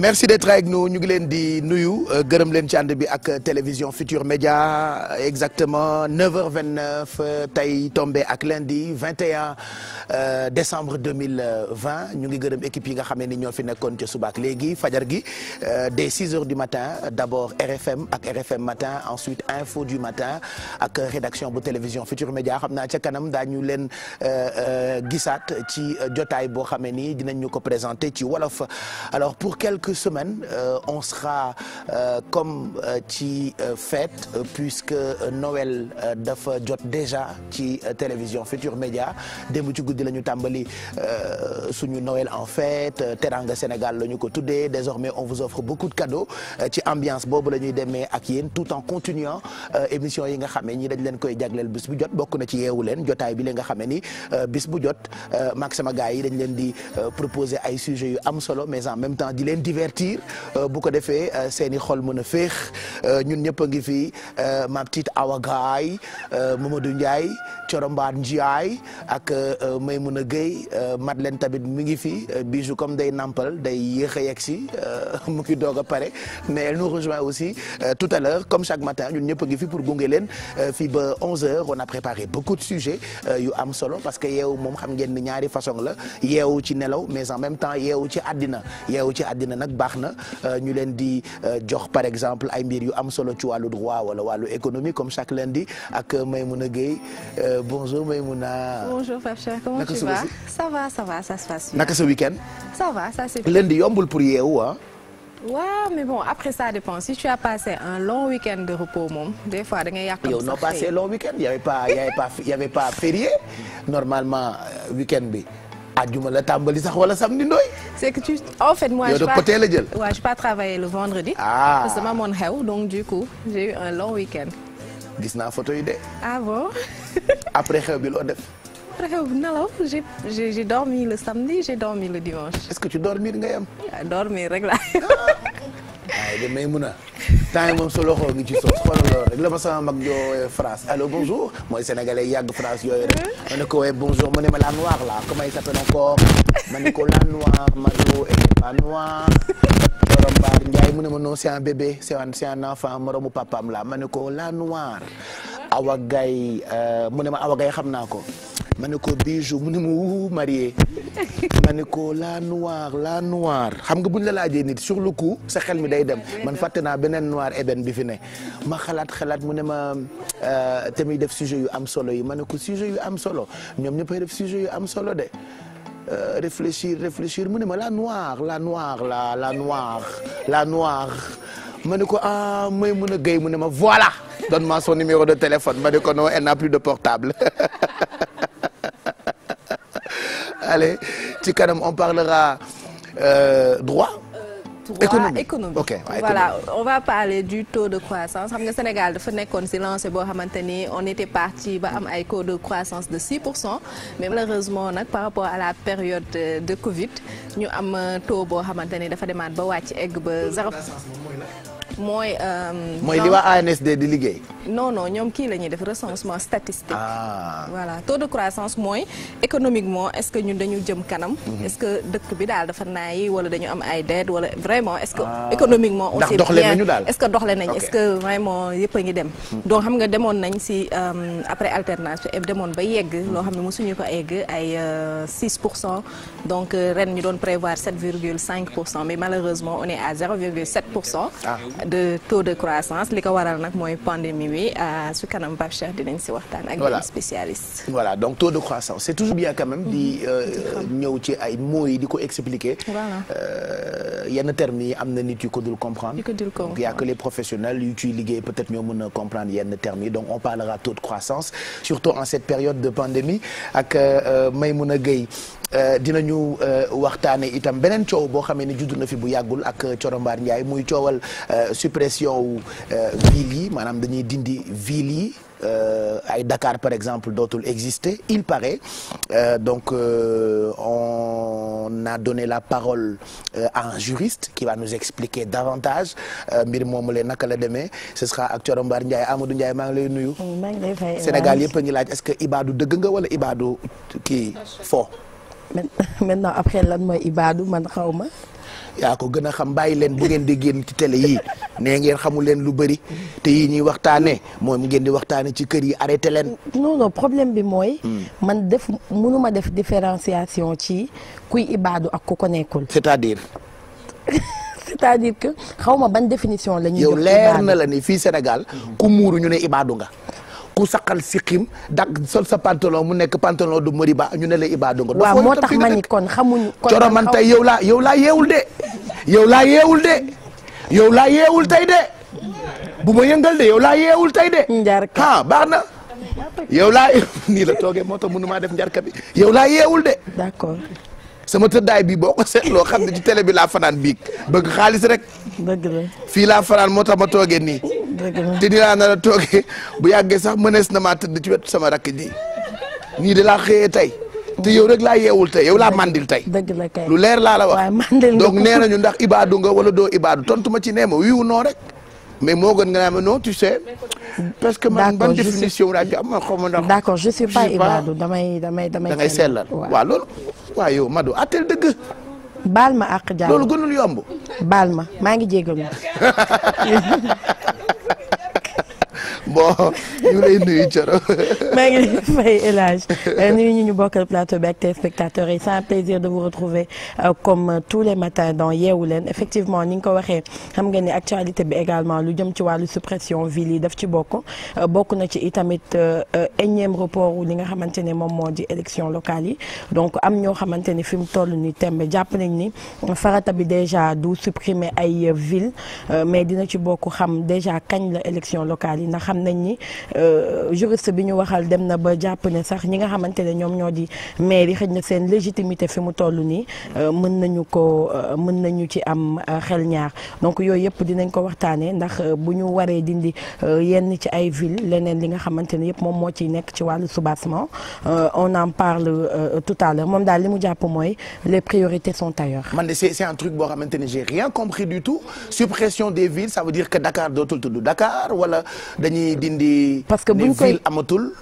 merci d'être ak nous ñu ngi leen di nuyu euh, gërëm leen ci ànd bi ak télévision Futur Média exactement 9h29 euh, tey tombé ak lundi 21 euh, décembre 2020 ñu ngi gërëm équipe yi nga xam ñoo fi nekkoon ci suba ak léegi fajar gi dès 6h du matin d'abord RFM ak RFM matin ensuite info du matin ak rédaction bu télévision Futur Média xam naa ca kanam daañu leen gisaat ci jotaay boo xam ne dinañ ñu ko présenter ci wolof alors pour quelques quelques semaines euh, on euh, comme euh, ci fête puisque Noël dafa jot déjà ci télévision Futur Média démb ci guddi la ñu suñu Noël en fête Teranga Sénégal la ñu ko tuddee désormais on vous offre beaucoup de cadeaux ci ambiance boobu la ñuy demee ak yéen tout en continuant émission yi nga xamee ñi dañ leen koy jagleel bis bu jot bokk na ci yeewu leen jotaay bi li nga xamee ni bis bu jot maak sama gars yi dañ leen di proposer ay sujets yu am solo mais en même temps di leen di divertir euh, bu ko defee euh, seeni i xol mën a féex euh, ñun ñëpp a ngi fi ma petite Awa Gaay Mamadou Ndiaye Corombaar Ndiaye ak Maymouna Gueye leen tamit mu ngi fi bijou comme day nampal day yéex a yegg si mu ngi doog a pare mais elle nous rejoint aussi tout à l'heure comme chaque matin ñun ñëpp a fi pour gunge leen fi ba 11h on a préparé beaucoup de sujets yu am solo parce que yeewu moom xam ngeen ni ñaari façon la yeewu ci nelaw mais en même temps yeewu ci addina nag baax na euh, ñu leen di euh, jox par exemple ay mbir yu am solo ci wàllu droit wala walu économie comme chaque lundi ak Maymouna Gueye euh, bonjour Maymouna. bonjour Pape Cheikh comment tu vas ça va ça va ça naka sa week-end. ça va ça se fait lundi yombul pour yeewu ah. waaw mais bon après ça dépend si tu as passé un long week-end de repos moom des fois da ngay yàq. férié normalement week bi. ajjuma la tàmbali sax wala samedi ndooy. c' est que tu en fait moi. la jël waaw je pas travaillé le vendredi. ah parce que xew donc du coup j'ai eu un long week gis naa photo yi de. ah bon. après xew bi loo def. après xew bi nalaw j'ai j'ai dormi le samedi j'ai dormi le dimanche. est ce que tu dormir nga yam. waaw ah, dormir rek waaye de may mun a temps yi moom sa loxo ngi ci sos xoolal loolu rek mag joo France allo bonjour mooy sénégalais yàgg France yooyu rek ma ne ko waaye eh, bonjour mu ne ma la noir la comment il s'appelle encore ma ne ko la noir Mario était pas noir borom Baar Ndiaye mu ne ma non bébé c'est un c'est un enfant moromu la ma ne ko la noir Awa Gaye euh, mu ne ma awagaay xam naa ko ma ne ko bijou mu ne ma wuu marié ma ne ko la noir la noir xam nga buñ la laajee nit sur le coup sa xel mi day dem man fàtte naa beneen noir ébène bi fi ne ma xalaat xalaat mu ne ma euh, tamit def sujet yu am solo yi ma ne ko sujet yu am solo ñoom ñëppay def sujet yu am solo de euh, réfléchir réfléchir mu ne ma la noir la noir la la noir la noir ma ne ko ah may mun a gay mu ne ma voilà donne-moi son numéro de téléphone ma ne ko non elle n'a plus de portable allez ci kanam on parlera euh, droit. économie euh, économie ok ouais, voilà économie. on va parler du taux de croissance xam nga Sénégal dafa nekkoon si lancé boo xamante ni on était parti ba am ay taux de croissance de 6 cent mais malheureusement nag par rapport à la période euh, de Covid ñu am euh, taux boo xamante ni dafa demaat ba wàcc egg ba zéro. mooy. Euh, mooy li waa ANSD di liggéey. non non ñoom kii la ñuy def recensement statistique. Ah. voilà taux de croissance mooy économiquement est-ce que ñun dañu jëm kanam. Mhm. est-ce dëkk bi daal dafa naayi wala dañu am ay dette wala vraiment est-ce que. Ah. économiquement on sait bien est-ce que doxle nañ est-ce que yëpp a ngi dem. Mhm. donc xam nga demoon nañ si euh, après alternance bi demoon ba yegg mhm. loo xam ne suñu ko yegg ay euh, pour cent donc ren ñu doon prévoir 7 virgule 5 pour cent mais malheureusement on est à 0 virgule pour cent. Ah. de taux de croissance li ko waral nag mooy pandémie bi su kanam Pape Cheikh dinañ si waxtaan ak benn spécialiste voilà donc taux de croissance c'est toujours bien quand di mhm. euh, ñëw ci ay mots di ko expliquer euh, yenn termes yi am na nit yu ko dul comprendre donc y a que les professionnels yu ciy liggéey peut-être ñoo mën a comprendre yenn termes yi donc on parlera taux de croissance surtout en cette période de pandémie ak euh, Maymouna Gueye dinañu waxtaane itam beneen coow boo xamee ne judd na fi bu yàggul ak Corombaar Ndiaye muy coowal suppression wu euh, ville yi maanaam dañuy dindi ville yi euh, ay Dakar par exemple dootul exister il paraît euh, donc on a donné la parole à un juriste qui va nous expliquer davantage mbir moomu leen naka la demee ce sera ak Corombaar Ndiaye Amadou Ndiaye maa ngi lay nuyu. Sénégal yëpp a laaj est-ce que Ibadou dëgg nga wala Ibadou kii fo. maintenant après lan Ibadou man xaw yaa ko gën a xam bàyyi leen bu ngeen di génn ci télé yii nee ngeen xamul leen lu bëri te yii ñuy waxtaanee moom ngeen di waxtaane ci kër yi arrêté leen. non problème bi mooy. Hmm. man def mënuma def différenciation ci kuy ibaadu ak ku ko nekkul. c'est-à-dire. c'est-à-dire que xaw ma ban définition la ñuy. yow leer na la ni fii Sénégal ku muuru ñu ne ibaadu nga. ku saqal siqim dagg sol sa pantalon mu nekk pantalon du Moriba ñu ne la Ibadu nga. waaw moo tax ma ni kon xamuñu. kon coro man tey yow laa yow laa yeewul de yow laa yeewul de yow laa yeewul tey de bu ma yëngal de yow laa yeewul tey de. ah baax na. yow laa nii la toogee moo tax mënu maa def njarka bi yow laa yeewul de. sama tëddaay bi boo ko seetloo xam ne ci télé bi laa fanaan biig bëgg xaalis rek. dëgg la fii laa fanaan moo tax ma toogee nii. dëgg la te nii laa nar a bu yàggee sax mënees na maa tëdd ci wet sama rakk ji nii de laa xëyee tey. te yow rek laa yeewul tey yow laa mandil tey. dëgg lu leer laa la wax. donc nee ñu ndax ibaadu nga wala doo ibaadu tontu ma ci nee ma wiiw noo rek. mais moo gën nga naa ma non tu sais. parce que man ban définition laa ci am man xaw ma d'accord je suis pas Ibadou damay damay damay. da ngay sellal waaw loolu. waaw yow atel dëgg. baal ma àq jàmm loolu gënul yomb. baal ma maa ngi jégalu. bon ñu lay nuyu Thioro. maa fay El Hadj euh, nuyu ñu ñu bokkal plateau bi ak téléspectateurs yi sa un plaisir de vous retrouver euh, comme euh, tous les matins dans Yeewu Leen effectivement ni nga ko waxee xam nga ni actualité bi également lu jëm ci wàllu suppression ville yi daf ci bokk bokk na ci itamit énième report li nga xamante ne moom moo di élection locale yi donc am ñoo xamante ni fi mu toll ni tembe jàpp nañ ni farata bi déjà du supprimer ay ville mais dina ci bokk xam déjà kañ la élection locale yi xam nañ ni euh, juriste bi ñu waxal dem na ba jàpp ne sax ñi nga xamante ne ñoom ñoo di mais yi xëj na seen légitimité fi mu toll nii euh, mën nañu ko euh, mën nañu ci am xel ñaar donc yooyu yëpp dinañ ko waxtaanee ndax bu ñu waree dindi yenn ci ay ville leneen li nga xamante ne yëpp moom moo ciy nekk ci wàllu soubassement on en parle tout à moom daal li mu jàpp mooy les priorités sont ailleurs. man de c'est un truc boo xamante ne j'ai rien compris du tout suppression des villes dootul tudd Dakar dañuy dindi. parce que bu ñu koy ville amatul.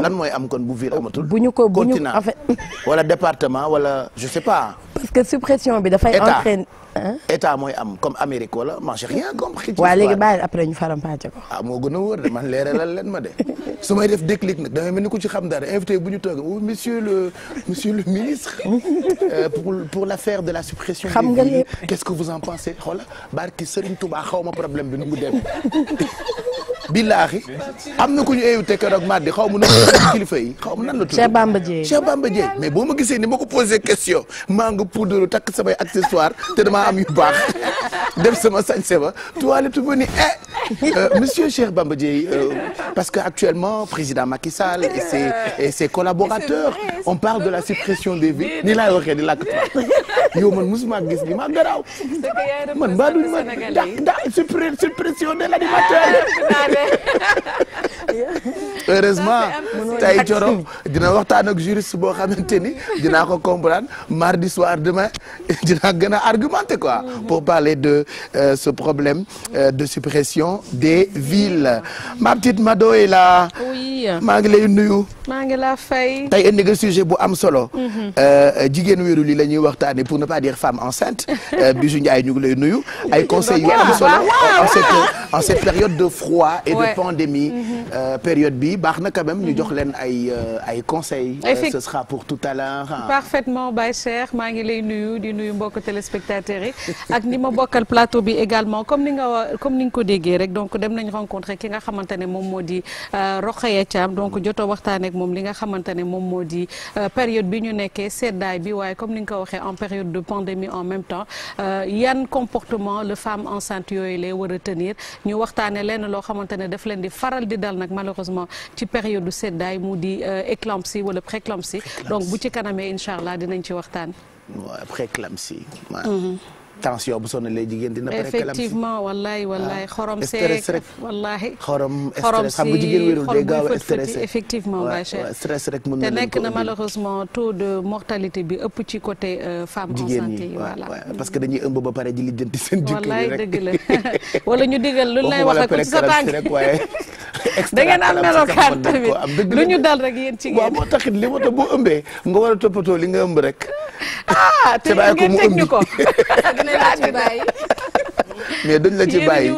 lan mooy am kon bu ville euh, amatul. bu ñu ko bu ñu continent wala département wala je sais pas. parce que suppression bi dafay. entraîne état mooy am comme Amérique wala man j'ai rien compris. waaw léegi bàyyi après ñu faram-fàcce ko. ah moo gën a wóor de man leeralal leen ma de su may def déclic nag damay mel ni ku ci xam dara invité bu ñu toog oh monsieur le monsieur le ministre. Euh, pour pour l'affaire de la suppression. xam nga lépp qu'est-ce que vous en pensez xoola barki Serigne Touba xaw ma problème bi nu mu demee. billaahi am na ku ñu invité keroog Madi xaw ma nu kilifa yi xaw ma nan la tudd. Cheikh Bamba Dieye Cheikh Bamba Dieye mais boo ma gisee ni ma ko posé question maa nga poudre takk samay accessoire te damaa am yu baax def sama sañse ba toilette ba ni eh euh, monsieur Cheikh Bamba Dieye euh, parce que actuellement président Macky Sall et ses et ses collaborateurs on parle de la suppression des vies ni laay waxee di làkk yow man musuma gis li ma garaaw man mbaa duñ ma daa suppression de l'animateur heureusement tay Coro dina waxtaan ak juriste boo xamante ni dinaa ko comprendre mardi soir demain dinaa gën a argumenter quoi pour parler de euh, ce problème euh, de suppression des villes ma petite Mado est là. oui ngi lay nuyu. maa ngi la fay. tey indi nga sujet bu am solo. Mhm. Euh, jigéen wéeru li la ñuy waxtaanee pour ne pas dire femme enceinte euh, Bijou Ndiaye ñu lay nuyu. ay conseils yu am solo en cette période de froid. et ouais. de pandémie mhm. euh, période bi baax na quand même ñu jox leen ay euh, ay conseils euh, ce sera pour tout à l'heure parfaitement Baye Cheikh maa ngi lay nuyu di nuyu mbokk téléspectateurs yi ak ni ma bokkal plateau bi également comme ni nga comme ni nga ko déggee rek donc dem nañ rencontré ki nga xamante ne moom moo di euh, Rokhaya Thiam donc jotoo waxtaan ak moom li nga xamante ne moom moo di période bi ñu nekkee seddaay bi waaye comme ni nga ko waxee en période de pandémie en même temps yan comportement le femme enceinte yooyu lay war a tenir ñu waxtaane lenn loo ne daf leen di faral di dal nag malheureusement ci période du seddaay mu di euh, éclampsie wala préclampsie donc bu ci kanamee incha allah dinañ ci waxtaan. waaw préclampsie. Mm-hmm. tension bu sonalee jigéen dina. pare effectivement wallaay wallaay ah, xorom na malheureusement taux de mortalité bi ëpp ci côté euh, femme en santé yi voilà parce que dañuy ëmb ba pare di lijjanti rek wala ñu digal lu lay wax ak sa tànk da ngeen am melokaan tamit lu ñu dal rek yéen ci ngeen waaw moo taxit li moo tax boo ëmbee nga war a toppatoo li nga ëmb rek. ah te ngeen teg ñu ko dinañ la mais dañ la ci bàyyi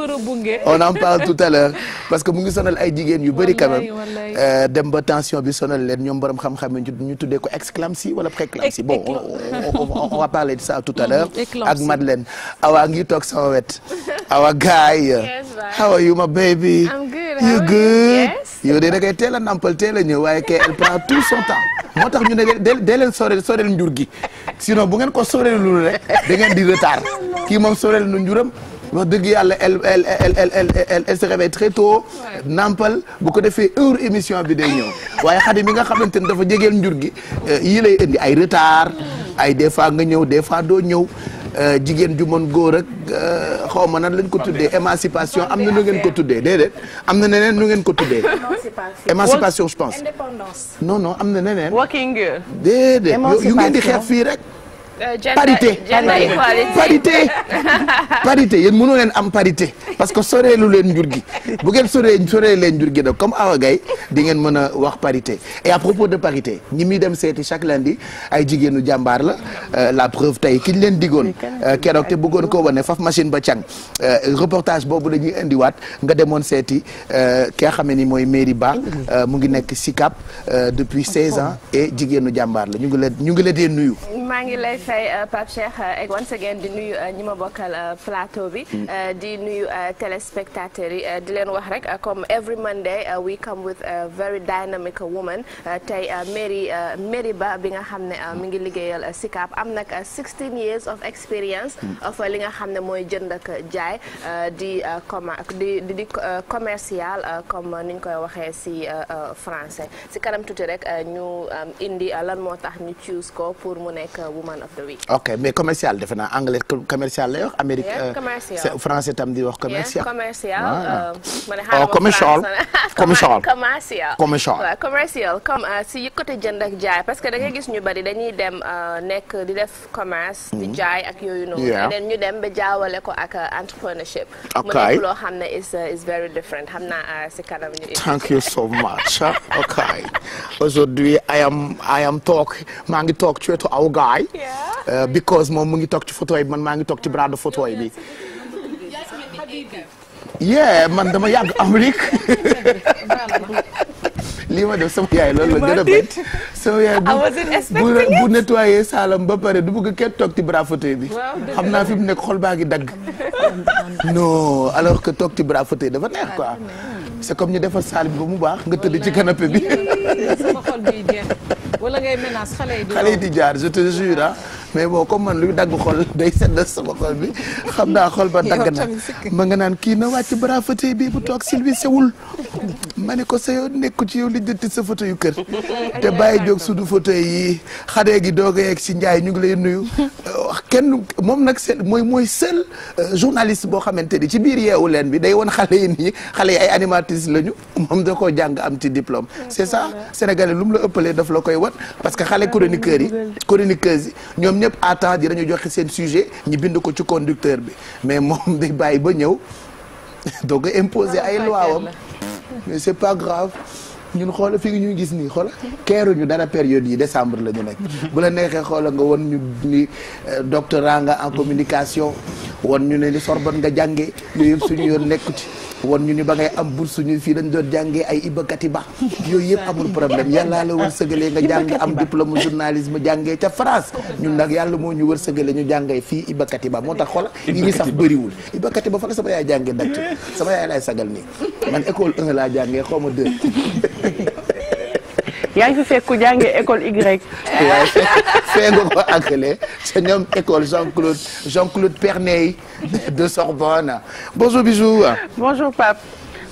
on en parle tout à l'heure parce que mu ngi sonal ay jigéen yu bari quand même euh, dem ba tension bi sonal leen ñoom borom xam-xam ñu tuddee ko exclampsie wala préclampsie bon on va parler de ça tout à l'heure ak Madeleine Awa ngi toog sama wet Awa gaay how a yu ma baby you good yow de da koy teel a nampal teel a waaye kay elle prend tout son moo tax ñu ne de dee leen soreel soreel njur gi sinon bu ngeen ko soreel lul rek da ngeen di retard kii moom soreel nu njuram wax dëgg yàlla elle elle nampal bu ko defee heure émission bi day ñëw waaye xadi mi nga xamante ni dafa jegeel njur gi eh, yii lay indi ay retard ay des fois nga ñëw des fois doo ñëw. Eh, jigéen ju mën góor ak eh, xaw ma nan lañ ko tuddee émancipation am na nu ngeen ko tuddee déedéet am na neneen nu ngeen ko tuddee. émancipation je pense. indépendance. non am na neneen. working yu ngeen xeex fii rek. Euh, parité parité parité yéen mënu leen am parité parce que soreelu leen njur gi bu ngeen soree soree leen njur gi nag comme Awa Gaye di ngeen mën a wax parité et à propos de parité ñi muy dem seeti chaque lundi ay jigéenu jàmbaar la euh, la preuve tey ki ñu leen digoon euh, keroog te bëggoon ko wane faf machine ba càng reportage boobu la indiwaat nga demoon seeti ki nga xam ni mooy mairie Ba mu ngi nekk SICAP depuis 16 ans et jigéenu jàmbaar la ñu ngi la ñu ngi la dee nuyu tey euh, Pape Cheikh ak euh, once again di nuyu euh, ñi ma bokkal plateau bi. Mm. di nuyu téléspectateurs yi di leen wax rek comme every Monday we come with a very dynamic woman tey Mary Mary Ba bi nga xam ne mi ngi liggéeyal SICAP am nag 16 years of experience. Mm. of li nga xam ne mooy jënd ak jaay di commer di di commercial comme ni ñu koy waxee si français si kanam tuuti rek ñu indi lan moo tax ñu choose ko pour mu nekk woman of the oui. ok mais commercial defe naa anglais commercial lay wax. Amérique euh, français tam di wax commercial. commercial euh, ma ne xaaral oh, commercial commercial commercial. commercial comme euh, si côté jënd ak jaay parce que da ngay gis ñu bari dem nekk di def commerce. di mm-hmm. jaay ak yooyu noonu. yeneen ñu dem ba jaawale ko ak entrepreneurship. ok mu loo xam ne is is very different xam naa si so much ah. ok aujourd'hui I am I maa ngi talk ci wetu aw Euh, because moom mu ngi toog ci fauteuil bi man maa ngi toog ci bras de fauteuil bi man dama yàgg Amérique lii ma def sama yaay loolu la gën a bu bu nettoyé saalam ba pare du bëgg kenn toog ci bras fauteuil bi xam naa fi mu nekk xol baa ngi dagg non alors que toog ci bras fauteuil dafa neex quoi c'est comme ñu defar saal bi ba mu baax nga tëdd ci canapé bi wala di jaar je te jure ah. mais bon comme man luy dagg xol day sedd sama xol bi xam naa xol ba dagg na ma nga naan kii na wàcc bara fauteuil bii bu toog si lui sewul ma ne ko sa yow nekku ci yow li jëtti sa fauteuil yu kër te bàyyi jóg sudu fauteuil yi xale gi doog a yeeg si njaay ñu ngi lay nuyu kenn moom nag seen mooy mooy seul euh, journaliste boo xamante ni ci biir yeewu leen bi day woon xale yi nii xale yi ay animatrice lañu moom da koo jàng am ci diplôme c'est ça sénégalais lu mu la ëppalee daf la koy wan parce que xale chroniqueurs yi ñëpp à temps di dañu joxe seen sujet ñu bind ko ci conducteur bi mais moom day bàyyi ba ñëw donc imposé ah, ay loi wam mais c'est pas grave ñun xoola fi ñu gis nii xoola ñu dara période yi décembre la ñu nekk bu la neexee xoola nga won ñu ni euh, doctorant nga en communication wan ñu ne li Sorbonne nga jàngee yooyu suñu yoon nekku ci won ñu ni ba ngay am bourse ñu fii dañ doon jàngee ay ibakati ba yooyu yëpp amul problème yàllaa la wërsëgalee nga jàng am diplôme journalisme jàngee ca France ñun nag yàlla moo ñu wërsëgalee ñu jàngee fii ibakati ba moo tax xoola yi ñu sax bëriwul ibakati ba fa la sama yaay jàngee dakk sama yaay laay sagal nii man école laa jàngee xaw ma 2 yaa ngi fi fekk ku école Y. waaye fee nga ko c'est ñoom école Jean-Claude Jean-Claude Perney de Sorbonne bonjour bisous. bonjour Pape.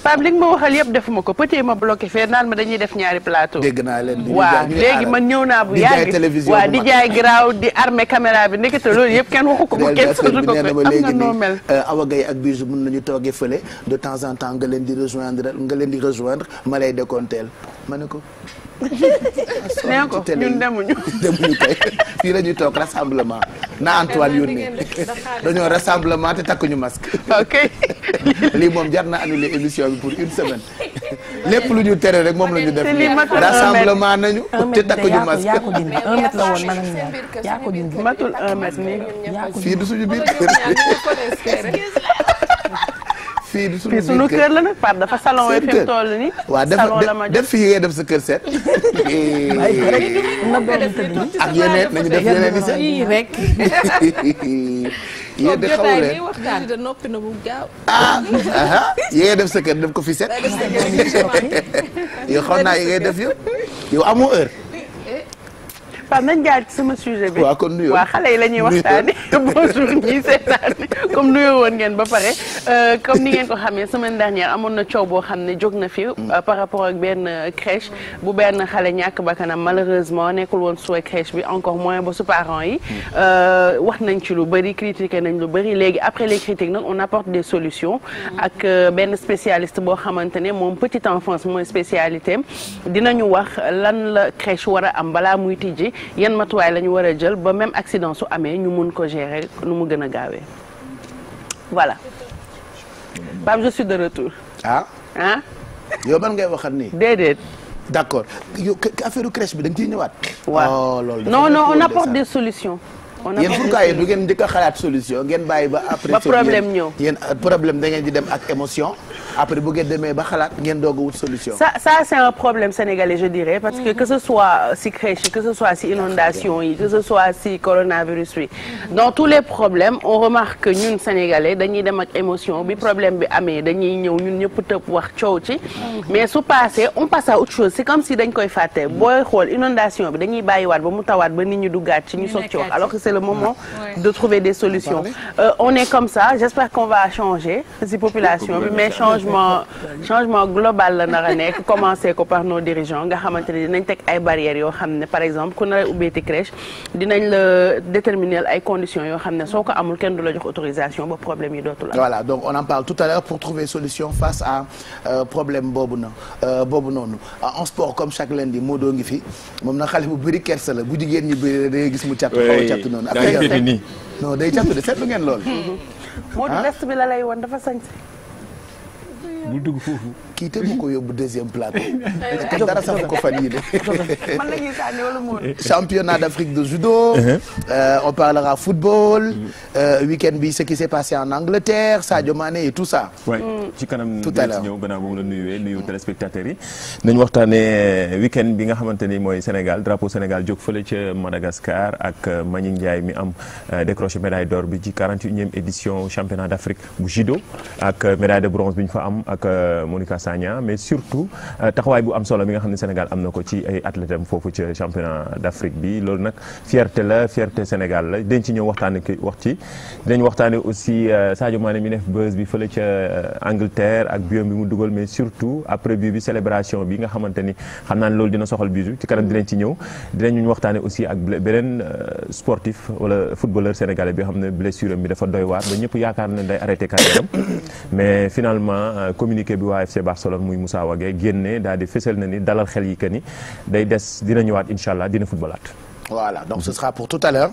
Pape li nga ma waxal yëpp defuma ko peut-être ma bloqué fee naan ma dañuy def ñaari plateau. dégg naa leen di waaw léegi man ñëw naa bu yàgg waaw di jaay garaaw di armé caméra bi ndekete loolu yëpp kenn waxu ko bu kenn sosu ko am nga noo mel. Euh, Awa Gaye ak Bijou mën nañu toogee fële de temps leen di rejoindre nga leen di rejoindre ma lay décompteel ma ne ko. nee ko ñun demuñu demuñu kay fii la ñuy toog rassemblement na Antoine yónnee dañoo rassemblement te takkuñu masque. ok lii moom jar na annuler émission pour une semaine lépp lu ñu tere rek moom lañu ñu def. rassemblement nañu te takkuñu masque. fii du suñu biir kër fii sunu sunu kër la nag Pape ah, def salon wee fi mu toll nii. salon def fii ngay sa kër seet. Eh. ak yeneen nañu def yeneen i ah, def sa def ko fi set yow xam naa yi ngay def yëpp yow amoo heure. Pape nañ jaar ci sama sujet bi. waaw kon nuyoo waaw xale yi la ñuy waxtaanee. bonjour ñii seetaane comme nuyoo woon ngeen ba pare. Euh, comme ni ngeen ko xamee semaine dernière amoon na coow boo xam ne jóg na fi. Mm. Euh, par rapport ak benn euh, crèche. bu benn xale ñàkk bakkanam malheureusement nekkul woon suwe crèche bi encore moins ba su parents yi. Mm. wax nañ ci lu bëri critiqué nañ lu bëri léegi après les critiques nag on apporte des solutions. Mm. ak benn spécialiste boo xamante ne moom petite enfance mooy spécialité am dinañu wax lan la crèche war a am balaa muy tijji. yan matuwaay la ñu war jël ba même accident su amee ñu mun ko gérer nu mu gën a gaawee voilà ba je suis de retour. ah ah. yow ban ngay waxat nii. déedéet. d' accord yow affaire bi da nga ñëwaat. waaw oh, loolu non non on apporte des solutions. on apporte des solutions ngeen njëkk a xalaat solution ngeen bàyyi ba. après ba problème ñëw yéen euh, problème da di dem ak émotion. après bu ngeen demee ba xalaat ngeen doog a wut solution. ça ça c' est un problème sénégalais je dirais. parce que mm-hmm. que ce euh, si crèche yi que ce si inondation yi que ce soit si coronavirus yi. Mm-hmm. dans tous les problèmes on remarque que ñun sénégalais dañuy dem ak émotion bi problème bi amee dañuy ñëw ñun ñëpp tëb wax coow ci. Mm-hmm. mais su passé on passe à autre chose c' est comme si dañ koy fàtte booy xool inondation bi dañuy bàyyiwaat ba mu tawaat ba nit ñi duggaat ci ñu soog ci wax alors de trouver des solutions. Euh, on changement changement global la nar a nekk commencé ko par nos dirigeants nga xamante ne dinañ teg ay barrières yoo xam ne par exemple ku nar a ubbeeti dinañ la déterminer ay conditions yoo xam ne soo ko amul kenn du la jox autorisation ba problème yi dootul am. voilà donc on en parle euh, boobu na euh, boobu noonu en sport comme chaque lundi moo doo ngi fi moom na xale bu bëri kersa la bu jigéen ñi bëri la da ngay gis mu càtt xaw a càtt noonu. non day càtt de seetlu ngeen loolu. Modou ah. bul dugg foofu. kii bu ko yóbbu deuxième plateau. ko fan yii de. man la ñuy sànni wala moom. championnat d'Afrique de judo. Euh, on parlera football. Euh, week-end bi ce qui s'est passé en Angleterre Sadio Mané et tout ça. ci kanam. tout à l'heure ñëw gannaaw moom la nuyuwee yi. nañu waxtaanee week bi nga xamante ni mooy Sénégal drapeau Sénégal jóg fële ca Madagascar ak Magny Ndiaye mi am décroché médaille d'or bi ci 41e édition championnat d'Afrique bu judo ak médaille de bronze bi ñu fa am ak Monica Sarr Sagna mais surtout euh, taxawaay bu am solo bi nga xam ne Sénégal am na ko ci ay athlètes foofu ci championnat d'Afrique bi loolu nag fierté la fierté Sénégal la dañ ñëw waxtaanee aussi euh, Sadio Mané mi def buzz bi fële ca euh, Angleterre ak biom bi mu dugal mais surtout après bi bi célébration bi nga xamante ni xam naa ne loolu dina soxal bisu ci kanam dinañ ci ñëw dinañ waxtaanee aussi ak beneen sportif wala footballeur sénégalais bi xam ne blessure am bi dafa doy waar ba ñëpp yaakaar ne bi waa FC Barcelone muy Moussa Wagué génne daal di fësal na ni dalal xel yi que ni day des dina ñëwaat incha allah dina footballaat. voilà donc ce sera pour tout à l'heure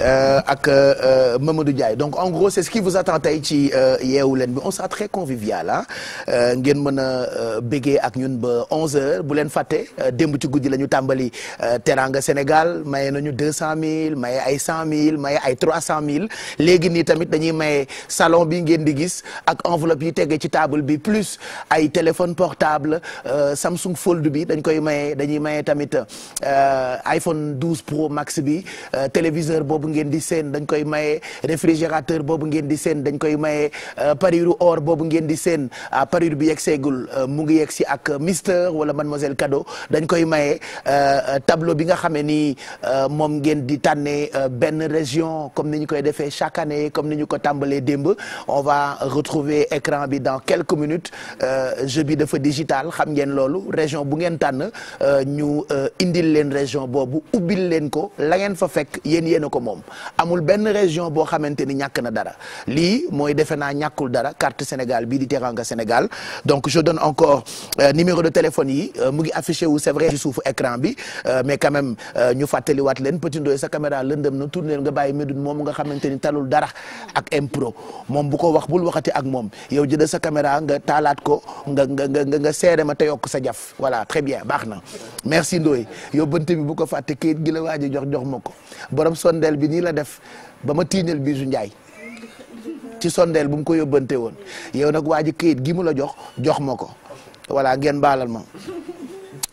euh, ak euh, Mamadou Ndiaye donc en gros c'est ce qui vous attend tey ci euh, yeewu leen bi on sera très convivial ngeen mën a bégee ak ñun ba 11 bu leen fàtte démb ci guddi la ñu tàmbali Teranga Sénégal maye nañu 200000 maye ay mille maye ay 300000 léegi nii tamit dañuy maye salon bi ngeen di gis ak enveloppe yi tegee ci table bi plus ay téléphone portable Samsung Fold bi dañ koy maye dañuy maye tamit iPhone 12. 12 pro max bi euh, téléviseur boobu ngeen di seen dañ koy maye réfrigérateur boobu ngeen di seen dañ koy maye euh, parure or boobu ngeen di seen parure bi yegg seegul euh, mu ngi yegg si ak Mister wala mademoiselle cadeau dañ koy maye tableau bi nga xamee ni moom ngeen di tànnee benn région comme ni ñu koy defee chaque année comme ni ñu ko tàmbalee démb on va retrouver écran bi dans quelques minutes jeu bi dafa digital xam ngeen loolu région bu ngeen tànn ñu indil leen région boobu leen ko la ngeen fa fekk yéen yéen ko moom amul benn région boo xamante ni ñàkk na dara lii mooy defe naa ñàkkul dara carte Sénégal bii di Teranga Sénégal donc je donne encore euh, numéro de téléphone yi euh, mu ngi affiché wu c'est vrai ci suufu écran bi euh, mais quand même ñu fàttaliwaat leen Petit Ndoye sa caméra lëndëm na tourné nga bàyyi Médoune moom nga xamante ni talul dara ak impro moom bu ko wax bul waxati ak moom yow jël sa caméra nga taalaat ko nga nga nga nga seere ma te yokk sa jaf voilà très baax na waa ji jox jox ma ko borom sondeel bi nii la def ba ma tiiñal biisu njaay ci sondeel bu mu ko yóbbante woon yow nag waa ji gi mu la jox jox ma ko voilà ngeen baalal ma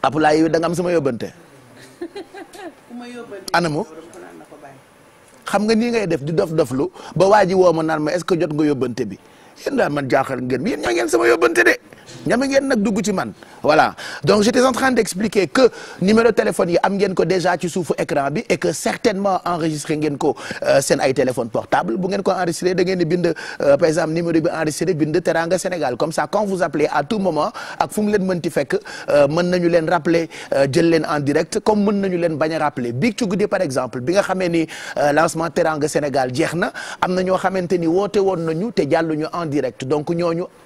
apulaay yi da nga am sama yóbbante anamu xam nga nii ngay def di dof doflu ba waa ji woo ma naan jot nga yóbbante bi yéen daal man jaaxal ngeen yéen ñaa ngeen sama yóbbante de ñame ngeen nag dugg ci man voilà donc j'étais en train d'expliquer que numéro téléphone yi am ngeen ko déjà ci suufu écran bi et certainement enregistré ngeen ko euh, seen ay téléphone portable bu ngeen ko enregistré da bind euh, par exemple numéro bi enregistré bind Teranga Sénégal comme ça quand vous appelez à tout moment ak fu mu leen mënti fekk euh, mën nañu leen rappeler jël leen en direct comme a direct donc ñooñu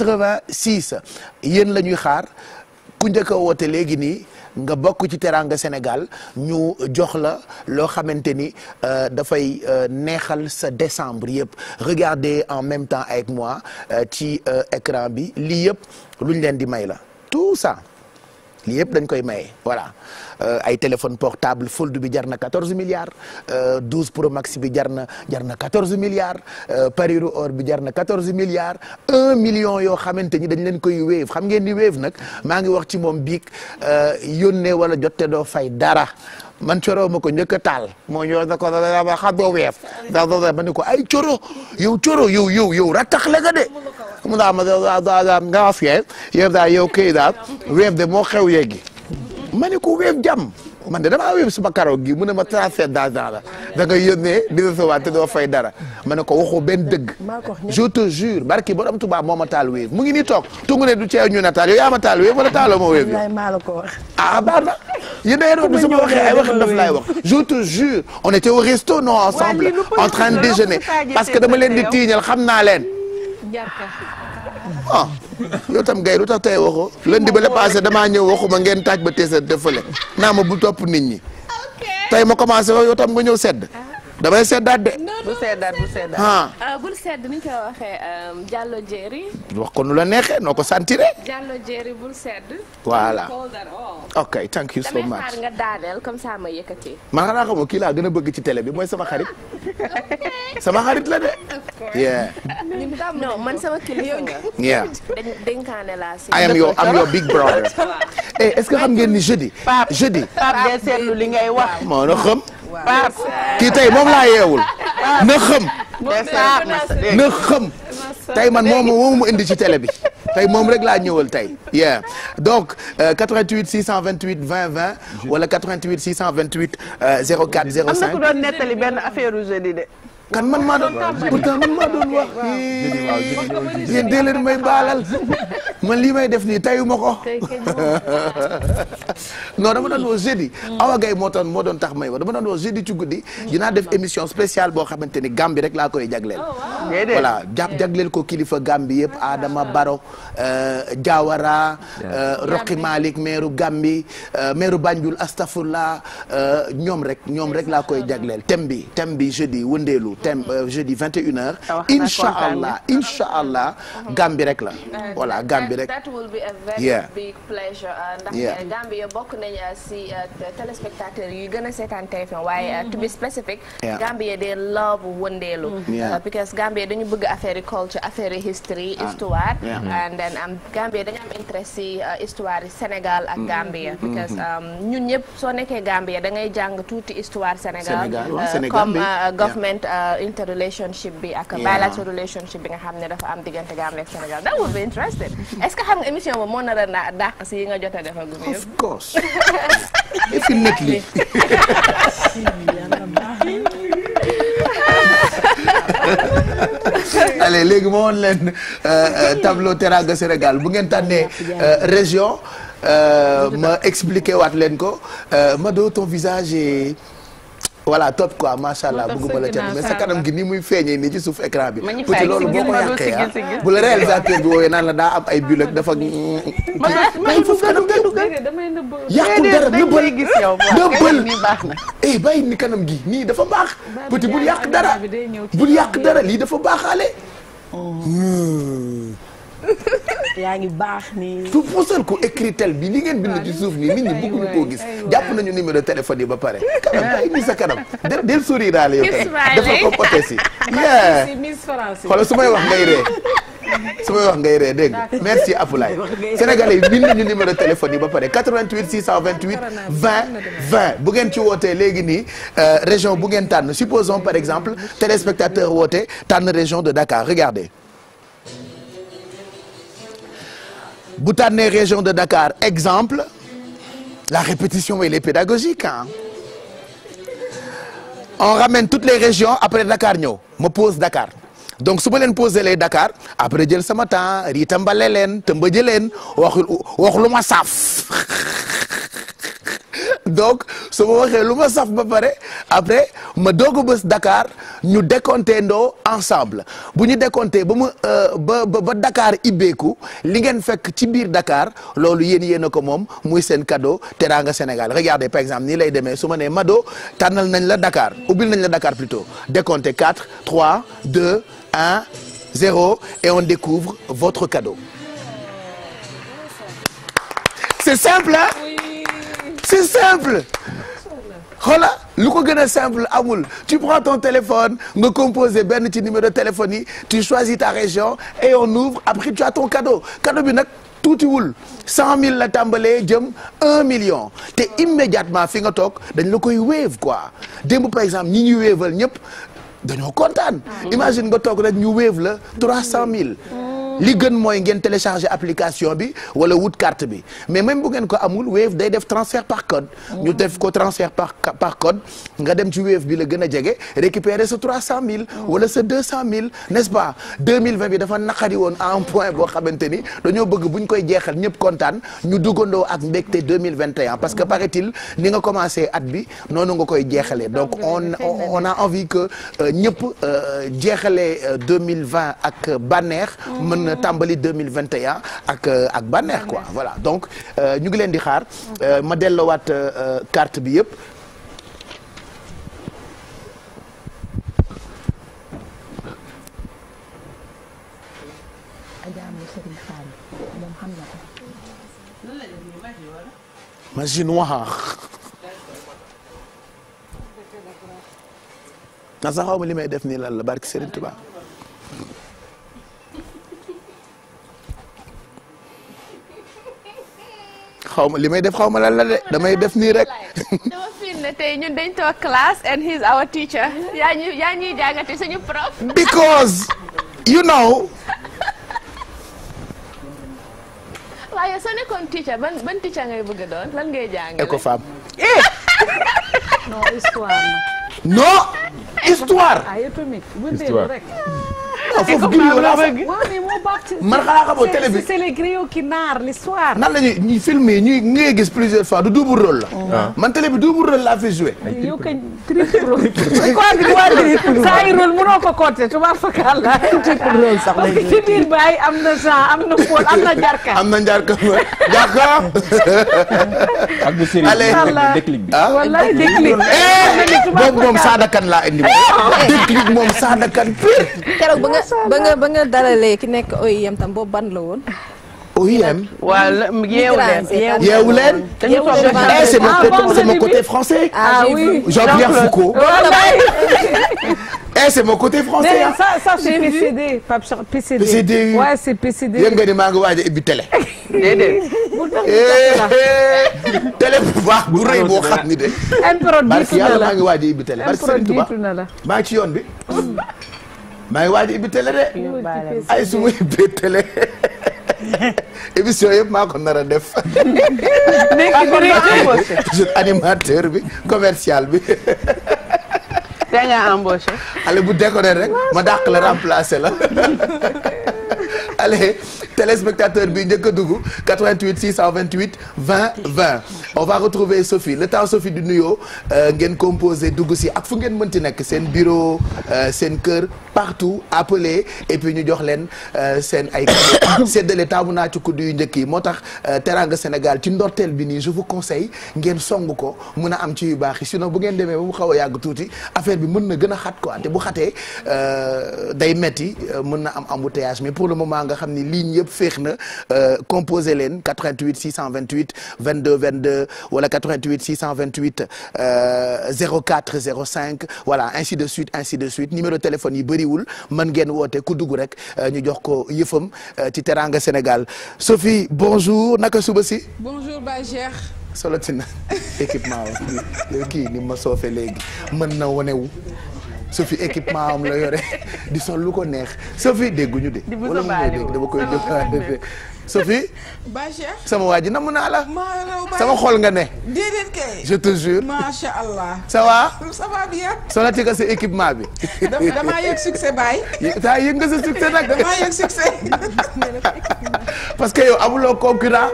86 yéen la ñuy xaar ku njëkk a woote léegi nii nga bokk ci teraanga Sénégal ñu jox la loo xamante ni euh, dafay euh, neexal sa décembre yëpp regardez en même temps avec mois euh, ci écran bi lii yëpp lu ñu leen di may la tout ça. lii yëpp dañ koy maye voilà euh, ay téléphone portable fold bi jar na 14 milliards 12 euh, pro max bi jar na jar na 14 milliards euh, pariru or bi jar na 14 milliards 1 million yoo xamante ni dañ leen koy wéev xam ngeen ni wéev nag maa ngi wax ci moom biig yónnee wala jotte doo fay dara man coro ma ko njëkk taal moo ñëw na ko xam doo weef ndax doo ma ne ko ay coro yow coro yow yow yow rattax la nga de mu daa ma daa nga waskee yow daa yow këy daal weef de moo xew yeggi ma ne ko weef jàmm man de damaa weef suma karaw gi mu ne ma transfert d'argent la da nga yónnee di recevoir te doo fay dara ma ne ko waxoo benn dëgg je te jure barki borom tubaab moo ma taal weef mu ngi nii toog tungu ne du ceew ñu na taal yow yaa ma taal weef wala taaloo ma weef ah baax na yéen da ngeen su ma waxee ay waxi daf laay wax je te jure on était au resto non ensemble en train de déjeuner parce que dama leen di tiiñal xam naa leen bon ah, yow tam gay lu tax tey waxoo lundi ba la passé damaa ñëw waxuma ngeen taaj ba teesat def fële naa ma bu topp nit ñi tey ma commencé wax yow tam nga ñëw sedd ah. damay seddaat de. bu seddaat bu seddaat. ah bul sedd ni ñu koy waxee euh, Diallo Jerry. wax ko la neexee noo ko santire. Diallo Jerry bul sedd. voilà ok thank you so much. damay xaar nga daaneel comme ça ma yëkkati. man xanaa xamoo kii laa gën a bëgg ci tele bi mooy sama xarit. sama xarit la de. yeah. non man sama kilifa nga. yeah. dénkaane laa si. I am your big brother. eh est-ce que xam ngeen ni jeudi. jeudi. Pape Pape de li ngay wax. moo na xam. kii tey moom laa yeewul na xëm na xëm tey man moom moomu indi ci télé bi tey moom rek laa ñëwal tey yeah donc 88 628 20 20 wala 88 628 04 05 am na ku doon nettali benn affaire de kan man maa doon wax yéen dee leen may baalal man lii may def nii tayu ko non dama doon woo jeudi hmm. Awa Gaye moo doon tax may wax dama doon woo jeudi ci guddi hmm. dinaa def émission spéciale boo xamante ni Gàmbi rek laa koy jagleel oh, voilà jagleel ko kilifa Gàmbi yëpp Adama Baro Diawara Roqi Malick meeru Gàmbi euh, meeru Banjul astafurla euh, ñoom rek ñoom rek laa koy jagleel thème bi thème bi jeudi wëndeelu thème euh, jeudi 21h. incha allah incha allah Gambie rek la. voilà Gambie rek. that will be a very big pleasure. Euh, ndax euh, Gambie bokk nañ si téléspectateurs yu gën a seetaan TFM waaye mm-hmm. to be specific. Gambie de love wëndeelu. Mm-hmm. because Gambie dañu bëgg affaire yi culture affaire yi history ah. histoire. and then um, Gambie dañu am si histoire yi Sénégal ak mm-hmm. Gambie. because um, ñun soo nekkee Gambie da ngay jàng tuuti histoire Sénégal. Sénégal comme government. Uh, interrelationship bi ak bilateral relationship bi nga xam ne dafa am diggante Gambia ak Sénégal that would be interesting est-ce que xam nga émission boobu moo nar a dàq si nga jot a defal gu of léegi ma woon leen euh, euh, tableau Teranga Sénégal bu ngeen tànnee euh, région ma expliqué waat leen ko Mado ton visage voilà top quoi macha allah bëgguma la cat mais sa kanam gi ni muy feeñee nii ci suuf écran bi. ku ci loolu boo ko yàqee ah bu la bi woowee naan la daa am ay bullet dafa. man man suuf kanam day dugal damay nëbb. yàqu dara nëbbal nëbbal eh kanam gi nii dafa baax. petit bul yàq dara bul yàq dara lii dafa baaxaale. Oh. Hmm. yaa ngi baax nii. fu puusal ko écrit tel bi li ngeen bind ci suuf nii nit ñi bëgguñu koo gis. jàpp nañu numéro téléphone yi ba pare. kanam ay ni sa kanam del del sourire daal yow tey defal ko hôtesse yi. xoolal su may wax ngay ree su may wax ngay ree dégg merci Afoulaye sénégalais yi bind nañu numéro téléphone yi ba pare 88 628 20 20 bu ngeen ci wootee léegi nii euh, région bu ngeen tànn par exemple téléspectateur woote tànn région de Dakar regardez. bu tànnee région de Dakar exemple la répétition elle est pédagogique hein on ramène toutes les régions après Dakar ñëw ma pose Dakar donc su ma leen posé les Dakar après jël sama temps riitambale leen tëmbëje leen wax wax ma saaf donc su ma waxee lu ma saf ba pare après ma doog a bës Dakar ñu décompté ndoo ensemble bu ñu décompté ba mu euh, ba ba Dakar ibbeeku li ngeen fekk ci biir dakaar loolu yéen yéen ko moom muy seen cadeau Teranga Sénégal regardez par exemple nii lay demee su ma nee Mado tànnal nañ la dakaar ubbil nañ la dakaar plutôt décompté 4 3 2 1 0 et on découvre votre cadeau c'est simple c'est simple voilà lu ko gën a simple amul tu ton téléphone nga composé benn ci numéro téléphone yi tu choisis ta région et on ouvre après tu a ton cadeau cadeau bi nag tuutiwul cent mille la tàmbalee jëm un million te immédiatement fi nga toog dañ la koy wéev quoi démb par exemple ñi ñuy wéeval ñëpp dañoo kontaan. Ah. imagine nga toog rek ñu wéev la trois cent mille. li gën mooy ngeen télécharger application bi wala wut carte bi mais même bu ngeen ko amul Wave day def transfert par code. ñu def ko transfert par par code nga dem ci Wave bi la gën a jege récupérer sa mille wala sa mille n'est-ce pas 2020 bi dafa naqari woon à un point boo xamante ni dañoo bëgg bu ñu koy jeexal ñëpp kontaan ñu duggandoo ak mbégte 2021 parce que paraît-il ni nga commencé at bi noonu nga koy jeexalee donc on on a envie que euh, ñëpp euh, jeexalee 2020 euh, ak bànneex mm. mën a tàmbali 2021 ak euh, ak bànneex quoi voilà donc euh, ñu ngi leen di xaar euh, ma delloowaat carte bi yëpp magie noire na sax xaw ma li may def nii lan la barki Serigne Touba xaw ma li may def xaw ma lan la de damay def nii rek. dama fiin ne tey ñun dañ toog class and he's our teacher. yaa ñuy yaa ñuy jàngati suñu prof. because you know. waaye soo nekkoon teacher ban teacher ngay bëgg doon lan ngay jàngale. Ecofam. Eh! non histoire. non ah, foofu griot laa bëgg man xanaa xamoo télé bi c'est les griots qui narrent l'histoire nan la ñuy ñuy filmer ñuy ngay gis plusieurs fois du double rôle la ah. man télé bi double rôle laa fi joué yow kañ triple rôle saa yi rôle mënoo ko compter tubaab fakal la triple rôle sax parce que ci biir baay am na sang am na pool am na njarka am na njarka njarka ak bu série déclic bi ah. wallaay déclic boobu eh, moom saadakan laa indi moom déclic moom saadakan pire ba nga ba nga dalalee ki nekk OIM tam boobu ban la woon. OIM. waaw yeewu leen yeewu leen. Eh, c'est mon ah, côté c'est mon côté français. ah, ah oui Jean-Pierre Foucault. Oh, eh, c'est mon côté français ah. ça ça c'est PCD Pape Cheikh PCD. PCD waaw c'est PCD. yéen nga ni maa ngi waaj a ubbi télé. déedéet. Eh, télé bu baax bu rëy boo xam ni de. improd jiitu na la barke maa ngi waaj a ubbi télé. barke Serigne maa ngi ci yoon bi. Mm. maa ngi waaj a ibbi de. ay su ma ibbee télé émission yëpp maa ko nar def. animateur bi commercial bi. da ngaa embauché. xale bu déconné rek ma dàq la remplacé la. allez téléspectateur bi njëkk a dugg 88 628 20 20 on va retrouver Sophie le temps Sophie di nuyoo euh, ngeen composé dugg si ak fu ngeen mënti nekk seen bureau euh, seen kër partout appelé et puis ñu jox leen euh, seen ay séddale taamu naa ci kudd yu njëkk yi moo tax Teranga Sénégal ci ndortel bi nii je vous conseille ngeen song ko mun a am ci yu baax yi sinon bu ngeen demee ba mu xaw a yàgg tuuti affaire bi mën na gën a xat quoi te bu xatee day metti mën na am embouteillage nga xam ni ligne yëpp féex na euh, composé leen 88 628 22 22 wala 88 628 04 05 voilà ainsi de suite ainsi de suite numéro téléphone yi bëriwul mën ngeen woote ku dugg rek euh, ñu jox ko yëfam euh, ci Teranga Sénégal Sophie bonjour naka suba si. bonjour Baye Cheikh. solo ci na équipement ki ni ma soofee léegi mën na wonewu Sophie équipement am la yore di sol lu ko neex Sophie dégguñu de. di wala mu ngi dégg dama koy dégg. Sophie. Bachir sama waa ji naa la. sama xol nga ne. déedéet kay. je te jure. équipement bi. damaa yëg succès baay. taa yëg nga sa succès nag. damaa parce que yow amuloo concurrent.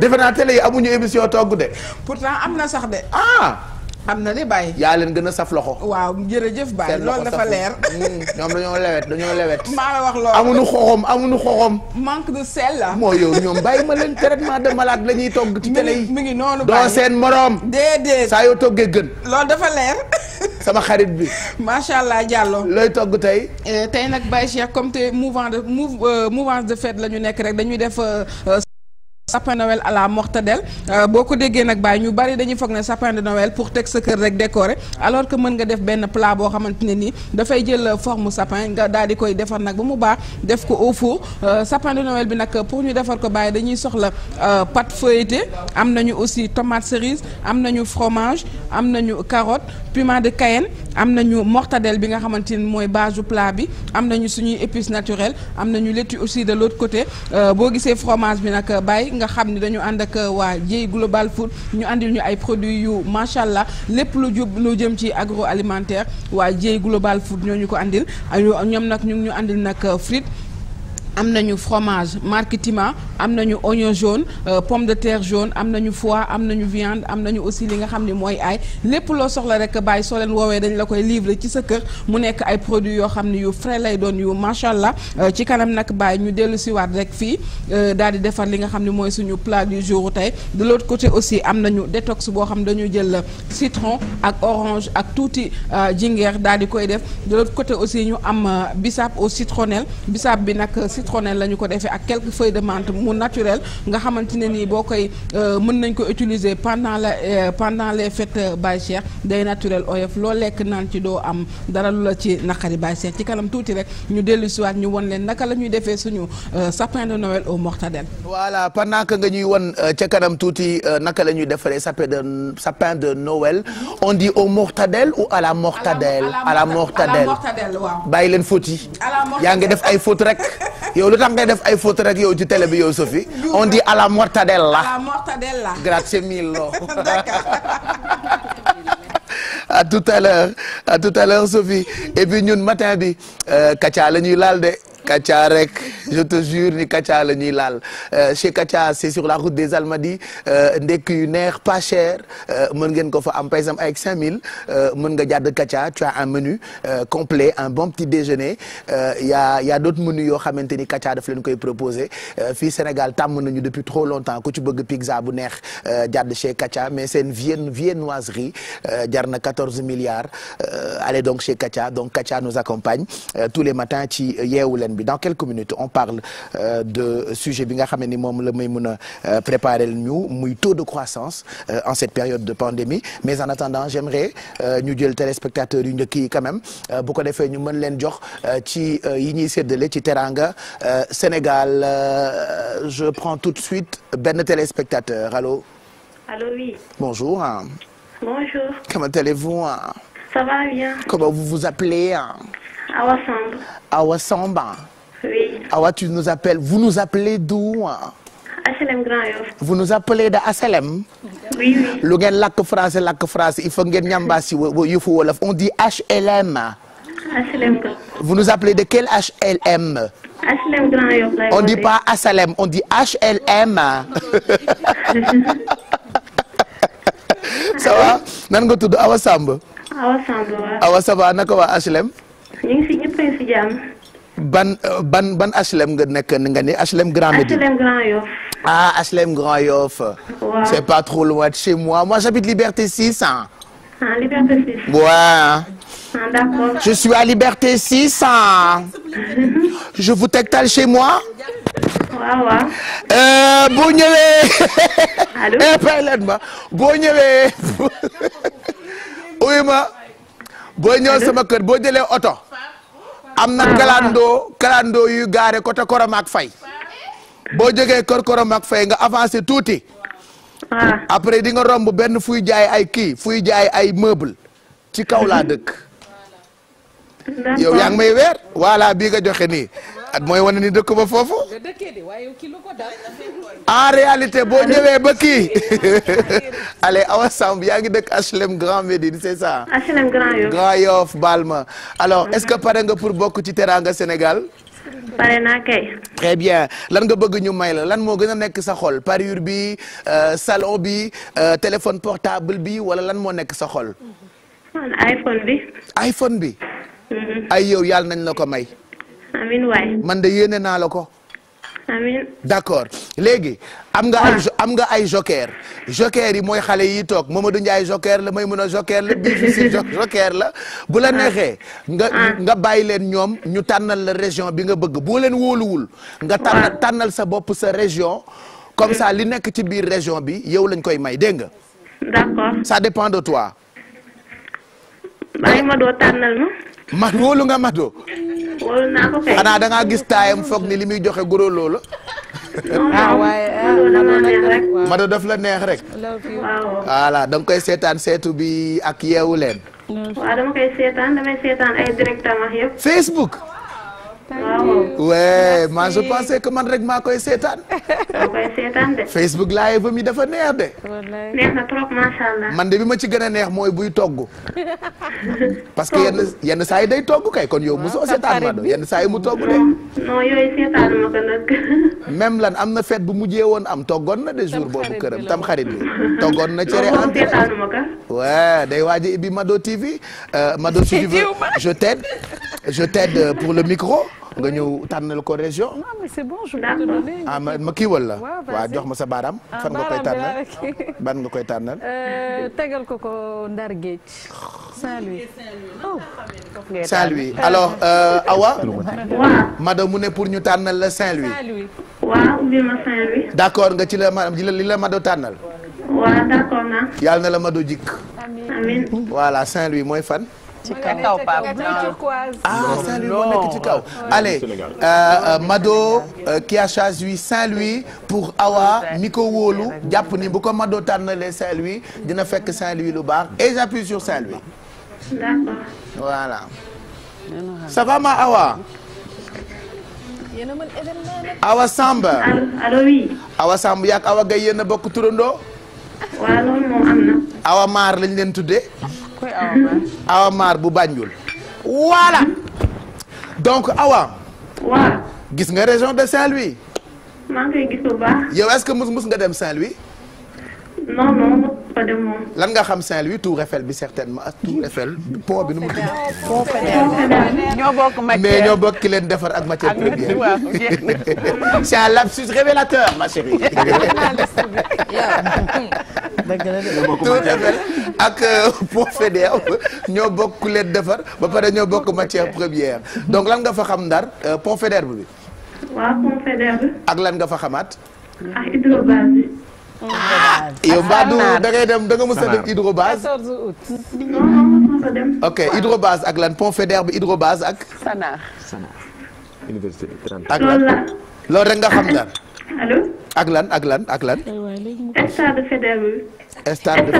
defe naa télé yi amuñu émission togg de. pour pourtant am na sax de. Ah! am na de Baye. yaa leen gën a saf loxo. waaw jërëjëf Baye loolu dafa leer. Hmm, ñoom dañoo lewet dañoo lewet. maa la wax loolu amuñu xoxom amuñu xoxom. manque de sel la. Ah. moo yow ñoom bàyyi ma leen traitement de malade la ñuy togg ti télé yi. mi ngi noonu Baye doo seen moroom. déedéet saa yoo toggee gën. loolu dafa leer. sama xarit bi. macha allah Diallo. looy togg tey. Eh, tey nag Baye Cheikh comme te mouvement de euh, mouvance de fête la ñu nekk rek dañuy def. Euh, euh, sapin de Noël à la mortadelle euh, boo ko déggee nag bàyyi ñu bari dañuy foog ne sapin de Noël pour teg sa kër rek décorer alors que mën nga def benn plat boo xamante ne nii dafay jël forme sapin nga daal di koy defar nag ba mu baax def ko au four euh, sapin de Noël bi nag pour ñu defar ko bàyyi dañuy soxla euh, pâte feuilletée am na ñu aussi tomate cerise am na ñu fromage am nañu carotte piment de Cayenne am nañu mortadelle bi nga xamante ni mooy base du plat bi am nañu suñuy épices naturelles am nañu laitue aussi de l'autre côté boo gisee fromage bi nag bàyyi nga xam ni dañu ànd ak euh, waa Dieye Global Food ñu àndil ñu ay produits yu macha allah lépp lu jub lu jëm ci alimentaire waa Dieye Global Food ñoo ñu ko àndil ñoom nag ñu ñu àndil nag euh, frites am nañu fromage marque Tima am nañu oignon jaune euh, pomme de terre jaune am nañu foie am nañu viande am nañu aussi li nga xam ne mooy ay lépp loo soxla rek bàyyi soo leen woowee dañ la koy livrer ci sa kër mu nekk ay produits yoo xam ne yu frais lay doon yu macha allah euh, ci kanam nag bàyyi ñu dellu si waat rek fii euh, daal di defar li nga xam ne mooy suñu plat du jour tey de l'autre côté aussi am nañu détox boo xam dañu jël citron ak orange ak tuuti jingeer daal di koy def de côté aussi ñu am bisaab au citronnelle bisaab bi nag citronnelle la ñu ko defee ak quelques feuilles de menthe mu naturel nga xamante ne nii boo koy euh, mën nañ ko utiliser pendant la euh, pendant les fêtes euh, Baye Cheikh day naturel oyof loo lekk naan ci doo am dara lu la ci naqari Baye Cheikh ci kanam tuuti rek ñu dellu siwaat ñu won leen naka la ñuy defee suñu sapin de Noël au mortadelle. voilà pendant que nga ñuy won ca kanam tuuti naka la ñuy defaree sa de sapin de Noël on dit au mortadelle ou à la mortadelle. à la mortadelle à bàyyi leen faute yaa ngi def ay faute rek. yow lu tax ngay def ay faute rek yow ci télé bi yow Sophie on di à la mortadella à la mortadella grazie mille à tout à l'heure à tout à l'heure Sophie et ñun matin bi euh, kaca la ñuy laal de Katia rek je te jure ni Katia la ñuy laal euh, chez Katia c'est sur la route des Almadies euh, ndekki yu neex pas cher euh, mën ngeen ko fa am par exemple avec 5000 mën nga jàdd Katia tu as un menu complet un bon petit déjeuner y a y a d'autres menus yoo xamante ni Katia daf leen koy proposer fii Sénégal tàmm nañu depuis trop longtemps ku ci bëgg pizza bu neex jàdd chez Katia mais seen vienne viennoiserie jar na 14 milliards allez donc chez Katia donc Katia nous accompagne tous les matins ci bi dans quelques minutes on parle euh, de sujet bi nga xam ni moom la may mën euh, a préparer ñu muy taux de croissance euh, en cette période de pandémie mais en attendant j'aimerais euh, ñu jël téléspectateurs yu njëkk yi quand même bu ko defee ñu mën leen jox ci yi ñuy séddale ci teranga Sénégal je prends tout de suite benn téléspectateur allô. allô oui. bonjour. Comment allez-vous? Comment vous vous appelez? Awa Samba. Awa Samba. Oui. Awa, tu nous appelles. Vous nous appelez d'où? Vous nous appelez de HLM. oui oui. lu ngeen làkk français làkk français il faut ngeen ñambaasi yëfu wolof on dit HLM. vous nous appelez de quel HLM. on dit pas HLM on dit HLM. ça nan nga tudd Awa Samb. Awa Samb waaw. Awa ça va ñu ban ban ban nga nekk nga ni HLM Grand Médine. Yoff. ah HLM Grand Yoff. c'est pas trop loin de chez moi moi j'habite Liberté 6 ah, ah, je suis à Liberté 6 mhm. je vous tegtal chez moi. waaw waaw. Euh, boo ñëwee. Eh, oui ma. boo ñëw sama kër boo jëlee oto am na kalandoo kalandoo yu gaare côté Koromaak fay boo jógee kër Koromaak fay nga avancé tuuti. Ah. après di nga romb benn fuy jaay ay kii fuy jaay ay meuble ci kaw laa dëkk. yow yaa may weer voilà bii nga joxe nii. at mooy wane ni dëkk ba foofu en réalité boo ñëwee ba kii allez Awa Samb yaa ngi dëkk HLM Grand Médine c'est ça. HLM Grand Yoff Grand Yoff mm-hmm. est-ce que pare nga pour bokk ci teraanga Sénégal. très bien lan nga bëgg ñu may la lan moo gën a nekk sa xol parure bi euh, salon bi euh, téléphone portable bi wala lan moo nekk sa xol. iPhone bi. iPhone bi. Mm-hmm. ay yow yàlla nañ la ko may. man de yéene naa la ko. amiin d' accord léegi. am nga ay ah. am nga ay joker. joker yi mooy xale yi toog ma Mamadou Ndiaye joker la Maymouna joker la Bifi joker la. bu la ah. neexee. nga ah. nga bàyyi leen ñoom ñu tànnal la région bi nga bëgg boo leen wóoluwul. nga tànnal sa bopp sa région. comme mm. ça li nekk ci biir région bi yow lañ koy may dégg nga. d' accord de toi. ma doo tànnal ma. mat wóolu nga matoo. naa ko kay. xanaa da ngaa gis taayam foog ni li muy joxe goro loola. ah, ah Mado daf la neex rek. voilà da koy seetaan seetu bi ak yeewu leen. Facebook. waaw man je pensais que man rek maa koy seetaan. maa koy seetaan de. Facebook live dafa neex de. neex man de bi ma ci gën a neex mooy buy togg. parce que yenn yenn saa yi day togg kay kon yow mosoo seetaan ma yenn saayu mu togg de. non même lan am na fête bu mujjee woon am toggoon na de jour boobu këram tam xarit bi toggoon na cere en direct. waaw day waaj a ibbi Mado TV euh, Mado si tu je t'aide je t'aide pour le micro. nga ñëw tànnal ko région. non ah, ma kiiwal la. waa jox ma sa baaraam. Ah, fan nga koy tànnal ban nga koy tànnal. Euh, tegal ko ko Ndar Géej. Saint-Louis. Oh. alo louis euh, alors euh, Awa. madame mu ne pour ñu tànnal la Saint-Louis. waaw bi ma Saint-Louis. d'accord nga ci la li la Mado tànnal. waaw na la Mado jikk. amiin voilà Saint-Louis mooy fan. ci kaw Pape ah, ah Saint-Louis moo nekk ci kaw. allez euh, euh, Mado euh, qui a choisi Saint-Louis pour Awa mi ko wóolu jàpp ni bu ko Mado tànnalee Saint-Louis dina fekk Saint-Louis lu baax et j'appuie sur Saint-Louis. voilà. ça va ma Awa. Awa Samb. allo oui. Awa Samb yak Awa Gaye yéen a bokk turandoo. waaw loolu moom am na. Awa Maar lañ leen tuddee. koy Awa Maar. Awa Maar bu Banjul. voilà donc Awa. gis nga région de Saint-Louis. maa ngi mus mus nga dem Saint-Louis. lan nga xam Saint-Louis Tour Eiffel bi certainement ak ah, Tour Eiffel pont bi nu mu. pont Faidherbe ñoo ñoo bokk leen defar ak matière première. c'est un lapsus révélateur ma chérie. Tour Eiffel ak euh, pont Faidherbe ñoo bokk ku leen defar ba pare ñoo bokk matière première donc lan nga fa xam ndar euh, pont Faidherbe bi. ak lan nga fa xamaat. Ah, Ah, yow mbaa du da ngay dem da nga mës a dem hydrobase. 14 août. ok hydrobase ak lan pont Faidherbe hydrobase ak. Sanar. université ak lan loolu rek nga xam daal. allo. ak lan ak lan ak lan. Eh, stade Faidherbe. stade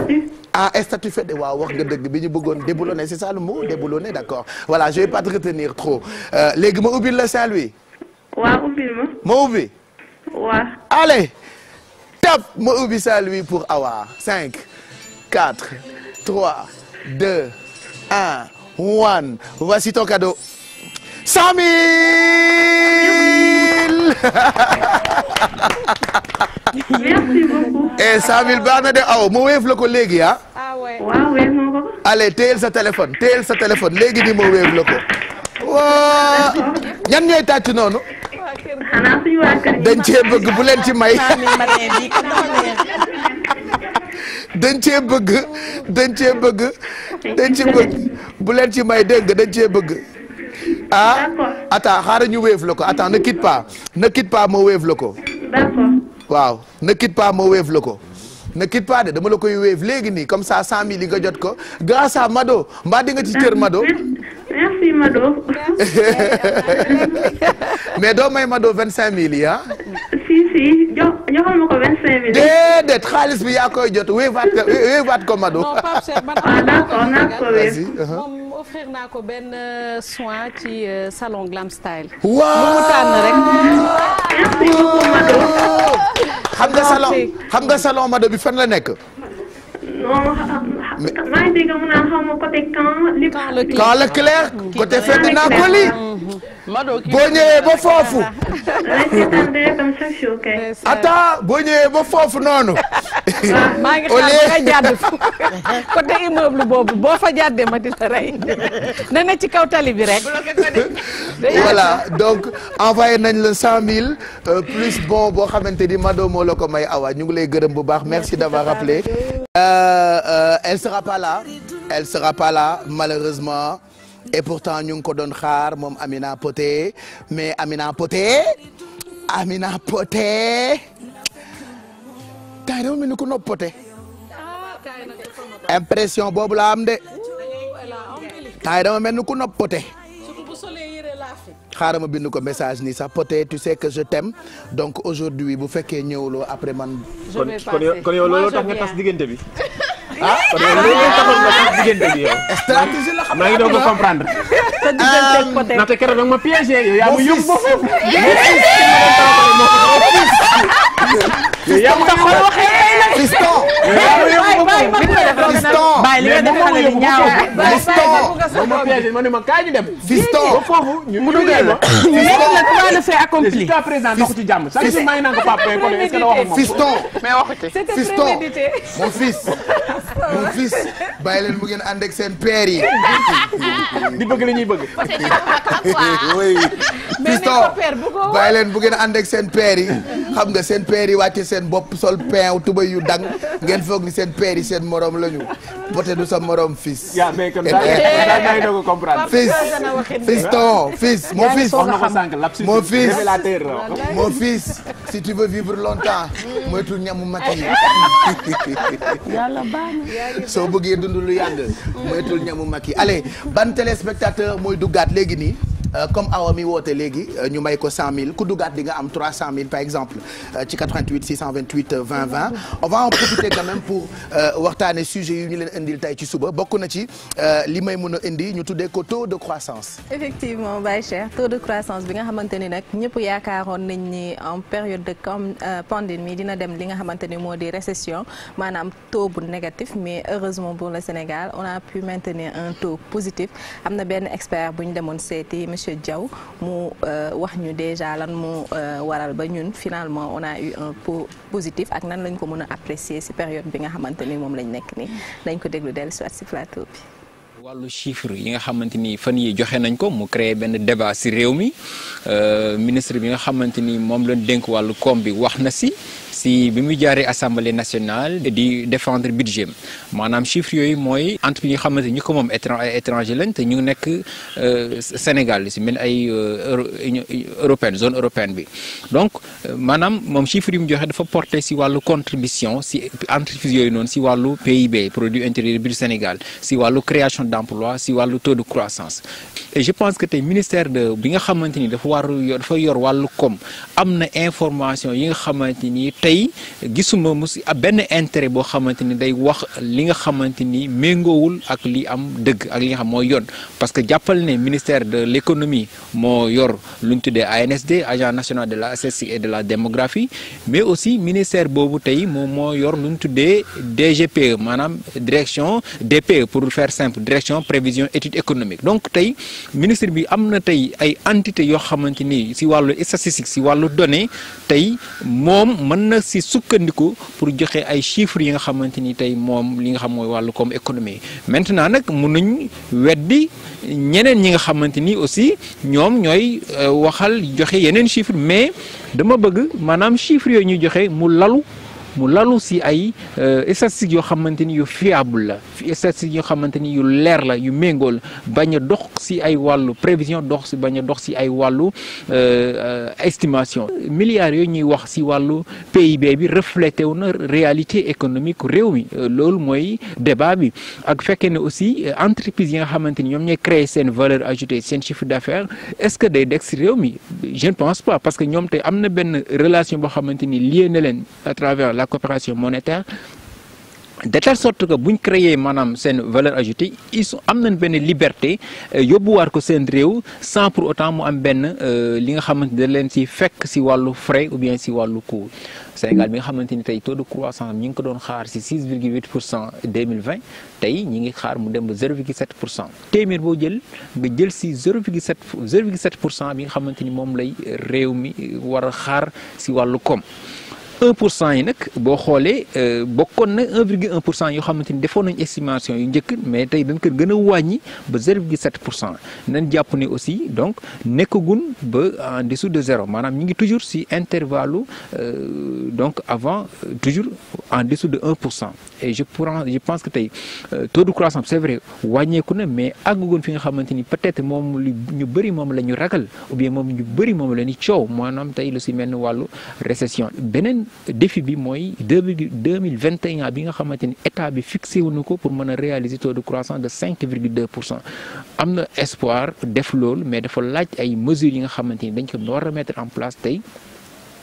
ah statut fait waaw wax nga dëgg bi ñu bëggoon déboulonné c'est ça le mot déboulonné d'accord voilà je vais pas te retenir trop euh, léegi ma ubbil la Saint-Louis. waaw ubbil ma. ma ubbi. waaw allez. cap ma ubbi Saint-Louis pour Awa 5 4 3 2 1 one voici ton cadeau 100 000 merci beaucoup. et 100 000 baax na de aw ma wéef la ko léegi ah. ah waaw wéef na ko. allez téyel sa téléphone téyel sa téléphone léegi nii ma wéef la ko. waa ñan ñooy tàcc noonu. xanaa cee bëgg bu leen ci may. dañ cee bëgg dañ cee bëgg dañ ci bëgg bu leen ci may dégg nga dañ cee bëgg ah. d'accord attends xaaral ñu wéef la ko attends ne quitte pas ne quitte pas ko. waaw ne quitte pas ma wéef la ko. ne quitte pas de dama la koy wéef léegi nii comme ça 100000 yi nga jot ko grâce à Mado mbaa di nga ci cër Mado. merci Mado. mais Mado 25000 yi ah. si xaalis bi koy jot wéevaat ko ko Mado. non Pape Cheikh man ah, d'accord uh-huh. naa ko wéef moom ko benn euh, soin ci euh, salon Glam Style. waaw mu rek. xam nga salon xam nga salon mode bi fan la nekk. maa ngi dégg mu naan xaw ma côté boo ñëwee ba foofu. ata boo ñëwee ba foofu noonu. maa ngi xam nga jàdd côté immeuble boobu boo fa jàddee ma rey na ne ci kaw tali bi rek. voilà donc envoyé nañ la cent mille euh, plus bon boo xamante ni Mado moo la ko may awa ñu ngi lay gërëm bu baax merci d'avoir rappelé. Euh, euh, elle sera pas là elle sera pas là malheureusement. et pourtant ñu ngi ko doon xaar moom Amina Poté mais Amina Poté Amina Poté tay dafa mel ni ku nopp Poté impression boobu la am de tay dama mel ni ku nopp Poté xaaral ma bind ko message nii sax peut-être tu sais que je t'aime donc aujourd'hui bu fekkee ñëwuloo après man. je vais passer kon yow loolu tax nga tas diggante bi. Ah, ah kon loolu ah, taxoon nga sax ah. diggante bi yow. stratégie la xam naa ngi doon ko comprendre. sa diggante côté. Um, ndaxte keroog nag ma piégé yow yaa ma yóbbu ba foofu. yaa ma yóbbu ba foofu. fiston. yaa ma yóbbu ba foofu. fiston. bàyyi li nga def xale bi ñaaw. fiston. ma piégé ma ne ma kaay ñu dem. fiston ba foofu ñu mu dugal ma. léegi nag quoi le fait accompli. jusqu'à présent doxu ci jàmm. chaque jour maa ngi naan ko papa est-ce que la waxu ma. fiston. mais waxu ci. fiston mon fils. mon fils bàyyi leen bu ngeen ànd ak seen père yi. di bëgg li ñuy bëgg. oui. fiston bàyyi leen bu ngeen ànd ak seen père yi. xam nga seen père yi wàcce seen bopp sol pain tubay yu dang ngeen foog ni seen père yi seen morom lañu pote du sa morom fils. yaa mais kon ko comprendre. fils fiston fils mon fils. mon fils mon fils si tu veux vivre longtemps moytu ñamu mati yi. yàlla baax soo bëggee dund lu yàgg moytul ñamu mag yi allez ban téléspectateur mooy duggaat léegi nii euh, comme awa mi woote léegi euh, ñu may ko 100000 ku duggaat di nga am 300000 par exemple euh, ci 88 628 20 20 on va en profiter quand même pour waxtaane sujet yu ñu leen indil tey ci suba bokk na ci li may mun a indi ñu tuddee ko taux de croissance. effectivement Baye Cheikh taux de croissance bi nga xamante ni nag ñëpp yaakaaroon nañ ni en période de comme pandémie dina dem li nga xamante ni moo di récession maanaam taux bu négatif. mais heureusement pour le Sénégal on a pu maintenir un taux positif am na benn expert bu ñu demoon seeti monsieur Diaw mu euh, wax ñu déjà lan moo euh, waral ba ñun finalement on a eu un taux positif ak nan lañ ko mën a apprécier ci période bi nga xamante ni moom lañ nekk nii dañ ko déglu dellu soit ci plateau bi. wàllu chiffre yi nga xamante ni fan yi joxe nañ ko mu créer benn débat ci réew mi euh, ministre bi nga xamante ni moom lañ dénk wàllu koom bi wax na si si bi muy jaaree assemblée nationale di défendre budget maanaam chiffres yooyu mooy entre ñi nga xamante ñu ko moom étranger lañ te ñu euh, si mel ay euh, européenne zone européenne bi donc euh, maanaam moom chiffres yi mu joxe dafa porté si wàllu contribution si entreprise yooyu noonu si wàllu PIB produit intérieur brut Sénégal si wàllu création d'emploi si wàllu taux de croissance et je pense que tey ministère de bi nga xamante ni dafa war dafa yor wàllu koom am na information yi nga xamante ni tey gisuma mu si benn intérêt boo xamante ni day wax li nga xamante ni méngoowul ak li am dëgg ak li nga xam mooy yoon parce que jàppal ne ministère de léconomie moo yor lu ñu tuddee ANSD agent national de la statistique de la démographie mais aussi ministère boobu tey moom moo yor lu ñu tuddee DGPE maanaam direction DPE pour faire simple direction prévision étude économique donc tey ministre bi am na tey ay entité yoo xamante ni si wàllu statistique si wàllu données a si sukkandiku pour joxe ay chiffres yi nga xamante ni tey moom li nga xam mooy wàllu koom économie maintenant nag mun nañ weddi ñeneen ñi nga xamante ni aussi ñoom ñooy euh, waxal joxe yeneen chiffres mais dama bëgg maanaam chiffres yooyu ñuy joxe mu lalu. mu lalu si ay euh, statistiques yoo xamante ni yu fiable la statistiques yoo xamante ni yu leer la yu méngoo la bañ a dox si ay wàllu prévision dox si bañ a dox si ay wàllu euh, euh, estimation milliards yooyu ñuy wax si wàllu PIB bi reflété wu na réalité économique réew mi loolu mooy débat bi ak fekkee ni aussi entreprise yi nga xamante ni ñoom ñooy créer seen valeur ajoutée seen chiffre d'affaires est-ce que day dekk si réew mi je ne pense pas parce que ñoom tey am na benn relation boo xamante ni lié na leen coopération monétaire de telle sorte que bu ñu créer maanaam seen valeur ajoutée ils sont am nañ benn liberté euh, yóbbuwaat ko seen réew sans pour autant mu am benn euh, li nga xamante da leen si fekk si wàllu frais ou bien si wàllu coût Sénégal bi nga xamante ni tey taux de croissance ñi ngi ko doon xaar si 6,8 pour cent 2020 tey ñi ngi xaar mu dem ba 0,7 pour cent téeméer boo jël nga jël si 0,7 0,7 pour cent bi nga xamante ni moom lay réew mi war a xaar si wàllu koom. un pour cent yi nag boo xoolee euh, bokkoon na un virgule pour cent yoo xamante ni defoon nañ estimation yu njëkk mais tey dañ ko gën a wàññi ba zéro virgule sept cent nañ jàpp ne aussi donc nekkagun ba en dessous de zéro maanaam ñu ngi toujours si intervalle euh, donc avant euh, toujours en dessous de en pour cent et je prends je pense que tey taux de croissance c'est vrai wàññeeku na mais àggugoon fi nga xamante ni peut-être moom ñu bëri moom la ñu ragal ou bien moom ñu bëri moom la ñu coow maanaam tey lu si mel ni wàllu récession beneen défi bi mooy deux virgule deux mille vingt et un bi nga xamante ni état bi fixé wu na ko pour mën a réaliser taux de croissance de cinq virgule deux pour cent am na espoir def loolu mais dafa laaj ay mesures yi nga xamante ni dañ ko war a mettre en place tey.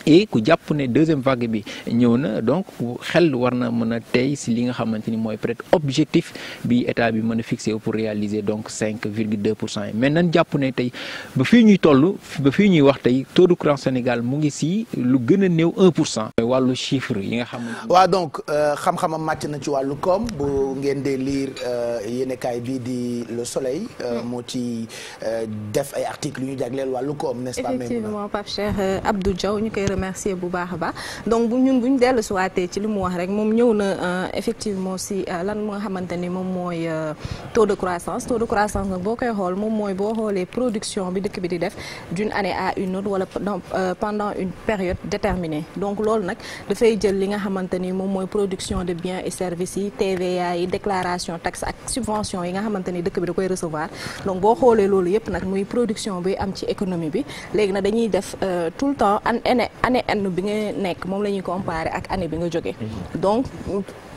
et ku jàpp ne deuxième vague bi ñëw na donc xel war na mën a tey si li nga xamante ni mooy peut-être objectif bi état bi mën a pour réaliser donc cinq virgule deux pour cent yi mais nan jàpp ne tey ba fii ñuy toll ba fii ñuy wax tey taux de croissance Sénégal mu ngi si lu gën a néew un pour cent. wàllu chiffre yi nga xam ne. waaw donc euh, xam-xamam màcc na ci wàllu koom bu ngeen dee lire euh, yéenekaay bii di Le Soleil. Euh, hmm. moo ci def ay articles yu ñu jagleel wàllu koom remercier bu baax a baax donc bu ñun bu ñu dellu suwaatee ci li mu wax rek moom ñëw na euh, effectivement si euh, lan moo xamante ni moom mooy euh, taux de croissance taux de croissance nag boo koy xool moom mooy boo xoolee production bi dëkk bi di def d'une année à une autre wala pendant une période déterminée donc loolu nag dafay jël li nga xamante ni moom mooy production de biens et services yi TVA yi déclaration taxe ak subvention yi nga xamante ni dëkk bi da koy r donc boo xoolee loolu yëpp bi am bi année N bi nga nekk moom la ñuy comparer ak année bi nga jógee mhm. donc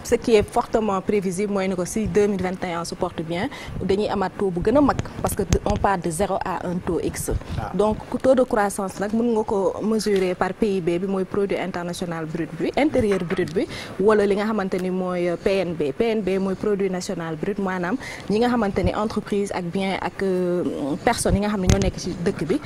ce qui est fortement prévisible mooy ne ko si 2021 se porte bien dañuy amaat taux bu gën a mag parce que on part de zéro à un taux X. Ah. donc taux de croissance nag mën nga ko mesurer par PIB bi mooy produit international brut bi intérieur brut bi wala li nga xamante ni mooy PNB PNB mooy produit national brut maanaam ñi nga xamante ni entreprise ak bien ak euh, personnes yi nga xam ne ñoo nekk ci dëkk bi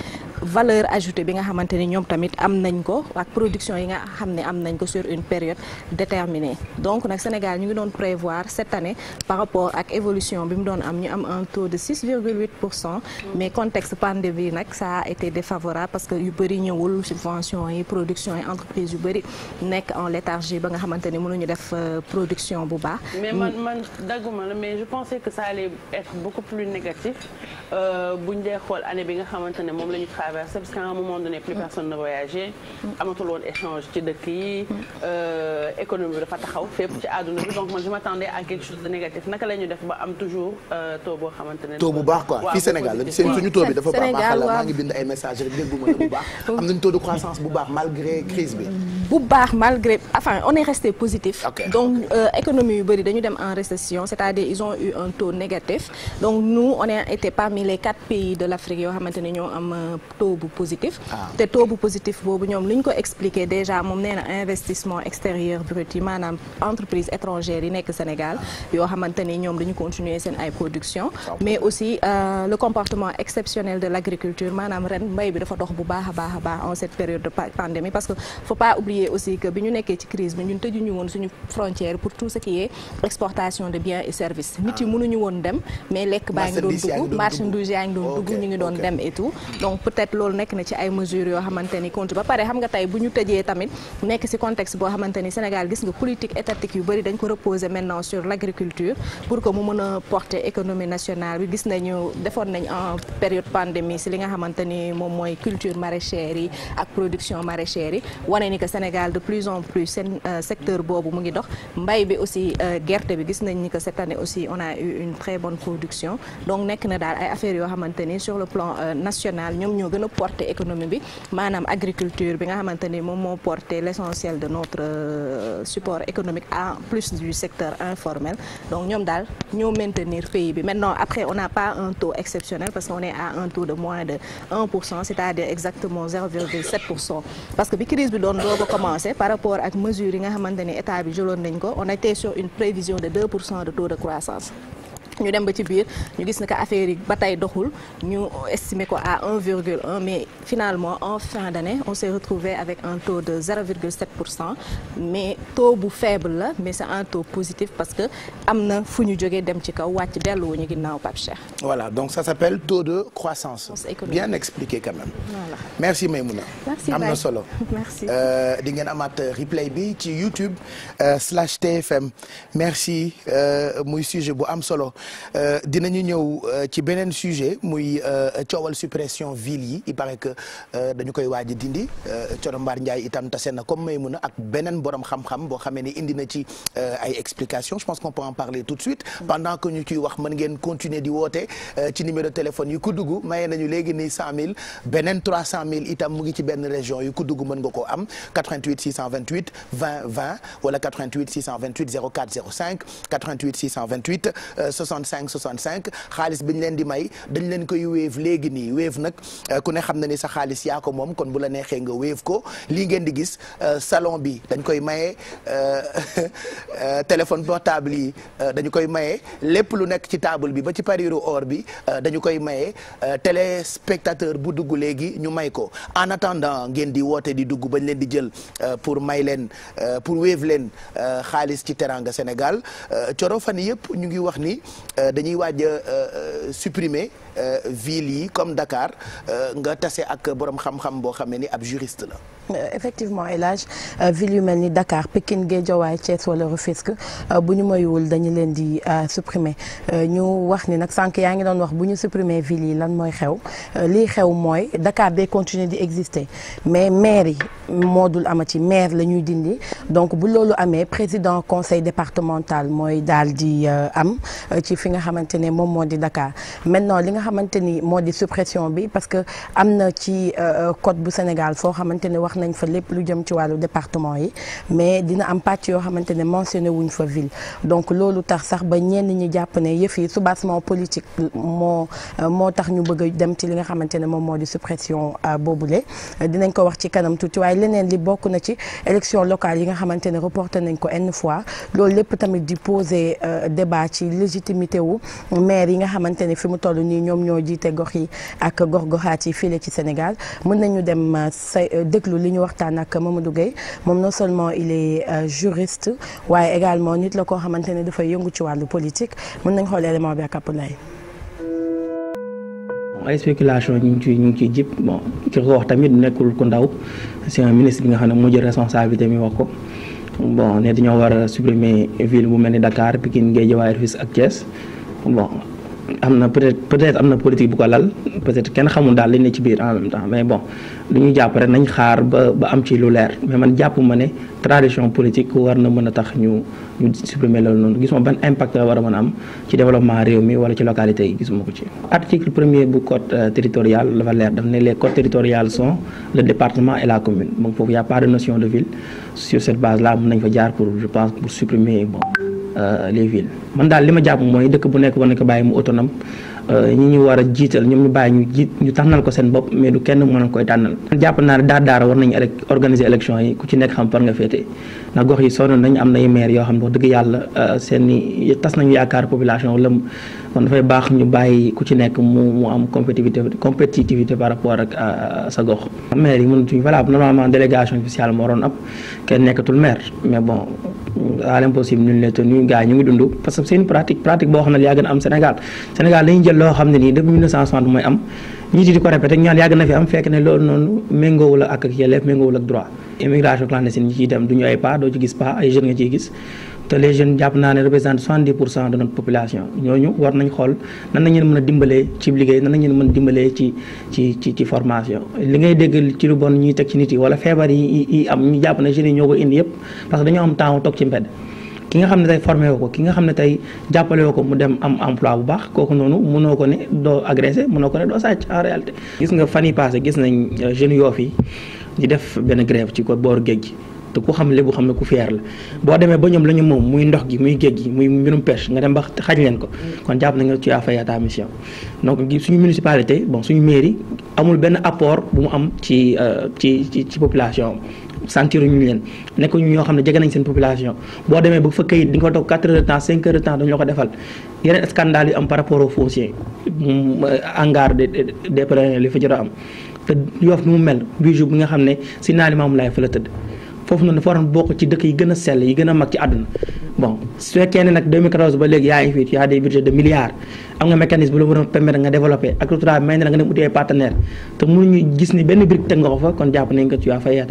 valeur ajoutée bi nga xamante ni ñoom tamit am nañ ko ak production yi nga xam ne am nañ ko sur une période déterminée donc Sénégal ñu ngi doon prévoir cette année par rapport ak évolution bi mu doon am ñu am un taux de 6,8 pour cent. mais contexte pandémie nag ça a été défavorable parce que yu bëri ñëwul subvention yi production yi entreprise yu bëri nekk en léthargie ba nga xamante ni mënuñu def euh, production bu baax. mais man mm. man dagguma la mais je pensais que ça allait être beaucoup plus négatif euh, buñ dee xool année bi nga xamante ne moom la ñu traversé parce qu'à un moment donné plus mm. personne ne voyageait. Mm. ci dëkk yi. Euh, économie bi dafa àdduna donc man je m'attendais quelque chose de négatif naka la ñu def ba am toujours euh, taux boo xamante ne. taux bu baax quoi fii Sénégal seen suñu taux dafa baax baaxal la maa ngi bind ay messages rek la bu baax. am nañu taux de croissance bu baax malgré crise bi. bu baax malgré enfin on est resté positif. donc euh, économie yu bëri dañu dem en récession c'est-à-dire ils ont eu un taux négatif donc nous on a parmi les quatre pays de l'Afrique yoo xamante ne ñoo am euh, taux bu positif. Ah. te taux bu positif boobu ñoom li ñu ko expliqué déjà moom nee na investissement extérieur brut yi maanaam entreprise. entreprises euh, parce que faut pas oublier aussi que bi ñu nekkee ci crise bi ñun tëjuñu woon suñu frontière pour tout ce qui est exportation de biens et services nit yi ah. mënuñu woon dem mais lekk baa ngi doon dugg marchandise yaa ngi doon dugg ñu ngi doon dem et donc peut-être loolu nekk na ci ay mesures yoo xamante ni ba pare xam nga tey bu ñu tëjee tamit nekk ci contexte boo xamante Sénégal gis nga politique étatique yu bëri dañ ko reposer maintenant sur l' agriculture pour que mu mën a porter économie nationale bi gis nañu defoon nañ en période pandémie si li nga xamante ni moom mooy culture maraîchère yi ak production maraîchère yi wane ni que Sénégal de plus en plus seen euh, secteur boobu mu ngi dox mbay bi aussi euh, gerte bi gis nañ ni que cette année aussi on a eu une très bonne production donc nekk na daal ay affaires yoo xamante ni sur le plan euh, national ñoom ñoo gën a porter économie bi maanaam agriculture bi nga xamante ni moom moo porter l' essentiel de notre plus du secteur informel donc ñoom daal ñoo maintenir pays bi maintenant après on n'a pas un taux exceptionnel parce qu'on est à un taux de moins de 1 pour cent c'est-à-dire exactement parce que bi crise bi doon doog a commencé par rapport ak mesures yi nga xamante état bi jëloon nañ ko on était sur une prévision de de taux de croissance ñu dem ba ci biir ñu gis ne que affaire yi ba tey doxul ñu estimé ko à 1,1 mais finalement en fin d'année on s'est retrouvé avec un taux de 0,7 pour cent mais taux bu faible la mais c'est un taux positif parce que am na fu ñu joge dem ci kaw wàcc delluwuñu ginnaaw Pape Cheikh. voilà donc ça s'appelle taux de croissance. bien expliqué quand même. voilà merci Maymouna. merci am na solo. merci euh, di ngeen amaat replay bi ci YouTube euh, slash TFM merci euh, muy sujet bu am solo. Euh, dinañu ñëw euh, ci beneen sujet muy euh, coowal suppression ville yi il paraît que dañu koy waaj dindi Coro Mbaar Ndiaye itam tase na comme may mun a ak beneen borom xam-xam boo xamee ni indi na ci ay explications je pense qu'on peut en parler tout de suite. pendant que ñu ciy wax mën ngeen continuer di woote ci numéro téléphone yu ku dugg maye nañu léegi nii 100000 beneen 300000 itam mu ngi ci benn région yu ku dugg mën nga koo am 88 628 20 20 wala 88 628 04 05 88 628. 65 65 xaalis bañ leen di may dañ leen koy wéev léegi nii wéev nag euh, ku ne xam na ni sa xaalis yaa ko moom kon bu la neexee nga wéev ko lii ngeen di gis euh, salon bi dañ koy maye euh, téléphone portable yi dañu koy maye lépp lu nekk ci table bi ba ci pariru or bi dañu koy maye téléspectateur bu dugg léegi ñu may ko en attendant ngeen di woote di dugg bañ leen di jël pour may leen pour wéev leen xaalis ci teranga Sénégal coro fan yëpp ñu ngi wax nii Euh, dañuy waaj a euh, euh, supprimer Euh, ville yi comme Dakar euh, nga tase ak borom xam-xam boo xamee ni ab juriste la. Euh, effectivement El Hadj ville yu mel ni Dakar Pikine Guédiawaye Thiès wala Rufisque bu ñu moywul dañu leen di supprimer ñu wax ni nag sànq yaa ngi doon wax bu ñu supprimer ville yi lan mooy xew lii xew mooy Dakar day continuer di exister mais maire yi moo dul amati maire la ñuy dindi donc bu loolu amee président conseil départemental mooy daal di am ci fi nga xamante ne moom moo di Dakar xamante ni moo di suppression bi parce que am na ci euh, euh, code bu Sénégal foo xamante ne wax nañ fa lépp lu jëm ci wàllu département yi mais dina am pàcc yoo xamante ne mentionné wuñ fa ville donc loolu tax sax ba ñenn ñi jàpp ne yëf yi soubassement politique moo euh, moo tax ñu bëgg a dem ci li nga xamante ne moom moo di suppression boobule dinañ ko wax ci kanam tuuti waaye leneen li bokk na ci élection locale yi nga xamante ne reporté nañ ko une fois loolu lépp tamit di poser débat ci légitimité wu ñoom ñoo jiite gox yi ak gox-goxaat yi fii ci Sénégal mën nañu dem euh, say euh, déglu li ñu waxtaan ak Mamadou Gueye moom non seulement il est euh, juriste waaye également nit la koo xamante ne dafay yëngu ci wàllu politique mën nañ xool élément bi ak Abdoulaye ay spéculation ngi ciy ñu ngi ciy jib bon ko wax tamit nekkul ku ndaw c'est un ministre bi nga xam ne moo jël responsabilité mi wax ko ne dañoo war a supprimer ville bu mel ni Dakar Pikine Guédiawaye Rufisque ak Thiès am na peut-être peut-être am na politique bu ko lal peut-être kenn xamul daal li ne ci biir en même temps mais bon lu ñu jàpp rek xaar ba am ci lu leer mais man jàpp ma ne tradition politique war na mën a tax ñu ñu supprimer loolu noonu gisuma ban impact la war a mën am ci développement réew mi wala ci localité yi gisuma ko ci. article premier bu code euh, territorial dafa leer daf ne les codes territoriales sont le département et la commune foofu y a de notion de ville sur Euh, les villes man daal li ma jàpp mooy dëkk bu nekk war na ko bàyyi mu autonome euh, ñi ñu war a jiital ñoom ñu bàyyi ñu jiit ñu tànnal ko seen bopp mais du kenn mën a koy tànnal. jàpp naa ne daar daara war nañu organiser élection yi ku ci nekk xam par nga féete ndax gox yi sonn nañu am nay maire yoo xam ne wax dëgg yàlla euh, seen tas nañu yaakaar population wala kon dafay baax ñu bàyyi ku ci nekk mu mu am compétitivité compétitivité par rapport ak sa gox. maire yi mënatuñ voilà normalement délégation spéciale moo doon ab kenn nekkatul maire mais bon à l'impossible nul n'est tenu gars yi ngi dund parce que c'est une pratique pratique boo xam ne yaa gën a am Sénégal Sénégal dañuy jël loo xam ne nii depuis 1960 mooy am. ñii di ko répété ñaan yàgg na fi am fekk ne loolu noonu méngoowul ak ak ak dem du ñu ci gis pas ay te les jeune jàpp naa ne représentent soixante-dix pour cent de notre population ñooñu war nañ xool nan nañ leen mën a dimbalee ci liggéey nan nañ leen mën a dimbalee ci ci ci ci formation li ngay dégg ci lu bon ñuy teg ci nit yi wala feebar yi yi am ñu jàpp ne jeunes yi ñoo ko indi yëpp parce que dañoo am temps toog ci mbedd ki nga xam ne tey formé woo ko ki nga xam ne tey jàppale woo ko mu dem am emploi bu baax kooku noonu mënoo ko ne doo agressé mënoo ko ne doo sàcc en nga fan yii passé gis nañ euh, jeunes yoo fi ñu def benn grève ci ko boor géej gi te ku xam lébu xam ne ku fier la boo demee ba ñoom la ñu moom muy ndox gi muy géej gi muy mbirum pêche nga dem ba xaj leen ko kon jàpp na nga tu as fait ta mission donc suñu municipalité bon suñu mairie amul benn apport bu mu am ci euh, ci ci population sentir ñu leen nekk ñu ñoo xam ne jege nañ seen population boo demee ba fa kayit di nga fa toog 4 heures de temps 5 heures temps dañu ko defal yeneen scandale yu am par rapport au foncier euh, hangar de des li fa jot am te Yoff nu mu mel bii jour bi nga xam ne si naali Maamu Laay fa la tëdd foofu noonu dafa waroon bokk ci dëkk yi gën a sell yi gën a mag ci àdduna bon su fekkee nag 2014 a des budgets de milliards am nga mécanisme bu la waroon permettre nga développé agriculture may na la nga dem uti ay partenaire te mënuñu gis ni benn brique teg nga ko fa kon jàpp nañ ko tu as failli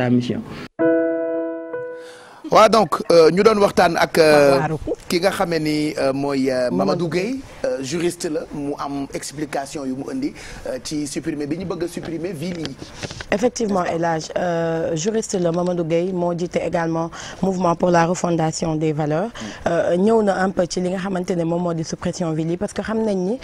donc ñu doon waxtaan ak ki nga xamee ni mooy Mamadou Gueye juriste la mu am explication yu mu indi euh, ci supprimer bi ñu bëgg a supprimer ville yi. effectivement El Hadj euh, juriste la Mamadou Gueye moo jiite également mouvement pour la refondation des valeurs euh, ñëw na un ci li nga xamante ne moom moo di suppression ville yi parce que xam nañ ni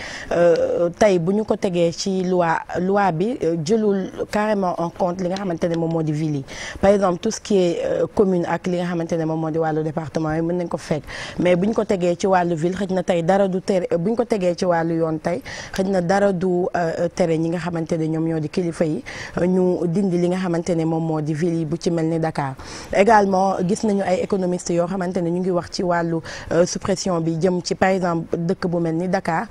tey bu ñu ko tegee ci loi loi bi jëlul carrément en compte li nga xamante ne moom moo di ville yi par exemple tout ce qui est commune ak li nga xamante ne moom moo di wàllu département yi mën nañ ko fekk mais bu ñu ko tegee ci wàllu ville xëj na tey dara du tere tegee ci wàllu yoon tey xëy na dara du euh, euh, tere ñi nga xamante ne ñoom ñoo di kilifa yi euh, ñu dindi li nga xamante ne moom moo di ville yi bu ci mel ni Dakar également gis nañu ay économistes yoo xamante ne ñu ngi wax ci wàllu suppression bi jëm ci par exemple dëkk bu mel ni Dakar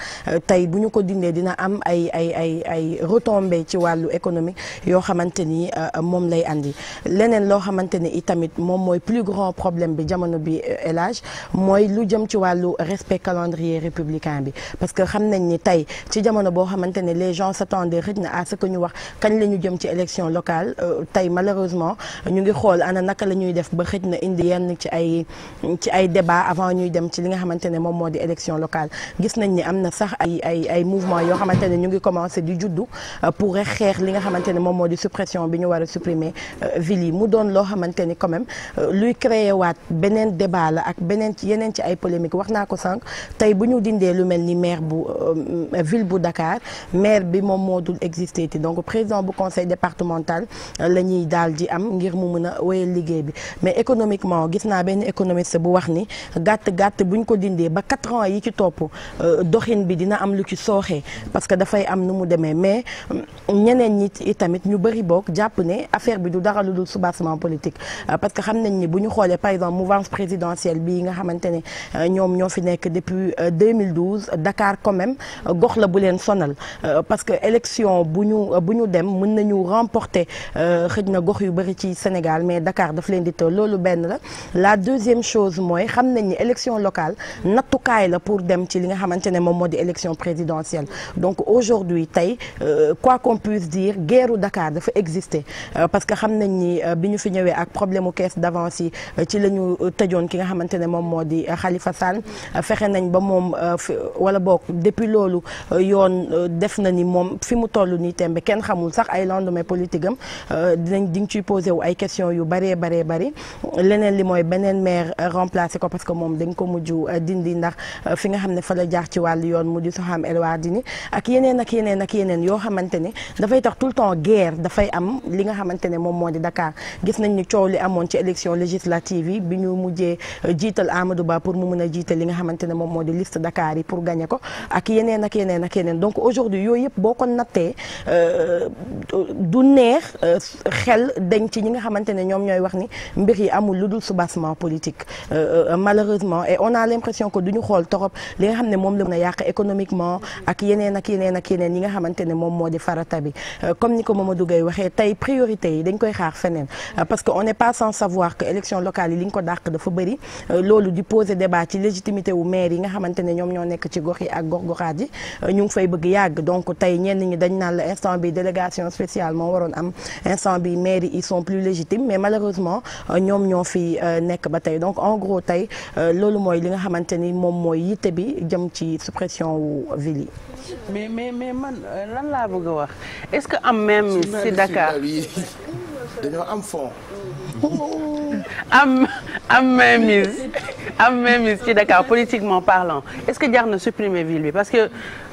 tey bu ñu ko dindee dina am ay ay ay ay retombées ci wàllu économique yoo xamante ni moom lay andi leneen loo xamante ni itamit moom mooy plus grand problème bi jamono bi élage mooy lu jëm ci wàllu respect calendrier bi parce que xam nañ ni tey ci jamono boo xamante ne les gens s'attendaient xëj na à ce que ñu wax kañ la ñu jëm ci élection locale euh, tey malheureusement ñu ngi xool ana naka la ñuy def ba xëj na indi yenn ci ay ci ay débat avant ñuy dem ci li nga xamante ne moom moo di élection locale gis nañ ni am na sax ay ay ay mouvement yoo xamante ne ñu ngi commencé di juddu euh, pour rek xeex li nga xamante ne moom moo di suppression bi ñu war a supprimer euh, ville yi mu doon loo xamante ni quand luy créer waat beneen débat la ak beneen yeneen ci ay polémique wax naa ko sànq maire bu euh, ville bu Dakar maire bi moom moo dul existé ti donc président bu conseil départemental euh, la ñuy daal di am ngir mu mën a wéyal liggéey bi mais économiquement gis naa benn économiste bu wax ni gàtt gàtt bu ñu ko dindee ba quatre ans yi ci topp euh, doxin bi dina am lu ci sooxee parce que dafay am nu mu demee mais ñeneen ñi tamit ñu bëri bokk jàpp ne affaire bi du dara lu dul soubassement politique parce que xam nañ ni bu ñu xoolee par exemple mouvance présidentielle bii nga xamante ne ñoom ñoo fi nekk depuis 2012 Dakar quand même euh, gox la bu leen sonal euh, parce que élection bu ñu euh, bu ñu dem mën nañu remporter xëj na gox yu bëri ci Sénégal mais dakaar daf leen di të loolu benn la la deuxième chose mooy xam nañ ni élection locale nattukaay la pour dem ci li nga xamante ne moom moo di élection présidentielle donc aujourd'hui tey quoi qu'on puisse dire guerru dakaar dafa exister parce que xam nañ ni bi ñu fi ñëwee ak problème u caisse d'avance yi ci la ñu tëjoon ki nga xamante ne moom moo di Khalifa Sall fexe nañ ba moom wala boog depuis loolu euh, yoon euh, def na ni moom fi mu toll nii tembe kenn xamul sax ay lendemain politique am euh, dinañ di nga ciy posé wu ay question yu bëree baree bari leneen li mooy beneen maire remplacé ko parce que moom dañ ko mujj dindi ndax fi nga xam ne fa la jaax ci wàll yoon mu di El Wardini ak yeneen ak yeneen ak yeneen yoo xamante ne dafay tax tout le temps guerre dafay am li nga xamante ne moom moo di Dakar gis nañ ni coow li amoon ci élection législative yi ñu mujjee jiital Amadou Ba pour mu mën a jiital moom moo di liste Dakar gagné ko ak yeneen ak yeneen ak yeneen donc aujourd'hui yooyu yëpp boo ko nattee euh, du neex euh, xel dañ ci ñi nga xamante ne ñoom ñooy wax ni mbir yi amul lu dul soubassement politique euh, malheureusement et on a l'impression que duñu xool torop li nga xam ne moom la a yàq économiquement ak yeneen ak yeneen ak yeneen yi nga xamante ne moom moo di bi comme ni ko Mamadou Gueye waxee tey priorité yi dañ koy xaar feneen parce yi li ko dàq dafa nga xamante ne ñoom ñoo nekk ci gox yi ak gox goxaat yi euh, ñu ngi fay bëgg yàgg donc tey ñenn ñi dañ naan la instant bi délégation spéciale moo waroon am instant bi maire yi ils sont plus légitimes mais malheureusement euh, ñoom ñoo fi euh, nekk ba tey donc en gros tey loolu mooy li nga xamante ni moom mooy yitte bi jëm ci suppression wu ville mais mais mais laa bëgg a wax est-ce que am même si Dakar am fond am am mainmise am mainmise ci Dakar politiquement parlant est-ce que jar na supprimer ville bi parce que.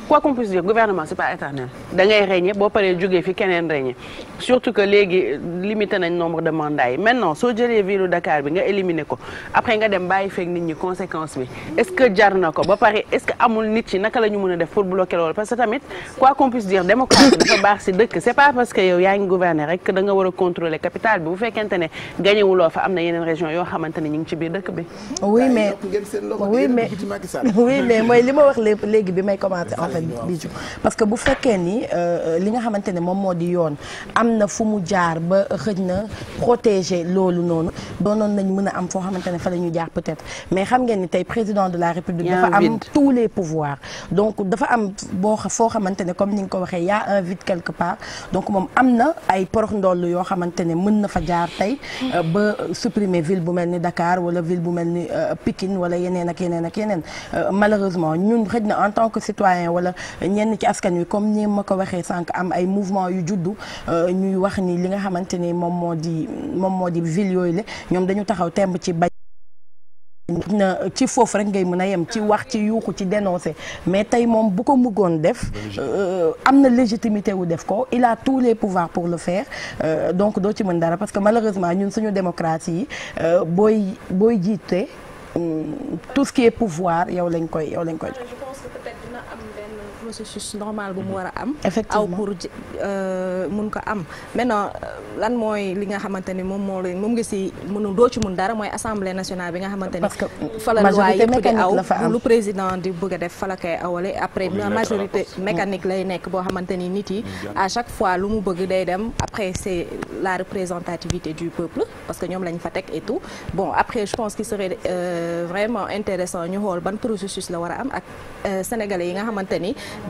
quoi qu'on puisse dire gouvernement c'est pas éternel da ngay régner boo paree jógee fi keneen régner surtout que léegi limité nañ nombre de mandats yi maintenant soo jëlee ville Dakar bi nga éliminer ko après nga dem bàyyi feeg nit ñi conséquence bi est-ce que jar na ko ba pare est-ce que amul nit ci naka la ñu mën a def pour bloquer loolu parce que tamit quoi qu'on puisse dire démocratie dafa baax si dëkk c'est pas parce que yaa ngi rek que da nga a contrôler capitale bi bu fekkente ne gañewuloo fa am na yeneen ñu ngi ci biir dëkk bi tamit bijou parce que bu fekkee ni euh, euh, li nga xamante ne moom moo di yoon am na fu mu jaar ba xëj na protéger loolu noonu doonoon nañ mën a am foo xamante ne fa la ñu jaar peut mais xam ngeen ni tey président de la république dafa am tous les pouvoirs donc dafa am boo foo xamante ne comme ni nga ko waxee yaa un vide quelque part donc moom am na ay porox ndoll yoo xamante ne mën na fa jaar tey euh, ba supprimer ville bu mel ni dakaar wala ville bu mel ni Pikine wala yeneen ak yeneen ak yeneen la ñenn ci askan wi comme ni ma ko waxee sànq am ay mouvement yu juddu euh, ñuy wax ni li nga xamante ni moom moo di moom moo di ville yooyu la ñoom dañu taxaw temb ci bañ na ci foofu rek ngay mën a yem ci wax ci yuuxu ci dénoncer mais tey moom bu ko muggoon def euh, am na légitimité wu def ko il a tous les pouvoirs pour le faire euh, donc doo ci mën dara parce que malheureusement ñun suñu démocratie yi booy booy jiite mm, tout ce qui est pouvoir yow lañ koy yow lañ koy processus normal bu mu mhm. war am. aw pour euh, mun ko am maintenant lan mooy li nga xamante ni moom moo leen moom nga si mënu doo ci mun dara mooy assemblée nationale bi nga xamante ni. fa la loi yëpp di aw lu a def fa majorité mm. mécanique lay nekk boo xamante ni nit yi à chaque fois lu mu bëgg day dem après c'est la représentativité du peuple parce que ñoom lañ fa teg et tout bon après je pense qu'il serait euh, vraiment intéressant ñu xool ban processus la war a am ak euh, sénégalais yi nga xamante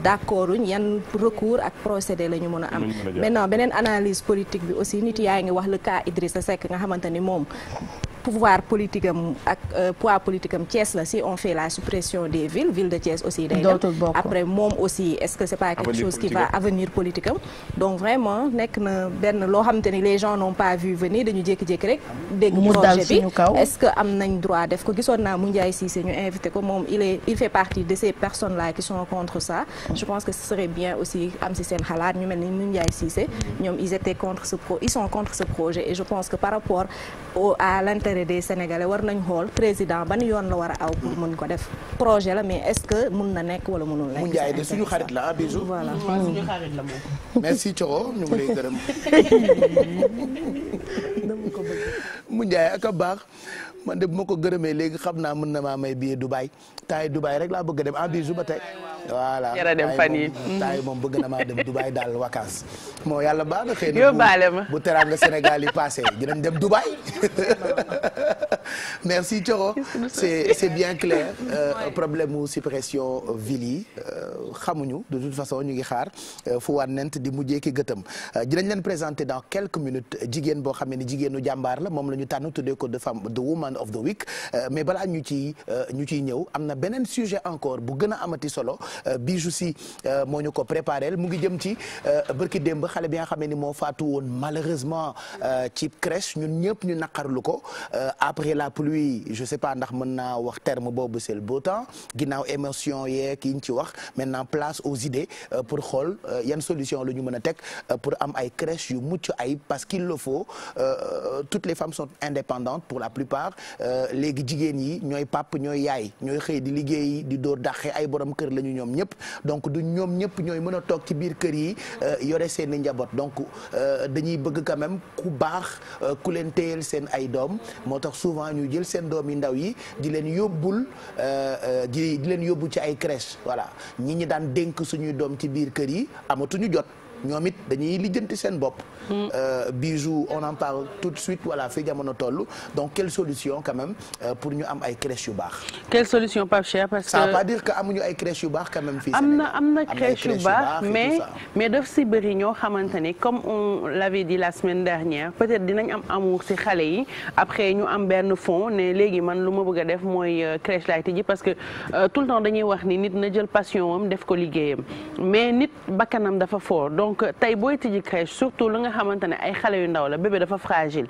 d'accord uñ yan recours ak procédé la ñu mën a am maintenant beneen analyse politique bi aussi nit yaa ngi wax le cas Idrissa Seck nga xamante ni moom pouvoir politique am ak euh, la si on fait la suppression des villes ville de Thiès aussi day dem après moom aussi est-ce que c'est pas quelque chose qui va avenir politique am donc vraiment nekk na benn loo xamante ni les gens n'ont pas vu venir dañu jékki-jékki rek dégg projet bi est-ce que am nañ droit def ko gisoon naa mu Ndiaye Cissé invité ko moom il est il fait partie de ces personnes là qui sont contre ça je pense que ce serait bien aussi am si seen xalaat intérêt des war nañ xool président ban yoon la war aw pour ko def projet la mais est-ce que mun na nekk wala munul nekk. mu njaay de suñu xarit la ah bijou mm. la moom. merci Thioro ñu ngi lay gërëm. ko bëgg. mu njaay ak baax man de bu ma ko gërëmee léegi xam naa mun na maa may billet Dubaï temps yi rek laa bëgg a dem ah bijou ba tey. voilà yara dem fan moom bëgg na maa dem Dubaay daal vacances moo yàlla baax na xëy bu yóbbaale ma bu teraanga Sénégal yi passé dinañ dem Dubaay merci Thioro c'est c'est bien clair euh, problème mu suppression ville yi euh, xamuñu de toute façon ñu ngi xaar euh, fu war nent di mujjee ki gëtëm euh, dinañ leen présenter dans quelques minutes jigéen boo xam ne jigéenu jàmbaar la moom la ñu tànn tuddee ko de femme the woman of the week mais balaa ñu ci ñu ciy ñëw am na beneen sujet encore bu gën a amati solo Euh, Bijou Sy euh, moo ñu ko préparel mu ngi jëm ci euh, bërki démb xale bi nga xam ni moo faatu woon malheureusement ci crèche ñun ñëpp ñu naqarlu ko après la pluie je sais pas ndax mën naa wax terme boobu c'est boo beau temps ginnaaw émotion yeeg yi ñu ci wax maintenant place aux idées pour xool yan solution la ñu mën a teg pour am ay crèche yu mucc ay parce qu'il le faut toutes les femmes sont indépendantes pour la plupart léegi jigéen yi ñooy pap ñooy yaay ñooy ñoom ñëpp donc du ñoom ñëpp ñooy mën a toog ci biir kër yi euh, yore seen njaboot donc euh, dañuy bëgg quand même ku baax euh, ku leen téyel seen ay doom moo tax souvent ñu jël seen doom yi ndaw yi di leen yóbbul di di leen yóbbu ci ay crèche voilà ñi ñi daan dénk suñuy doom ci biir kër yi amatuñu jot ñoom it dañuy lijjanti seen bopp Euh, bijou on en parle tout de suite voilà fi jamono toll donc quelle solution quand euh, pour ñu am ay crèche yu baax. quelle solution Pape Cheikh que pas que amuñu ay crèche yu baax quand même. fii am na am na crèche yu baax mais mais daf si bëri ñoo xamante ni comme on l'avait dit la semaine dernière peut-être dinañ am amu si xale yi après ñu am benn fond ne léegi man lu ma bëgg a def mooy euh, crèche laay tijji parce que tout le temps dañuy wax ni nit na jël passion am def ko liggéeyam mais nit bakkanam dafa fort donc tey booy tijji crèche surtout xamante ne ay xale yu ndaw la bébé dafa fragile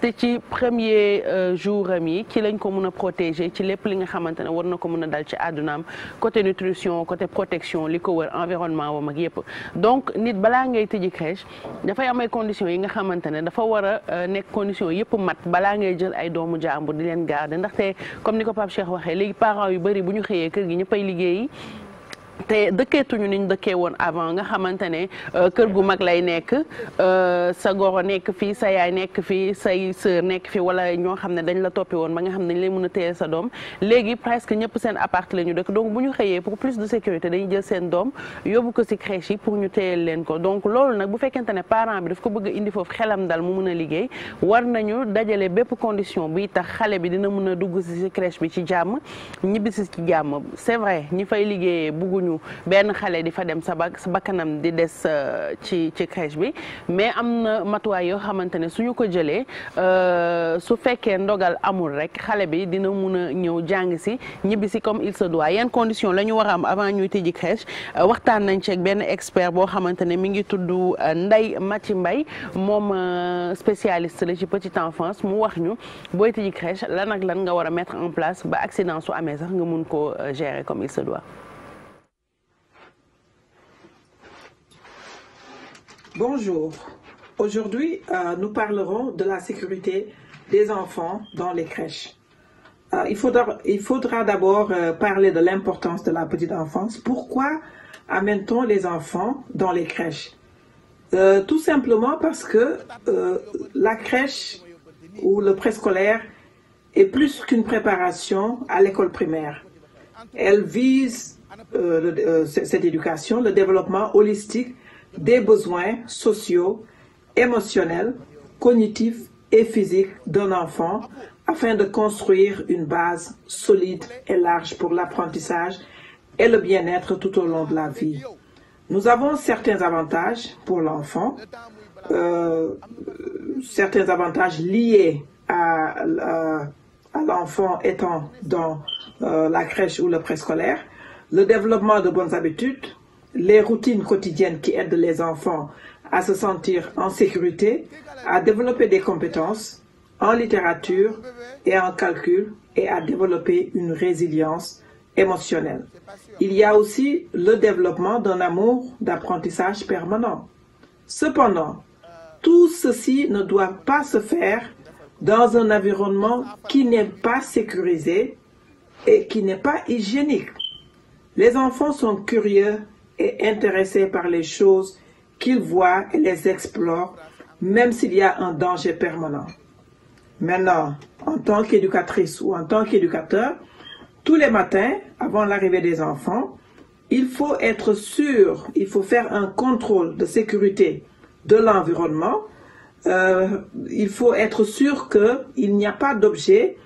te ci premier euh, jour am yi ci lañ ko mun a protéger ci lépp li nga xamante ne war na ko mun a dal ci àddunaam côté nutrition côté protection li ko war environnement wam mag yépp donc nit balaa ngay tëji crèche dafay am ay conditions yi nga xamante ne dafa war a euh, nekk conditions yépp mat balaa ngay jël ay doomu jàmbur di leen garder ndaxte comme ni ko Pape Cheikh waxee léegi parents yu bari bu ñu xëyee kër gi ñëppay liggéeyi te dëkkeetuñu niñ dëkkee woon avant nga xamante ne euh, kër gu mag lay nekk euh, sa goro nekk fii sa yaay nekk fii say sœur nekk fi wala ñoo xam ne dañ la toppi woon ba nga xam ne dañ lay mun a téye sa doom léegi presque ñëpp seen appart la ñu dëkk donc bu ñu xëyee pour plus de sécurité dañuy jël seen doom yóbbu ko ci crèche yi pour ñu téyel leen ko donc loolu nag bu fekkente ne parent bi daf ko bëgg indi foofu xelam dal mu mun a liggéey war nañu dajale bépp condition bi tax xale bi dina mun a dugg si crèche bi ci jàmm ñibbisi ci jàmm c'est vrai ñi fay liggéeyee bugguñ ñu benn xale di fa dem sa ba sa bakkanam di des euh, ci ci crèche bi mais am na matuwaay yoo xamante ne ñu ko jëlee euh, su fekkee ndogal amul rek xale bi dina mun a ñëw jàng si ñibbi si comme il se doit yan condition la ñu war am avant ñuy tijji crèche euh, waxtaan nañ ci benn expert boo xamante ne mi ngi tudd Ndeye Mathi mbay moom spécialiste la ci petite enfance mu wax ñu booy tijji crèche lan nag lan nga war a mettre en place ba accident su amee sax nga mun ko gérer comme il Bonjour. Aujourd'hui, euh, nous parlerons de la sécurité des enfants dans les crèches. Euh, il faudra, il faudra d'abord euh, parler de l'importance de la petite enfance. Pourquoi amène-t-on les enfants dans les crèches euh, Tout simplement parce que euh, la crèche ou le préscolaire est plus qu'une préparation à l'école primaire. Elle vise euh, cette éducation, le développement holistique des besoins sociaux, émotionnels, cognitifs et physiques d'un enfant afin de construire une base solide et large pour l'apprentissage et le bien-être tout au long de la vie. Nous avons certains avantages pour l'enfant, euh, certains avantages liés à, à, à l'enfant étant dans euh, la crèche ou le préscolaire, le développement de bonnes habitudes, les routines quotidiennes qui aident les enfants à se sentir en sécurité, à développer des compétences en littérature et en calcul et à développer une résilience émotionnelle. Il y a aussi le développement d'un amour d'apprentissage permanent. Cependant, tout ceci ne doit pas se faire dans un environnement qui n'est pas sécurisé et qui n'est pas hygiénique. Les enfants sont curieux et intéressé par les choses qu'il voit et les explore, même s'il y a un danger permanent. Maintenant, en tant qu'éducatrice ou en tant qu'éducateur, tous les matins, avant l'arrivée des enfants, il faut être sûr, il faut faire un contrôle de sécurité de l'environnement. Euh, il faut être sûr qu'il n'y a pas d'objet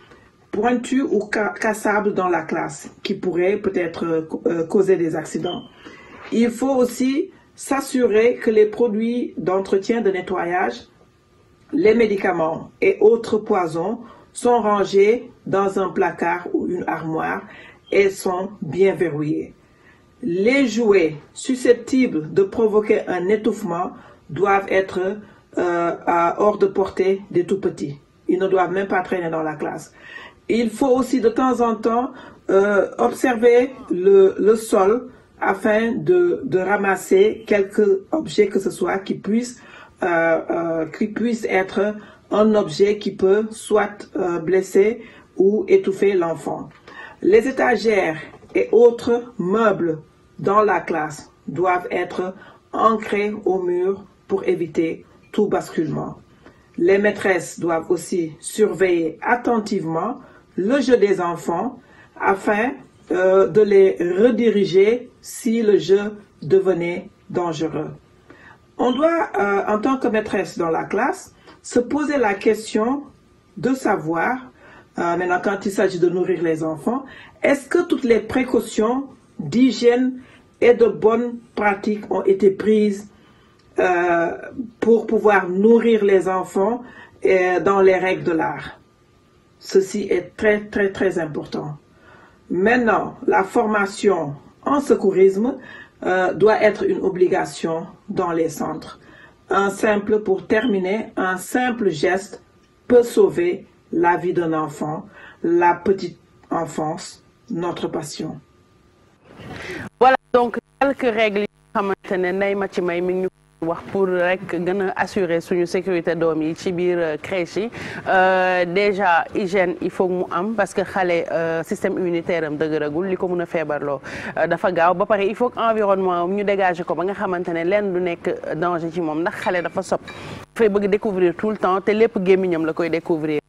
pointu ou ca cassable dans la classe qui pourrait peut-être euh, causer des accidents. Il faut aussi s'assurer que les produits d'entretien de nettoyage, les médicaments et autres poisons sont rangés dans un placard ou une armoire et sont bien verrouillés. Les jouets susceptibles de provoquer un étouffement doivent être euh, à hors de portée des tout petits. Ils ne doivent même pas traîner dans la classe. Il faut aussi de temps en temps euh, observer le, le sol afin de, de ramasser quelque objet que ce soit qui puisse, euh, euh, qui puisse être un objet qui peut soit euh, blesser ou étouffer l'enfant. Les étagères et autres meubles dans la classe doivent être ancrés au mur pour éviter tout basculement. Les maîtresses doivent aussi surveiller attentivement le jeu des enfants afin euh, de les rediriger si le jeu devenait dangereux. On doit, euh, en tant que maîtresse dans la classe, se poser la question de savoir, euh, maintenant quand il s'agit de nourrir les enfants, est-ce que toutes les précautions d'hygiène et de bonnes pratiques ont été prises euh, pour pouvoir nourrir les enfants euh, dans les règles de l'art. Ceci est très, très, très important. Maintenant, la formation en secourisme euh, doit être une obligation dans les centres. Un simple, pour terminer, un simple geste peut sauver la vie d'un enfant, la petite enfance, notre passion. Voilà donc quelques règles. xamante ne Ndeye Mathimay mi ngi wax pour rek gën a assurer suñu sécurité doom yi ci biir euh, crèche yi euh, déjà hygiène il faut mu am parce que xale euh, système immunitaire am dëgëragul li ko mën a feebarloo dafa gaaw ba pare il faut que environnement ñu dégager ko ba nga xamante ne lenn du nekk danger ci moom ndax xale dafa sob dafay bëgg découvrir tout le temps te lépp gémmiñam la koy découvrir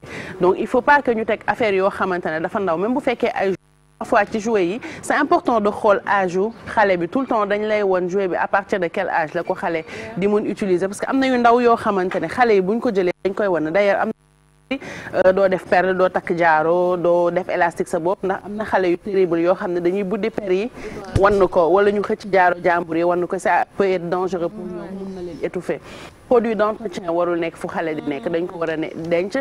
donc il faut pas que ñu teg affaire yoo xamante ne dafa ndaw même bu fekkee ay parfois ci jouet yi c'est important de xool âge u xale bi tout le temps dañ lay woon jouet bi à de quel âge la ko xale di mun utiliser parce que am na yu ndaw yoo xamante ne xale yi buñ ko jëlee dañ koy wan d'ailleurs am euh, doo def perle doo takk jaaro doo def élastique sa bopp ndax am na xale yu terrible yoo xam ne dañuy buddi per yi wan ko wala ñu xëcc jaaro jàmbur yi wan ko ça peut être dangereux pour ñoom étouffé produit d'entretien warul nekk fu xale di nekk dañ ko war a ne denc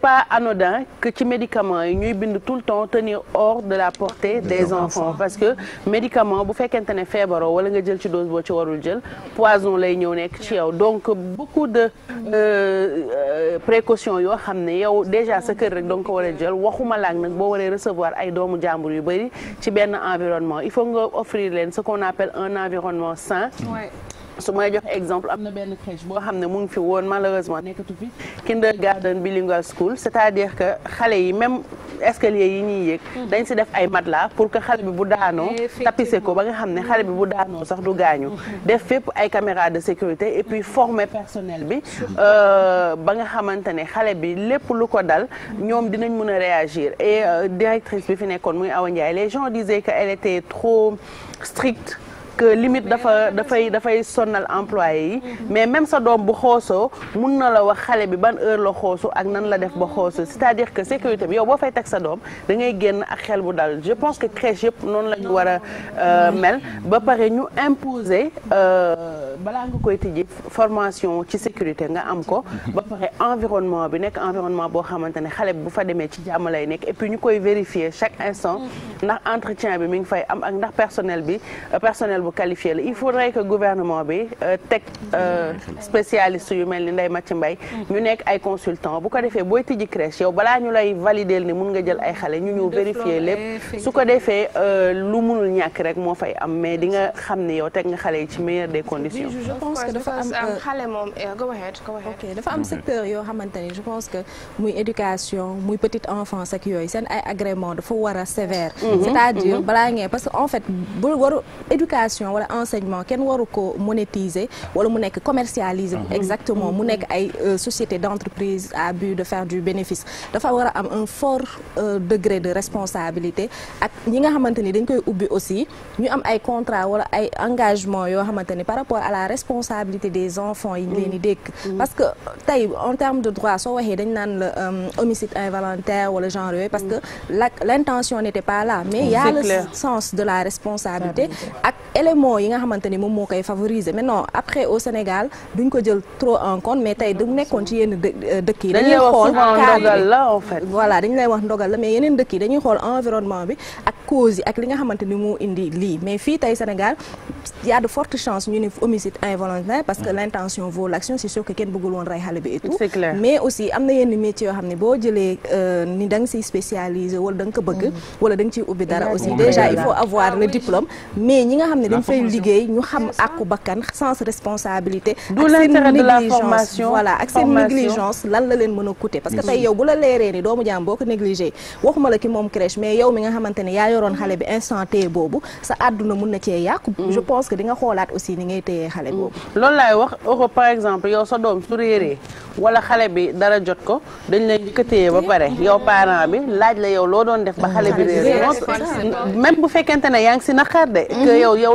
pas anodin que ci médicaments yi ñuy bind tout le temps tenir or de la portée des enfants parce que médicament bu fekkente ne feebaroo wala nga jël ci dose boo ci warul jël poison lay ñëw nekk ci yow donc beaucoup de euh, euh, précautions yoo xam ne yow déjà sa kër rek donc ko war a jël waxuma laak nag boo waree recevoir ay doomu jàmbur yu bëri ci benn environnement il faut nga offrir leen ce qu'on appelle un environnement su may joxe exemple am na benn crèche boo xam ne mu ngi fi woon malheureusement nekkatu fi kindergarten bilingual school c'est-à-dire que xale yi même escalier yi ñuy yéeg hmm. dañ si def ay la pour que xale bi bu daanoo tapisser ko ba nga xam ne xale bi bu daano sax du gaañu hmm. def fépp ay caméra de sécurité et puis hmm. forme personnel bi euh, ba nga xamante ne xale bi lépp lu ko dal ñoom dinañ mën a réagir et euh, directrice bi fi nekkoon muy Awa Ndiaye les gens disaient que elle était trop que limite dafa dafay dafay sonnal employé yi mais même sa doom bu xoosoo mun na la wax xale bi ban heure la xoosu ak nan la def ba xoosu c'est-à-dire que sécurité bi yow boo fay teg sa doom da ngay génn ak xel bu dal je pense que crèche yëpp noonu la ñu war a euh, mel ba pare ñu imposer euh, balaa nga koy tijji formation ci sécurité nga am ko ba pare environnement bi nekk environnement boo xamante ne xale bi bu fa demee ci jàmm lay nekk et puis ñu koy vérifier chaque instant ndax entretien bi mi ngi fay am ak ndax personnel bi bu qualifié la il faudrait que gouvernement bi euh, teg euh, spécialiste yu mel ni Ndeye Mathi Mbaye ñu nekk ay consultant bu ko defee booy tijji crèche yow balaa ñu lay valider ni mun nga jël ay xale ñu ñëw vérifier lépp su ko defee euh, lu munul ñàkk rek moo fay am mais di nga xam ni yow teg nga xale yi ci meilleure des conditions je pense que dafa am um, xale moom eh, go ahead dafa am secteur yoo xamante ni je pense que muy éducation muy petite enfance ak yooyu seen ay agrément dafa war a sévère mhm. c'est-à-dire mhm. balaa ngeen formation wala enseignement kenn waru ko monétiser wala mu nekk commercialiser. Mhm. exactement mu nekk ay euh, société d'entreprise à but de faire du bénéfice dafa war a am un fort euh, degré de responsabilité ak ñi nga xamante ni dañ koy ubbi aussi ñu am ay contrat wala ay engagement yoo xamante ni par rapport à la responsabilité des enfants yi ñu leen di mhm. dékk mhm. parce que tey en termes de droit soo waxee dañ naan la euh, homicide involontaire wala genre yooyu parce que l'intention n'était pas là mais il y de la responsabilité éléments yi nga xamante ni moom moo koy favoriser maintenant après au Sénégal duñ ko jël trop en compte mais tey du nekkoon ci yenn euh, dëkk yi. dañuy xool en fait. voilà dañu lay wax ndogal la mais yeneen dëkk yi dañuy xool environnement bi ak cause yi ak li nga xamante ni moo indi lii mais fii tey Sénégal y a de fortes chances ñu ne homicide involontaire parce que l'intention vaut l'action c'est sûr que kenn bëggul woon rey xale bi et tout. mais aussi am na yenn métiers yoo xam ne boo jëlee euh, ni da si siy spécialisé wala da ko bëgg. Mm. wala da nga ubbi dara aussi déjà dañ fay liggéey ñu xam àqu bakkan sans responsabilité. ak seen négligence voilà ak seen négligence lan la leen mën a coûter. parce que tey yow bu la leeree ni doomu jaam boo ko négligé waxuma la ki moom crèche mais yow mi nga xamante yaa yoroon xale bi mm-hmm. instant boobu sa àdduna mun na cee yàqu. Mm-hmm. je pense que di nga xoolaat aussi ni ngay téyee xale mm-hmm. boobu. loolu laay wax Europe par bi a ba pare yow parent bi laaj la yow loo doon def ba xale bi réeree même bu fekkente ne yaa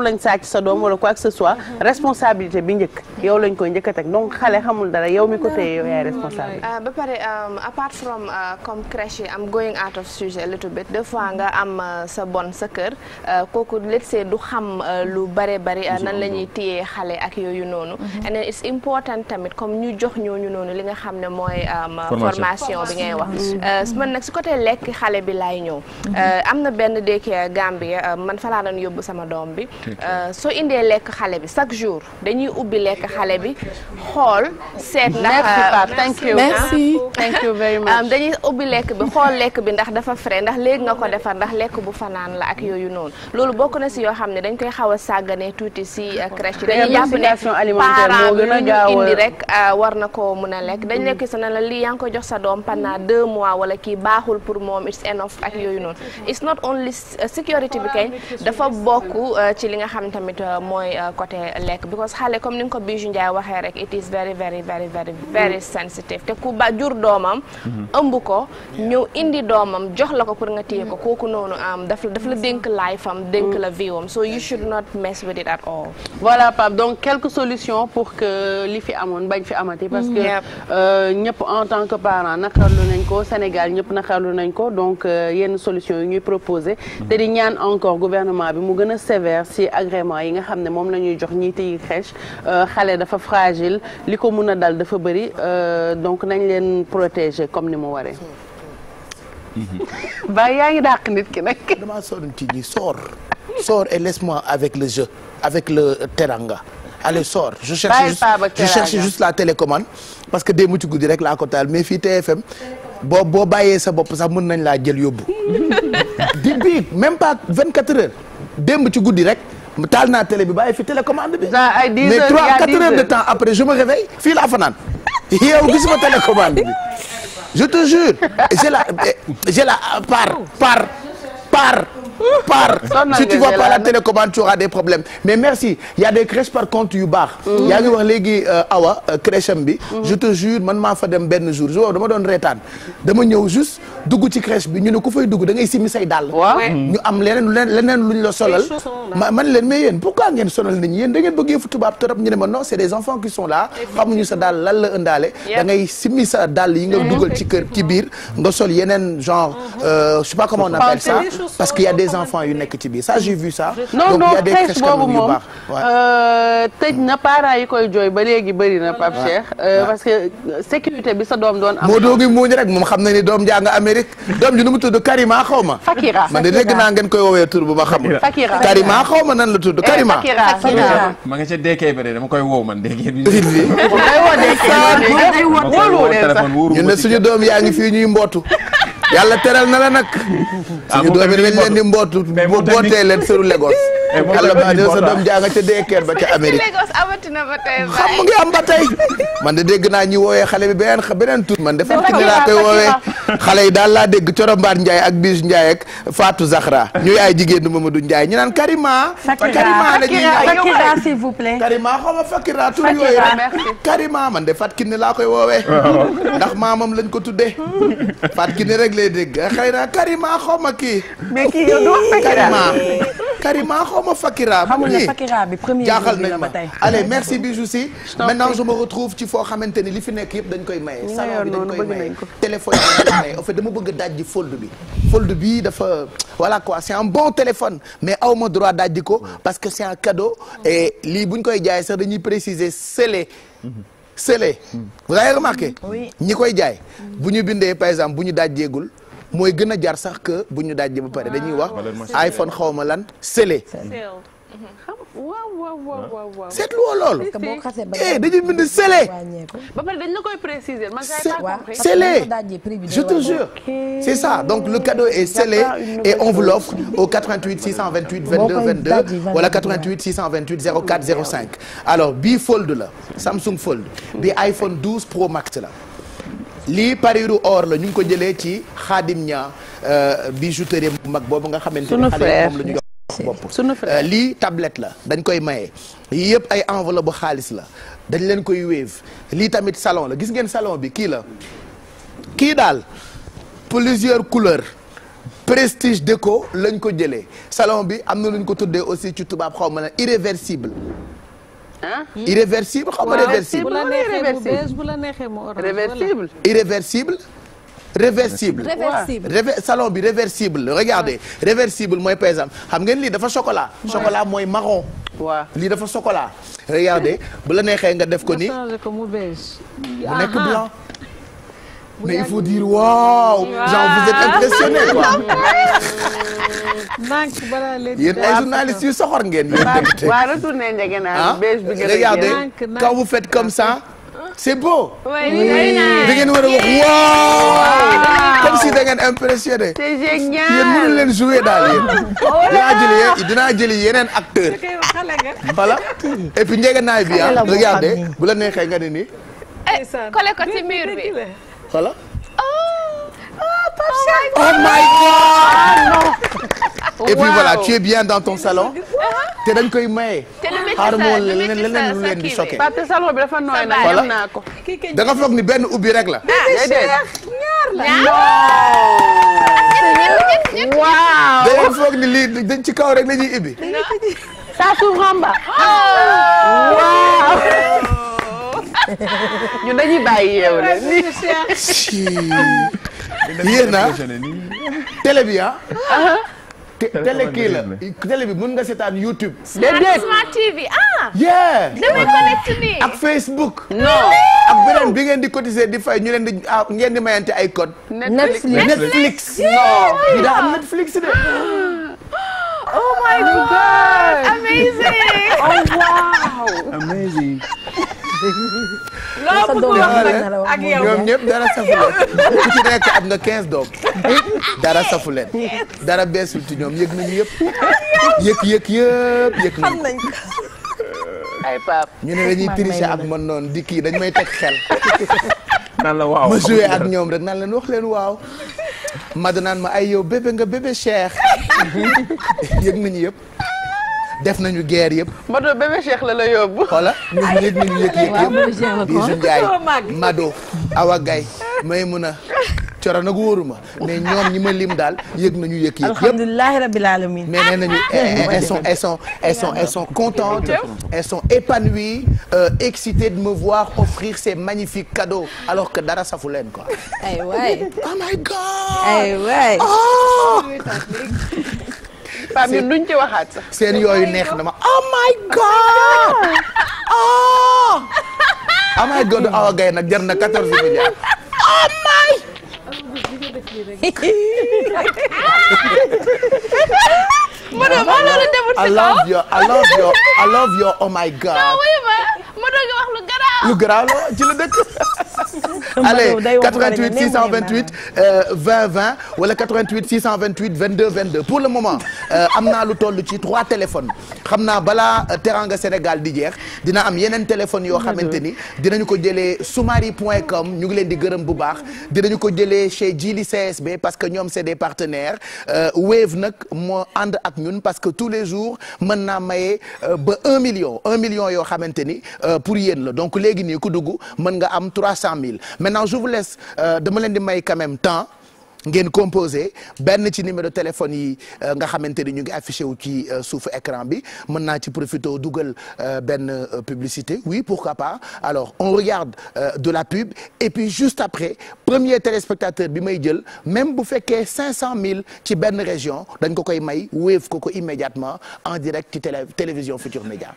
lañ sàcc sa doom wala quoi que ce soit responsabilité bi njëkk yow lañ koy njëkk a teg donc xale xamul dara yow mi ko téye yow yaay responsable euh, ba pare euh, apart from euh, comme am going out of sujet little bit fois nga am sa bon sa kër kooku let's say du xam lu bare bari nan la ñuy téyee xale ak yooyu noonu mhm. and then it's important tamit comme ñu jox ñooñu noonu li nga xam ne mooy formation bi ngay wax man nag si côté lekk xale bi laay ñëw mhm. am na benn daycare Gambia man fa laa doon yóbbu sama doom bi Euh, soo indee lekk xale bi chaque jour dañuy ubbi lekk xale bi xool seet ndax euh, thank you merci euh, dañuy ubbi lekk bi xool lekk bi ndax dafa frais ndax léegi nga ko defar ndax lekk bu fanaan la ak yooyu noonu loolu bokk na si yoo xam ne dañ koy xaw a sàgganee tuuti si crèche yi dañuy jàpp ne parent bi ñu indi rek war na koo mun a lekk dañ lekk sa na la lii jox sa doom pendant mm-hmm. deux mois wala kii baaxul pour moom it's enough ak yooyu noonu it's not only sécurité bi kañ dafa bokk ci li nga xam tamit euh, mooy euh, côté lekk because xale comme ni nga ko Bijou Ndiaye waxee rek it is very very very very mm-hmm. sensitive te ku ba jur doomam mm-hmm. ëmb ko ñëw indi doomam jox la ko pour nga téye ko mm-hmm. kooku noonu am um, daf daf la dénk life am dénk la vie am so you should not mess with it at all voilà Pape donc quelques solutions pour que li fi amoon bañ fi amati parce que euh, ñëpp en tant que parent naqarlu nañ ko Sénégal ñëpp naqarlu nañ ko donc yenn solution yi ñuy proposé agrément yi nga xam ne moom la ñuy jox ñiy téye crèche euh, xale dafa fragile li ko mun a dal dafa bëri euh, donc nañ leen protéger comme ni mu waree. Mhm. ba yaa ngi dàq nit ki nag. damaa sonn ci ñi soor sors et laisse-moi avec le jeu avec le teranga. allez sors je cherche juste je cherche juste la télécommande parce que démb ci guddi rek laa ko taal mais fii TFM. boo boo bàyyee sa bopp sax mën nañ laa jël yóbbu. di biig même pas 24 heures démb ci guddi rek. taal naa télé bi bàyyi fi télécommande bi. ay mais trois quatre heures de temps après je me réveille fii laa fanaan yow gisuma télécommande bi je te la j'ai la par par par. pars si tu vas pas la télécommande tu auras des problèmes mais merci y a des par contre yu baax mhm. yaa ngi wax léegi euh, awa euh, crèche bi mhm. je te man maa fa dem benn jour jour dama doon reetaan dama ñëw juste dugg ci crèche bi ñu ne ku fay dugg da ngay simi say dàll mhm. ñu am leneen leneen luñ la solal man leen mais yéen pourquoi ngeen sonal nit ñi yéen da ngeen bëggee fu tubaab torop ñu ne ma non c'est des enfants qui sont la ëndaale da ngay sa dàll yi nga dugal ci kër ci biir nga sol yeneen genre euh, je sais a des des enfants yu yi koy jooy ba léegi na Pape Cheikh. Euh, parce que bi sa doom doon am. moo doogi muuñ rek moom na ni doom jaa nga Amérique doom ji nu mu tudd Karima xaw ma. Fakira Fakira Karima xaw nan la tudd eh, Karima. Fakira ma nga ca deekee ba de dama koy woow man deekee bi. ñu ne suñu yaa ngi fii ñuy mbootu yàlla teral na la nag. ah mu tamit mbootu suñu doomi dañ leen di mbootu bootee leen sëru Lagos. yàlla baa de sa doom jaa nga ca dekkeer ba ca Amérique amatina ba tey xam nga am ba tey man de dégg naa ñi woowee xale bi beneen beneen tur man de Fatou laa koy woowee xale yi daal laa dégg Corombaat Ndiaye ak Bijou Ndiaye ak Fatou Zahra ñuy ay jigéenu Mamadou Ndiaye ñu naan Karima Karima la ñuy Fakira s'il vous plaît Karima xaw ma Fakira tur yooyu rek Karima man de Fatou Kiné laa koy woowee ndax maamam lañ ko tuddee Fatou Kiné rek lay dégg xëy na Karima xaw ma kii mais kii yow du wax Karima Karima xaw ma Fakira. xamul nañ ma allez merci Bijou si. maintenant je me retrouve ci foo xamante ni li fi nekk yëpp dañ koy maye. salon bi dañ koy maye téléphone bi dama bëgg daj dajji fold bi. fold bi dafa voilà quoi c'est un bon téléphone mais aw ma droit dajji ko parce que c'est un cadeau lii bu ñu koy jaay sax dañuy préciser scellé. scellé. vous avez remarqué. ñi koy jaay. bu ñu bindee par exemple bu ñu dajjeegul. mooy gën a jar sax que bu ñu dajji ba pare ah. dañuy wax iPhone xawma lan scellé xam waaw waaw waaw waaw. seetlu woo loolu. eh dañuy bind scellé. ba pare dañ la koy préciser man scellé je te jure. c'est ça donc le cadeau est scellé et on vous l'offre au 88 628 22 22 wala 88 628 04 05 alors bii fold la Samsung fold. bi iPhone 12 Pro Max la. lii pariru or la ñu ngi ko jëlee ci xaadim ña euh, bijouterie bu mag boobu nga xamante ni xale moom la ñu jox bopp sunu frère euh, lii tablette la dañ koy maye yii yëpp ay enveloppe bu xaalis la dañ leen koy wéev lii tamit salon la gis ngeen salon bi kii la kii daal plusieurs couleurs prestige déco lañ ko jëlee salon bi am na luñ ko tuddee aussi ci tubaab xaw ma ne irréversible ah irréversible xaw ma réversible bu la neexee mu beige bu la irréversible salon bi réversible regardez réversible mooy par exemple xam ngeen lii dafa chocolat chocolat mooy marron waaw lii dafa chocolat regardez bu la neexee nga def ko ni mu nekk blanc mais il faut dire waaw. genre vous êtes impressionné quoi. manque balaa leen yéen ay journalistes yu soxor ngeen. yéen waaw retourné njëgën naa ah, beige gën a regardez quand vous da ngeen war a wax waaw. comme si da ngeen impressionné. c'est génial leen jouer daal yéen. Oh, dinaa jëli dinaa yeneen acteur voilà et puis njëgën bi ah. regardez bu neexee nga ne nii. Eh, collé ko ci bi. voilà. Oh, oh, oh, oh my God non. et puis voilà tu es bien dans ton salon. te dañ koy maye. te lu métti saa lu métti saa leen di choqué. Pape salon bi dafa nooy na yem naa ko. da nga foog ni benn ubbi rek la. ah déedéet ñaar la. waaw. da nga foog ni lii dañ ci kaw rek la ñuy ubbi. ça s'ouvre en bas. waaw. ñun dañuy bàyyi yeew la nii. yéen a télé bi ah. ah. télé kii la télé bi mën nga seetaan YouTube. déedéet Smart TV ah. yeah damay connecté nii. bi ngeen di cotiser di fay ñu leen di ah, ngeen di ay code. Netflix Netflix. non Netflix de. Oh, oh my god amazing. oh loo bëgg ñëpp dara am nga 15 doom dara safu leen dara beesul ci ñoom yëg nañu yëpp yëg yëg yëpp yëg ñu ne dañuy tricher ak man noonu di kii dañ may teg xel la waaw ma joué ak ñoom rek nan leen wax leen waaw ma danaan ma ay yow bébé nga bébé Cheikh yëg nañu yëpp def nañu guerre yëpp. Mado bébé Cheikh la la yóbbu. xoola ñun nit ñi yëg na yëpp Bijou Ndiaye mais ñoom ñi ma lim daal yëg nañu yék yëg yëpp alhamdulilah rabil alamin mais nee nañu eh, eh, elles sont elles sont elles sont elles sont contentes elles sont épanouies euh, excitées de me voir offrir ces magnifiques cadeaux alors que dara safu leen oh my god Pape ñun ci waxaat sax. seen yooyu neex na ma oh my god oh. oh my god awa oh, gay nag jar na 14 si kaw I love your I love your I love my god. Modou ngi wax lu garaaw. lu garaaw la ci la dëkk. allez 88 628 20 20 wala 88 628 22 22 pour le moment euh, am na lu toll ci trois téléphones xam naa balaa euh, Teranga Sénégal di jeex dina am yeneen téléphones yoo xamante ni dinañu ko jëlee soumari.com ñu ngi leen di gërëm bu baax dinañu ko jëlee chez Jili CSB parce que ñoom c'est des partenaires euh, Wave nag moo ànd ak ñun parce que tous les jours mën naa maye ba un million un million yoo xamante ni. Euh, pour yéen la donc léegi nii ku dugg mën nga am trois cent mille maintenant je vous euh, dama leen di may quand même temps ngeen composé benn ci numéro téléphone yi euh, nga xamante ni ñu ngi affiché wu ci suufu écran bi mën naa ci profité dugal benn publicité oui pourquoi pas alors on regarde de la pub et puis juste après premier téléspectateur bi may jël même bu fekkee 500000 ci benn région dañ ko koy may wéef ko ko immédiatement en direct ci télé télévision Futur Média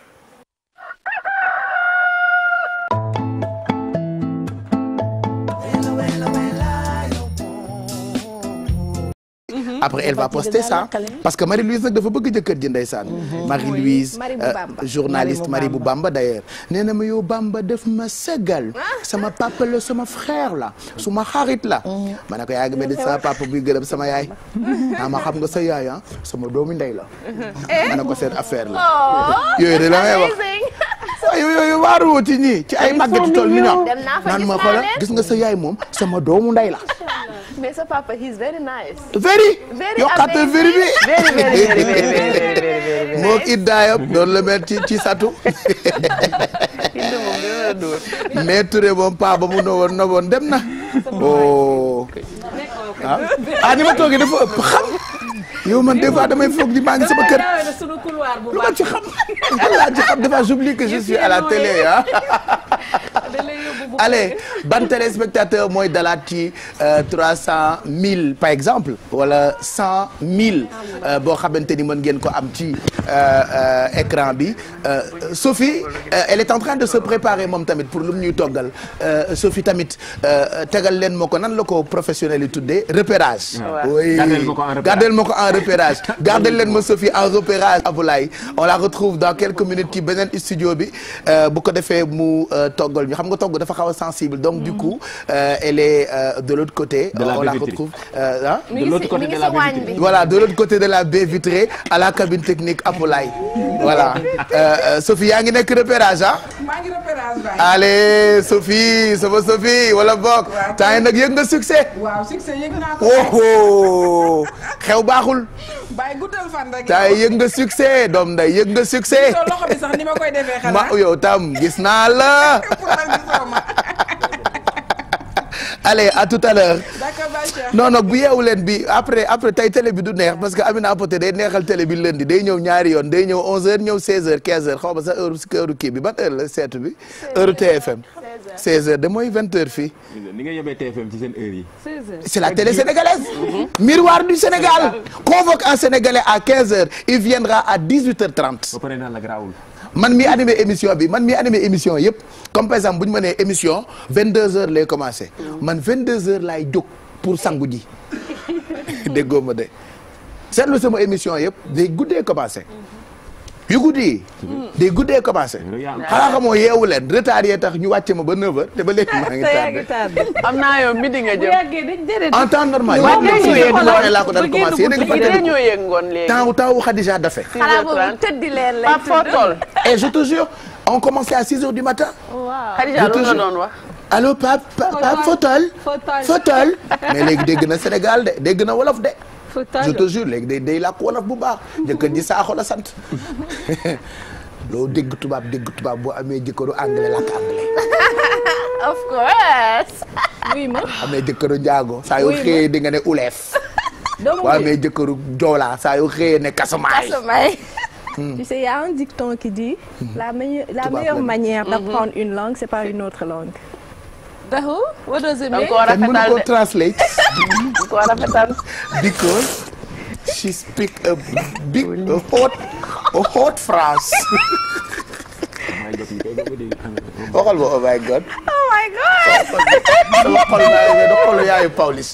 Mm-hmm. après elle va poster ça parce que Marie-Louise nag dafa bëgg jëkkër ji ndeysaan mm-hmm. Marie-Louise euh, journaliste Marie bu Bamba d'ailleurs nee na ma yow Bamba def ma segal ah. sama papa la sama frère la su ma xarit la mm-hmm. ma ne ko yaa ngi mel ni sama papa buy gërëm sama yaay aa ah, ma xam nga sa yaay ah sama doomu ndey la ma ko affaire la oh, yooyu de la ci ay màgg ci tool ni gis nga sa yaay moom sama doomu ndey la very yokkaatal veri bi moog Idda la mel ci ci satu. mais Touré moom mu nowoon nowoon dem na. oh ah. ah ni ma toogee yow man des fois damay foog di maa ngi sama kër. lu ma ci xam lu ma que je suis à la télé ah. allez ban téléspectateur mooy dalaat ci euh, trois cent mille par exemple wala cent mille ah euh, boo xamante ni mën ngeen ko am ci euh, écran bi Sophie elle est en train de se préparer moom tamit pour lu mu ñuy toggal Sophie tamit tegal leen ma ko nan la ko professionnel yi tuddee repérage. oui gardel ma ko en repérage gardé leen ma Sophie en repérage Aboulaye on la retrouve dans quelques minutes ci beneen studio bi euh, bu ko defee mu euh, toggal ñu xam nga togg dafa xaw a sensible donc du mm. coup euh, elle est de l'autre côté on la retrouve ah de l'autre côté de la baie vitrée voilà de l'autre côté de la baie vitrée à la cabine technique Aboulaye voilà Sophie yaa ngi nekk repérage ah allez Sophie sama Sophie wala bokk. waaw temps yii nag yëg succès. waaw succès oh, oh. xew baaxul. bàyyi guddal fan rek. temps yii yëg nga succès doom nday yëg succès. ma koy tam gis naa allez à tout à l'heure non non bu yeewu leen bi après après tey télé bi du neex parce que Amina Poté day neex télé bi lundi day ñëw ñaari yoon day ñëw 11h ñëw 16h 15h xaw ma sax heure heure kii bi ban heure de mooy 20h fii. ni nga yóbbee TFM ci seen heure yi. 16h c'est la télé sénégalaise. Mm-hmm. miroir du Sénégal. convoque un Sénégalais à 15h il viendra à 18 man mi animé émission bi man mi animé émission yëpp comme par exemple bu ñu ma nee émission 22h lay commencé man 22h laay jóg pour sangu ji déggoo ma de seetlu sama émission yëpp day guddee commencé. yu gudd yi. day guddee commencé. xanaa xamoo yeewu leen retard yee tax ñu wàcce ma ba 9h te ba léegi maa ngi tardé. am naa yow midi nga jëm. en temps normal. waaw waaw laa ko daan commencé yéen a ngi fàttali ko temps taw Khadija Dafe. xanaa boobu tëddi leen du matin. waaw Khadija lu Fotol. Fotol mais léegi dégg na Sénégal de dégg na wolof de. je te jure léegi day day làkk wolof bu baax jëkkër ji saaxo la sant loo dégg tubaab dégg tubaab boo amee jëkkëru anglais làkk anglais of course ma amee jëkkëru njaago saa yoo xëyee di nga ne uleef boo jëkkëru joolaa saa yoo xëyee ne kasamaay kasamaay hmm. tu sais a un dicton qui dit hmm. la meilleure la meilleure manière hmm. d'apprendre une langue c'est par une autre langue Dahu what does it mean? da nga ko translate. ko rafetal. because she speak a big a hot a hot France. waxal ma oh my god. oh my god. sama xol naa ne da xol yaayu Pawlish.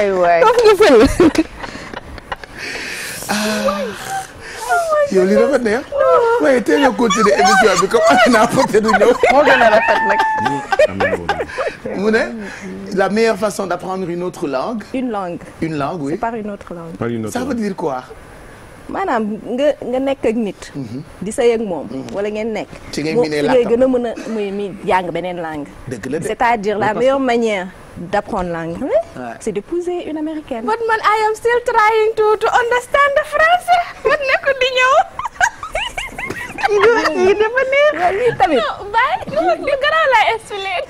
aywaay foofu nga fël. yow li rafet na waaye tey nga continué émission bi comme am naa porté du ñëw. moo gën a rafet nag. mu ne la meilleure façon d'apprendre une autre langue. une langue une langue c'est par une autre langue. par maanaam nga nga nekk ak nit. Mhm. di sëy ak moom. Mhm. wala ngeen nekk. ci ngeen mi gën a mën a muy mi jàng beneen langue. dëgg la de c'est-à-dire la meilleure manière. d'apprendre l'anglais. Ouais. c'est d'épouser une américaine. but man I am still trying to understand the français. man nekkul di ñëw. yi dafa neex. lii tamit bàyyi li garaaw laa expliqué.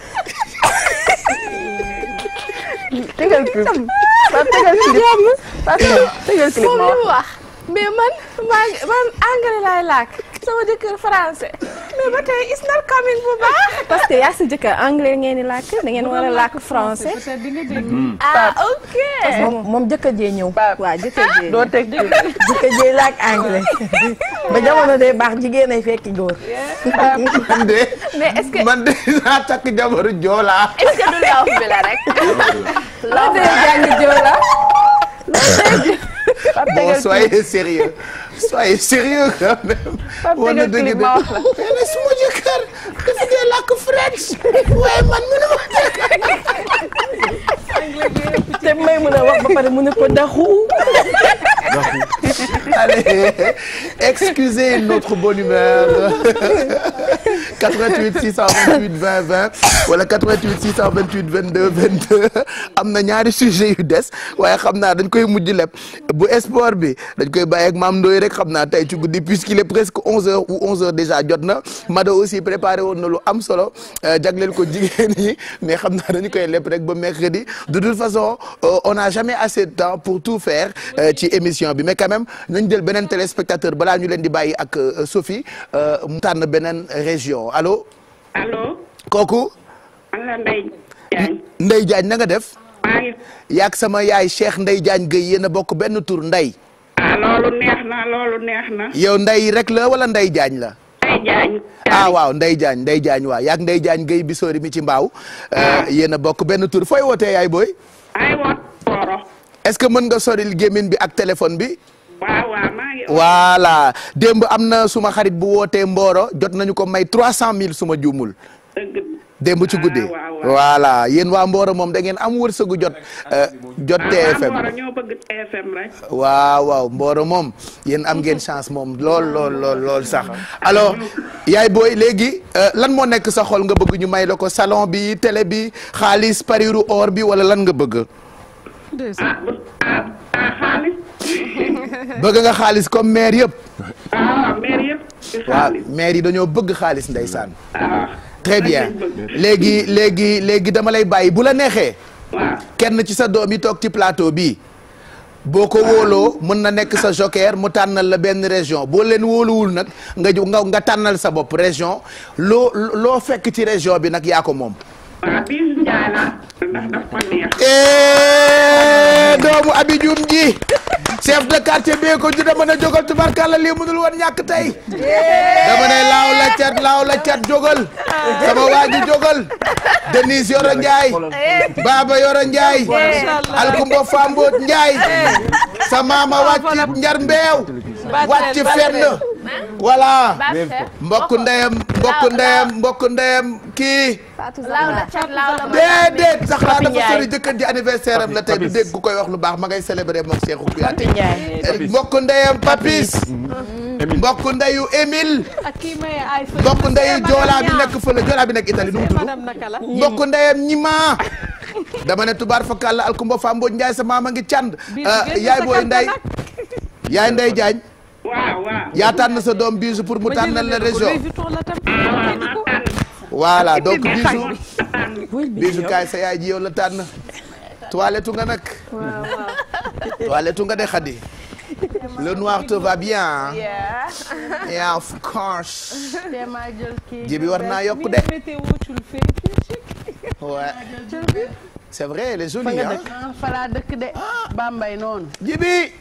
tegal clip Pape tegal clip Pape tegal clip ma wax. mais man sama jëkkër français mais ba tey is not coming bu baax. parce que yaa sa jëkkër anglais ngeen di làkk da war a làkk français. Hmm. ah ok. moom moom ñëw. waaw jëkkër jee anglais. ba jamono de baax jigéen ay fekki man de. man de naa takk jabaru joola. la rek. laaw joola. boo soyez sérieux. soyez sérieux quand même. war na dëgg de mais nag su ma jëkkër daf dee làkk French waaye man mënu ma jëkkër. te may mën a wax ba pare mu ne ko daxu. Allez, excusez notre bonne humeur. 88 628 20 20 wala 88 628 22 22 am na ñaari sujet yu des waaye xam naa dañ koy mujj lépp bu sport bi dañ koy bàyyi ak Mame Ndoye rek. xam naa tey ci guddi puisqu'il est presque onze heures ou onze heures déjà jot na Mado aussi préparé woon na lu am solo euh, jagleel ko jigéen mais xam naa dañu koy lépp rek ba mercredi de toute façon euh, on n'a jamais assez de temps pour tout fair euh, ci émission bi mais quand nañ jël beneen téléspectateur balaa ñu leen di bàyyi ak Sophie mu tànn beneen région alo allo. kooku. man nanga def. yaak sama yaay Cheikh Ndeye Diagne Gueye yéen a bokk benn tour Ndeye. ah loolu neex na loolu neex na. yow ndey rek la wala ndey jaañ la. nday ah waaw nday jaañ nday jaañ waaw yaak nday jaañ gay bisoori mi ci mbaaw. Euh, ah. yéen a bokk benn tur fooy wootee yaay booy. ay woot est-ce que mën nga soril gémmiñ bi ak téléphone bi. waaw waaw démb am na suma xarit bu wootee mbooro jot nañu ko may trois cent mille suma juumul. démb ci guddee ah, voilà yéen waa mboora moom dangeen ngeen am wërsëgu jot euh, jot ah, TFM waaw waaw Mboro moom yéen am ngeen chance moom lool lool lool sax alo yaay booy léegi euh, lan moo nekk sa xol nga bëgg ñu may la ko salon bi télé bi xaalis pariru or bi wala lan nga bëgg ah, bëgg nga xaalis comme maire yëpp waaw maire yi dañoo bëgg xaalis ndeysaan très bien léegi léegi léegi dama lay bàyyi bu la neexee. kenn ci sa doom yi toog ci plateau bi boo ko wóoloo mën na nekk sa joker mu tànnal la benn région boo leen wóoluwul nag nga nga nga tànnal sa bopp région loo loo fekk ci région bi nag yaa ko moom. Eh, doomu Abi ji. chef de quartier bee ko ju dama ne jógal tubarkalla lii mënul woon ñàkk tey dama ne laaw la cat laaw la cat jógal sama waa ji jógal Denise Yoro Ndiaye Baba Yoro Ndiaye Alkumba Famboot Ndiaye sa maama njar mbeew wàcc fenn voilà mbokk ndeyam mbokk ndeyam mbokk ndeyam kii déedéet sax laa dafa sori jëkkër ji anniversaire am la tey du dégg koy wax lu baax ma ngay célébrer moom Cheikhou Kouyaté eh, mbokk ndeyam papis mm-hmm. mbokk ndeyu Émile mbokk ndeyu Joola bi nekk fële Joola bi nekk Italie nu mu mbokk ndeyam ñima dama ne tubaar fakàlla alkumba fa mbooj Njaay sa maama ngi cànd euh, yaay booy nday yaay nday jaañ waaw yaa tànn sa doom bisu pour mu tànnal la région. voilà donc bisu. bisu sa yaay ji la tànn. toilette nga nag. toilette nga de xadi. le noir te va bien. yeah of course. jibi war yokk de. c'est vrai les jolies ah. Bambay noonu. jibi.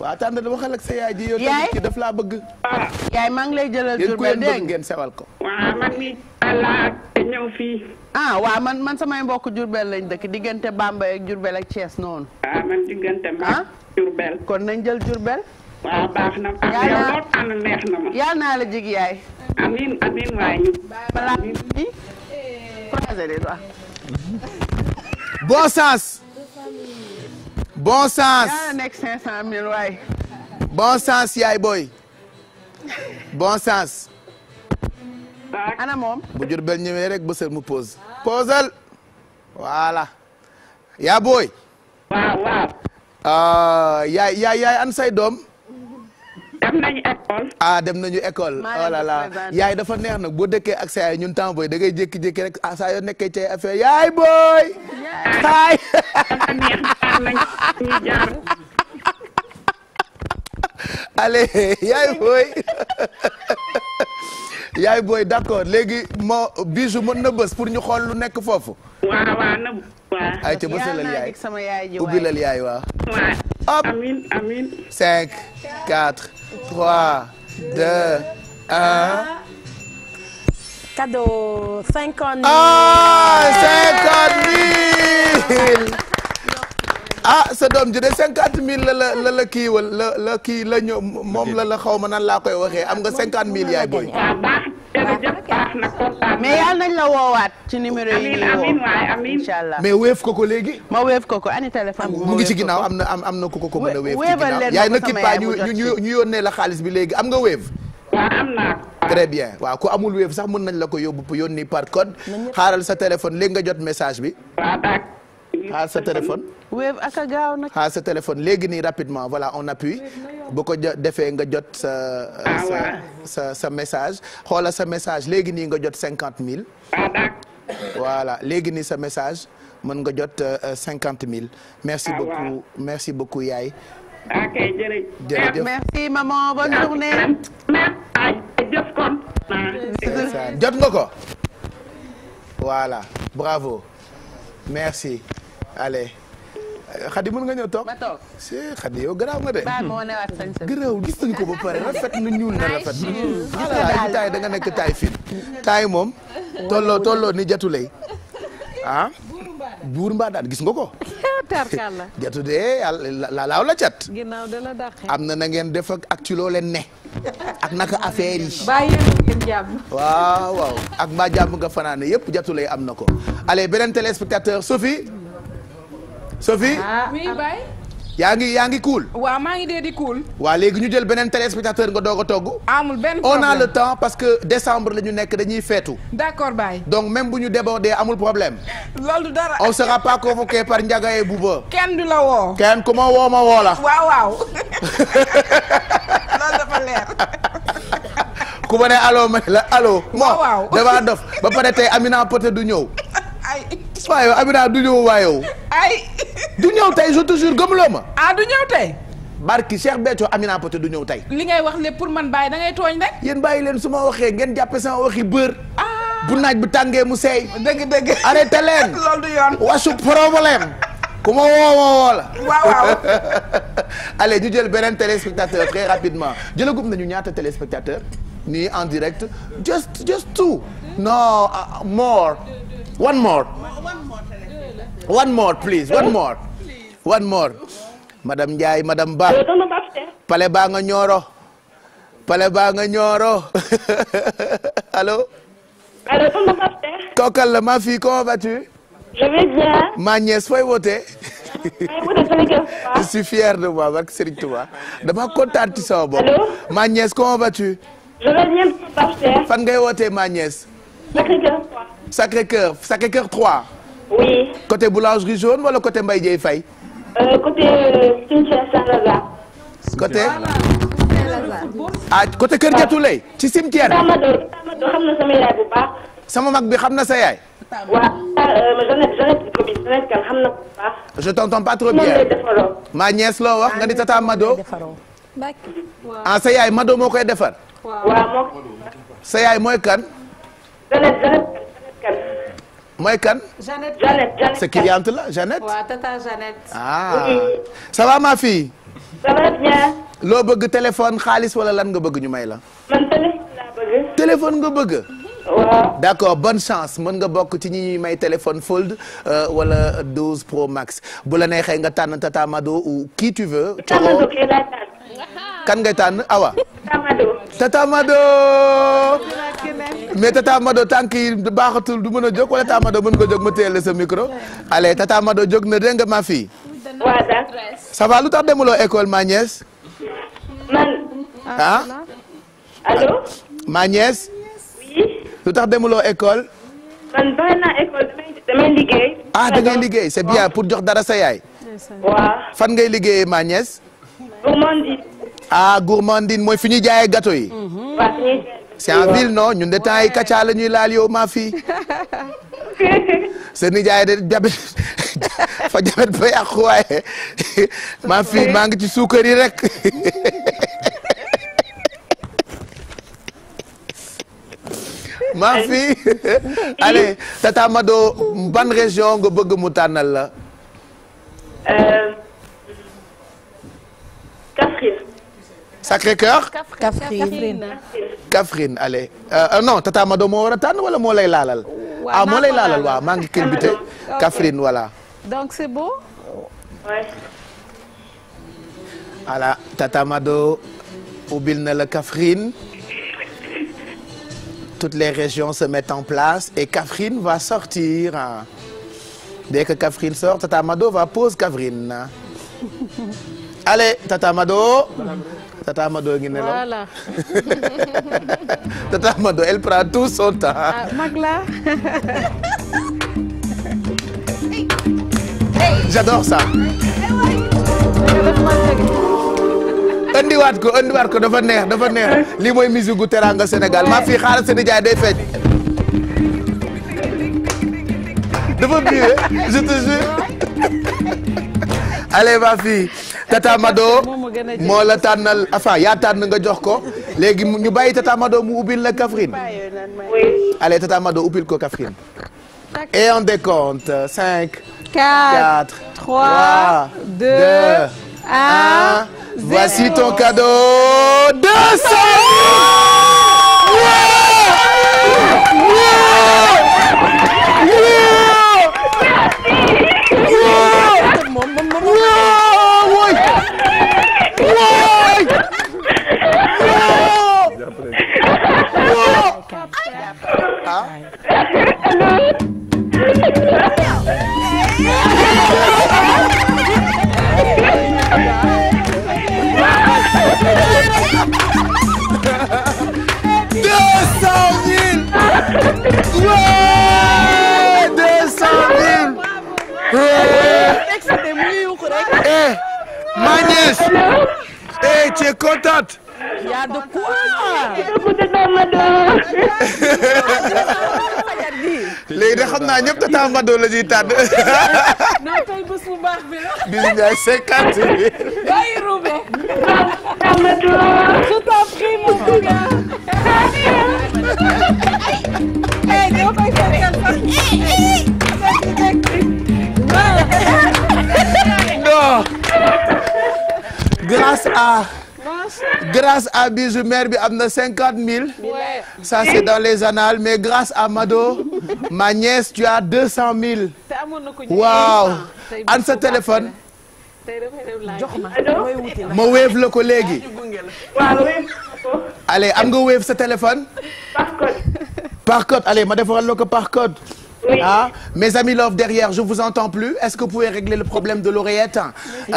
waaw tànn waxal ak sa yaay ji yow daf laa bëgg. Ah. yaay maa ngi lay jëlal jur benn dégg ah, man man samay mbokk Jurbel lañ dëkk diggante Bambey ak Jurbel ak Thiès noonu. ah man diggante ma ah? Jurbel. kon nañ jël Jurbel. waaw baax na. yal naa yow tànn neex na ma. yal naa la jig yaay. amiin amiin waay ñu. balaa bi. croisé les doigts. bon sens. bon sens yaa nekk 500000 waay. bon sens yaay booy. bon sens. ana moom. bu jur ñëwee rek bësal mu pose. posal. voilà. yaa booy. waaw waaw. Ah, yaay yaay yaay an say doom. dem nañu école. ah dem nañu école. oh là là yaay dafa neex nag boo dëkkee ak ñun temps da ngay jékki-jékki rek ah saa yoo nekkee ci affaire yaay booy. yaay dafa booy. yaay léegi moo bijou mën na bës pour ñu xool lu nekk foofu. waaw waaw na waaw. ay ca bësalal yaay ubbilal yaay waaw. 3, 2, 1. Cadeau, 50 000. Ah, 50 000 ah sa doom ji de cinquante mille la la la la kii wal la la kii la moom la la xaw ma nan laa koy waxee am nga cinquante mille yaay booy. Ah, mais yàlla nañ la woowaat ci numéro yi mais wéef ko ko léegi. ma wéef koko ko ani mu ngi ci ginnaaw am na am na ku ko ko mën a yaay na kippaa ñu ñu ñu la xaalis bi léegi am nga wéef. waaw am bien waaw ku amul wéef sax mën nañ la ko yóbbu yónni par code xaaral sa téléphone léegi nga jot message bi. xaar sa téléphone. sa téléphone léegi nii rapidement voilà on appuie bu ko defee nga jot sa. Ah, sa sa message. xoola sa message léegi nii nga jot cinquante mille. Ah, voilà léegi nii sa message mën nga jot euh, euh, cinquante mille. merci ah, beaucoup merci beaucoup Yaay. jot nga ko. voilà bravo merci. allez xadi mën nga ñëw toog ma toog si xadi yow garaaw nga de. baal ma wane waat sañ garaaw gis nañ ko ba pare rafet na ñuul na rafet. gis da nga nekk taay fii taay moom. tolloo ni jatulay ah. buur mbaa daan gis nga ko. tarkalla jatu de la laaw la cat. ginnaaw de la am na na ngeen def ak ci loo leen ne. ak naka affaire yi. waaw waaw ak mbaa jàmm nga fanaane yëpp jatulay am na ko. allez beneen téléspectateur Sophie. Sophie oui ah, ah. Baye. yaa ngi yaa ngi cool. waaw maa ngi dee di cool. waaw léegi ñu jël beneen téléspectateur nga doog a togg. amul benn problème temps parce que décembre la ñu nekk dañuy feetu. d'accord Baye. donc même bu ñu débordé amul problème. loolu dara. on sera pas convoqué par Ndiaga et Bouba. kenn du la woo. kenn ku ma woo ma woo la. waaw waaw. loolu dafa leer. ku ma ne allo ma la allo. waaw waaw moo damaa ba pare tey Amina Poté du ñëw. waaye yow Amina du ñëw waaye yow. ay. du ñëw tey je te jure gëmuloo ma. a ah, du ñëw tey. barki Cheikh Béthio Amina Poté du ñëw tey. li ngay wax lépp pour man bàyyi dangay ngay tooñ rek. yéen bàyyi leen su ma waxee ngeen jàppe sama waxi bër. Ah. bu naaj bu tàngee mu seey. dëgg dëgg arrêté leen. loolu du yoon wasu problème. ku ma woo la. waaw waaw. allez ñu jël beneen téléspectateur très rapidement na ñu ñaata téléspectateur nii en direct. just just two. non ah, more. one more one more please one more one more Ba pale baa nga ñooro pale baa nga ñooro allo allo tonton Bafte la ma fille comment vas-tu je vais bien ma nièce wootee je suis fier de moi barke Serigne Touba dama kontaan ci sama bopp ma nièce comment vas fan ngay wootee ma nièce Sacré-Cœur Sacré-Cœur 3. oui. côté boulangerie jaune wala côté Mbaye Dieye Faye. Euh, euh, côté cimetière Sandaga. côté. ah côté Kër Jatulay. ci cimetière bi. Tamadou Tamadou xam na sama yaay bu baax. sama mag bi xam na sa yaay. waaw ah, euh, xam na bu baax. je t'entends pas trop bien. ma ñees loo wax nga di tata Mado. ah sa yaay Mado moo koy defar. waaw. sa yaay mooy kan. mooy kan. Jeannette Jeannette sa cliente la Jeannette. waaw ah ça ma fille. loo bëgg téléphone xaalis wala lan nga bëgg ñu may la. téléphone nga bëgg. waaw. d'accord bonne chance mën nga bokk ci ñi ñuy may téléphone fold euh, wala 12 pro max bu la neexee nga tànn tata Mado ou qui tu veux. kan ngay tànn awa. Tata Mado mais Tata Mado tànk yi baaxatul du mën a jóg wala Tata Mado mën nga jóg ma téyel sa micro. allez Tata Mado na dégg ma fii. ça va lu tax demuloo école ma nièce. man. ah. ma nièce. lu tax demuloo école. man bàyyi liggéey. ah ngay liggéey c'est bien pour jox dara sa yaay. fan ngay liggéeyee ma nièce. ah gourmandine mooy fi ñuy jaayee gâteau yi. Mhm. c'est ville non ñun de temps yi kaca la ñuy laal yow maa fii. seen i de jabet fa jabet ba yàqu waaye maa fii maa ngi ci suukar yi rek. maa fi allez tata Mado ban région nga bëgg mu tànnal la. Euh, Sacré-Cœur Kaffrine Kaffrine allez euh, euh, non Tata Mado moo war wala moo lay laalal ah moo lay laalal waaw maa ngi culbuté Kaffrine voilà donc c'est beau voilà Tata Mado ubbil na la Kaffrine toutes les régions se mettent en place et Kaffrine va sortir dès que Kaffrine sort Tata Mado va pose Kaffrine allez Tata Mado tata Mado ngi nelaw voilà. tata Mado elle prend tout son temps. ah mag la. j'adore ça. andiwaat ko andiwaat ko dafa neex dafa neex lii mooy musique gu teranga Sénégal maa fii xaaral seen jaay day dafa biir je te jure. allez ma fille Tata Mado moo la tànnal afa yaa tànn nga jox ko léegi ñu bàyyi Tata Mado mu ubbil la Kaffrine allez Tata Mado ubbil ko Kaffrine et on décompte 5 4 3 2 1 voici ton cadeau ah. deux cent mille. waa deux cent mille. eh ma nièce. eh tu es contente. Il y a de quoi. xam naa ñëpp Tata Mado la ñuy tànn. non tey bés bu baax bi la. Bijou Ndiaye cinquante mille. bàyyi Roubé. Tata Mado. je t'en prie mon gars. eh dama koy fekkee. non. grâce à. grâce à Bijou mère bi am na cinquante mille. ça c'est dans les annales mais grâce à Mado. ma nièce tu as deux cent mille. te amoon na ko waaw ah, sa téléphone. jox ma ma la ko léegi. waaw am nga wéef sa téléphone. par code. par ma defaral la ko par code. ah mes amis love derrière je vous entends plus est-ce que vous pouvez régler le problème de l'oreillette euh, euh, euh,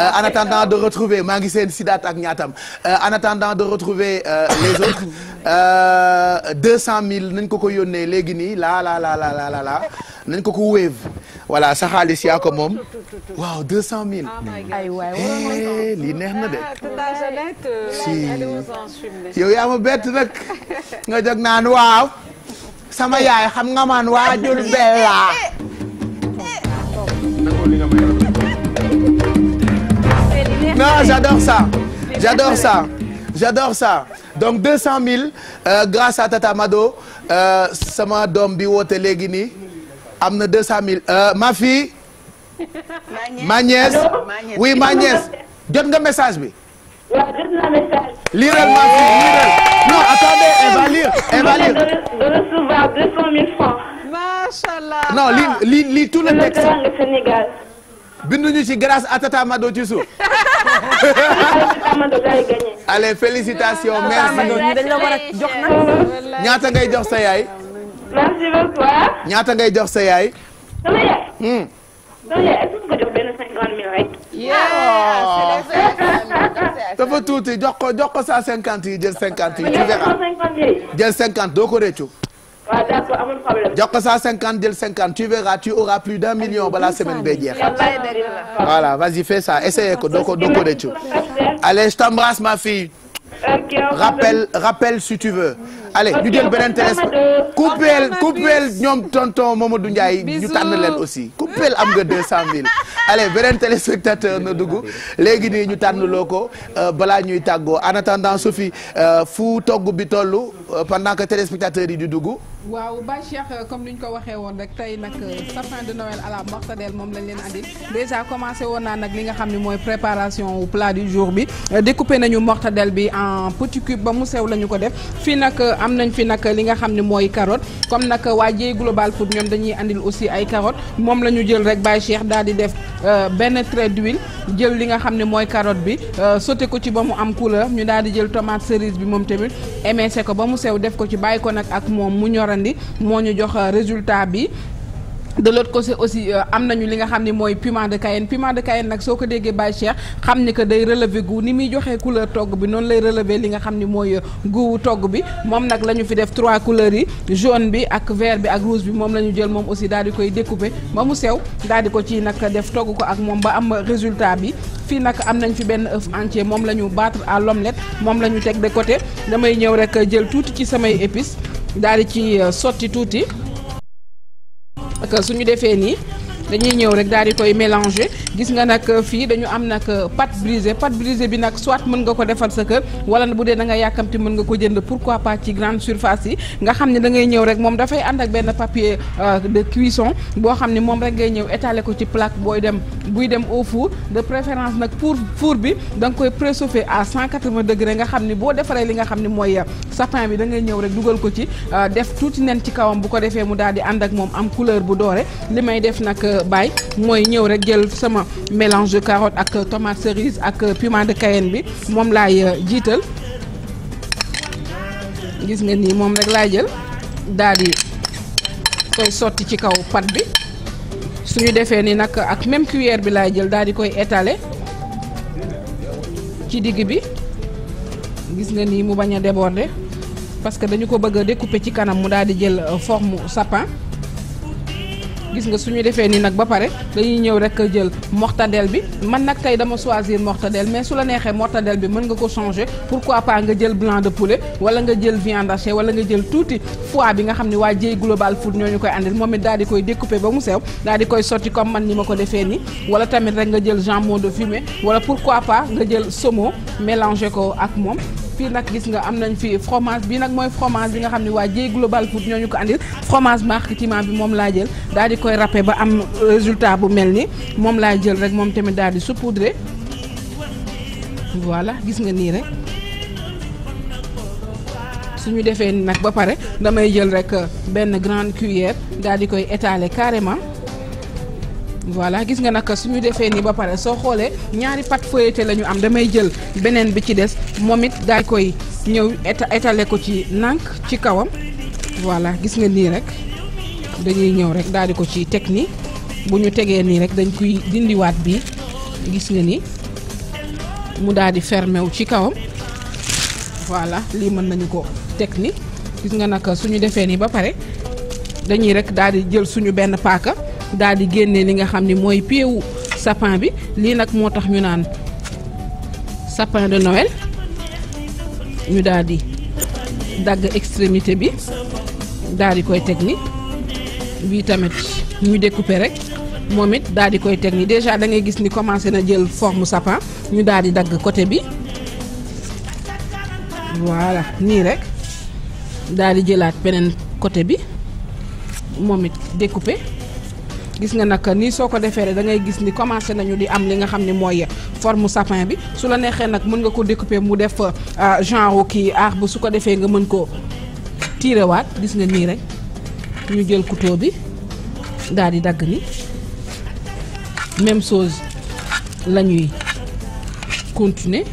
mille nañ ko ko yónnee léegi nii la la la la la la nañ ko ko wéev voilà sa xaalis yaa ko cent mille ah, eh, lii neex na de ah, si yow yaa nag naan waaw sama yaay xam nga man waajur bella non j'adore ça j'adore ça donc 200 000 euh, Tata Mado euh, sama doom bi woote léegi am na 200 000 euh, ma fille ma nièce oui ma nièce jot nga message bi waaw jot naa message. liiral non attendez elle va lire elle va lire. de recevoir deux cent mille francs. non lii lii lii tout le texte. Sénégal. binduñu ci grâce à Tata Mado ci suuf. allez félicitations ah, merci. dañ la war a jox ngay jox sa yaay. merci beaucoup. ñaata ngay jox sa yaay. sama yaay. Hmm. dafa tuuti jox ko jox ko cent cinquante yi jël cinquante yi. tu verras jël cinquante doo ko réccu. waaw d'accord amul cinquante tu verras tu auras plus d'un million balaa semaine bee jeex. voilà vas-y ko doo ko doo ko réccu. allez ma fille. rappelle rappelle tu veux. allez ñu jël beneen téléspectateur coupeel ñoom tonton moom Mamadou Ndiaye ñu tànn leen aussi coupeel am nga deux cent mille allez beneen téléspectateur na dugg léegi nii ñu tànn loo ko euh, balaa ñuy tàggoo en attendant Sophie euh, fu togg bi toll euh, pendant que téléspectateur yi di dugg waaw ba Cheikh comme ni ñu ko waxee woon rek tey nag sapin de Noël à la mortadelle moom lañ leen andil déjà commencé woon naa nag li nga xam ne mooy préparation au plat du jour bi découpé nañu mortadelle bi en petit ba mu sew la ñu ko def am nañ fi nag li nga xam ne mooy karoot comme nag waa Dieye Global Food ñoom dañuy andil aussi ay carotte moom la ñu jël rek Baye Cheikh daal di def euh, benn trait d'huile jël li nga xam ne mooy carotte bi euh, sauté ko ci ba mu am couleur ñu daal di jël tomate cerise bi moom tamit émincé ko ba mu sew def ko ci bàyyi ko nag ak moom mu ñorandi moo ñu jox euh, résultat bi de l'autre côté aussi euh, am nañu li nga xam ne mooy piment de Cayenne piment de Cayenne nag soo ko déggee Baye Cheikh xam ni que day relever goût ni muy joxee couleur togg bi noonu lay relever li nga xam ne mooy euh, goût togg bi moom nag lañu fi def trois couleurs yi jaune bi ak vert bi ak rouge bi moom la ñu jël moom aussi daal di koy découper ba mu sew daal di ko ci nag def togg ko ak moom ba am résultat bi fii nag am nañ fi benn œuf entier moom la ñu battre à l'omelette moom la ñu teg de côté damay ñëw rek euh, jël tuuti ci samay épices daal di ci sotti tuuti ak suñu defee nii dañuy ñëw rek daal di koy mélanger gis nga nag euh, fii dañu am nag euh, pâte brisée pâte brisée bi nag soit mën nga ko defal sa kër wala bu dee da nga yàkkamti mën nga ko jënd pourquoi pas ci grande surface yi nga xam ne dangay ñëw rek moom dafay ànd ak benn papier euh, de cuisson boo xam ne moom rek ngay ñëw étaler ko ci plaque booy dem buy dem au four de préférence nag pour four bi da nga koy préchauffer à 180 degré nga xam ne boo defaree li nga xam ne mooy sapin bi da ñëw rek dugal ko ci def tuuti nen ci kawam bu ko defee mu daal di ànd ak moom am couleur bu doore li may def nag bàyyi mooy ñëw rek jël sama mélange de carotte ak tomate cerise ak piment de Cayenne bi moom laay euh, jiital gis nga nii moom rek laay jël daal di koy sotti ci kaw pat bi suñu defee ni nag ak même cuillère bi laay jël daal di koy étale ci digg bi gis nga nii mu bañ a déborder parce que dañu ko bëgg a découper ci kanam mu daal di jël euh, forme sapin gis nga suñu defee nii nag ba pare dañuy ñëw rek jël mortadelle bi man nag tey dama choisir mortadelle mais su la neexee mortadelle bi mën nga ko changer pourquoi pas nga jël blanc de poulet wala nga jël viande hachée wala nga jël tuuti fois bi nga xam ne waa Dieye Global Food ñoo ñu koy àndil moom it daal di koy découper ba mu sew daal di koy sotti comme man ni ma ko defee nii wala tamit rek nga jël jambon de fumée wala pourquoi pas nga jël saumon mélanger ko ak moom fii nag gis nga am nañ fi fromage bi nag mooy fromage bi nga xam ne waa Dieye Global Food ñoo ñu ko andil fromage marketement bi moom laa jël daal di koy râpé ba am résultat bu mel ni moom laa jël rek moom tamit daal di saupoudré voilà gis nga nii rek suñu defee ni nag ba pare damay jël rek benn grande cuillère daal di koy étaler carrément. voilà gis nga nag suñu defee nii ba pare soo xoolee ñaari pat feuilletée la ñu am damay jël beneen bi ci des moom it daal koy ñëw étaler ko ci nànk ci kawam voilà gis nga nii rek dañuy ñëw rek daal di ko ci teg nii bu ñu tegee nii rek dañ koy dindiwaat bi gis nga ni mu daal di fermé wu ci kawam voilà lii mën nañu ko teg ni gis nga nag suñu defee nii ba pare dañuy rekk daal di jël suñu benn paaka. daal di génnee li nga xam ni mooy piewu sapin bi lii nag moo tax ñu naan sapin de Noël ñu daal dagg extrémité bi daal di koy teg ni bii tamit ñu découper rek moom it daal di koy teg ni déjà da ngay gis ni commencé na jël forme sapin ñu daal di dagg côté bi waala nii rek daal di jëlaat beneen côté bi moom it découper gis nga nag nii soo ko defee rek da ngay gis ni commencé nañu di am li nga xam ne mooy forme sapin bi su la neexee nag mën nga ko découper mu def euh, genre kii arbre su ko defee nga mën ko tiirewaat gis nga nii rek ñu jël couteau bi daal di dagg ni même chose la ñuy continuer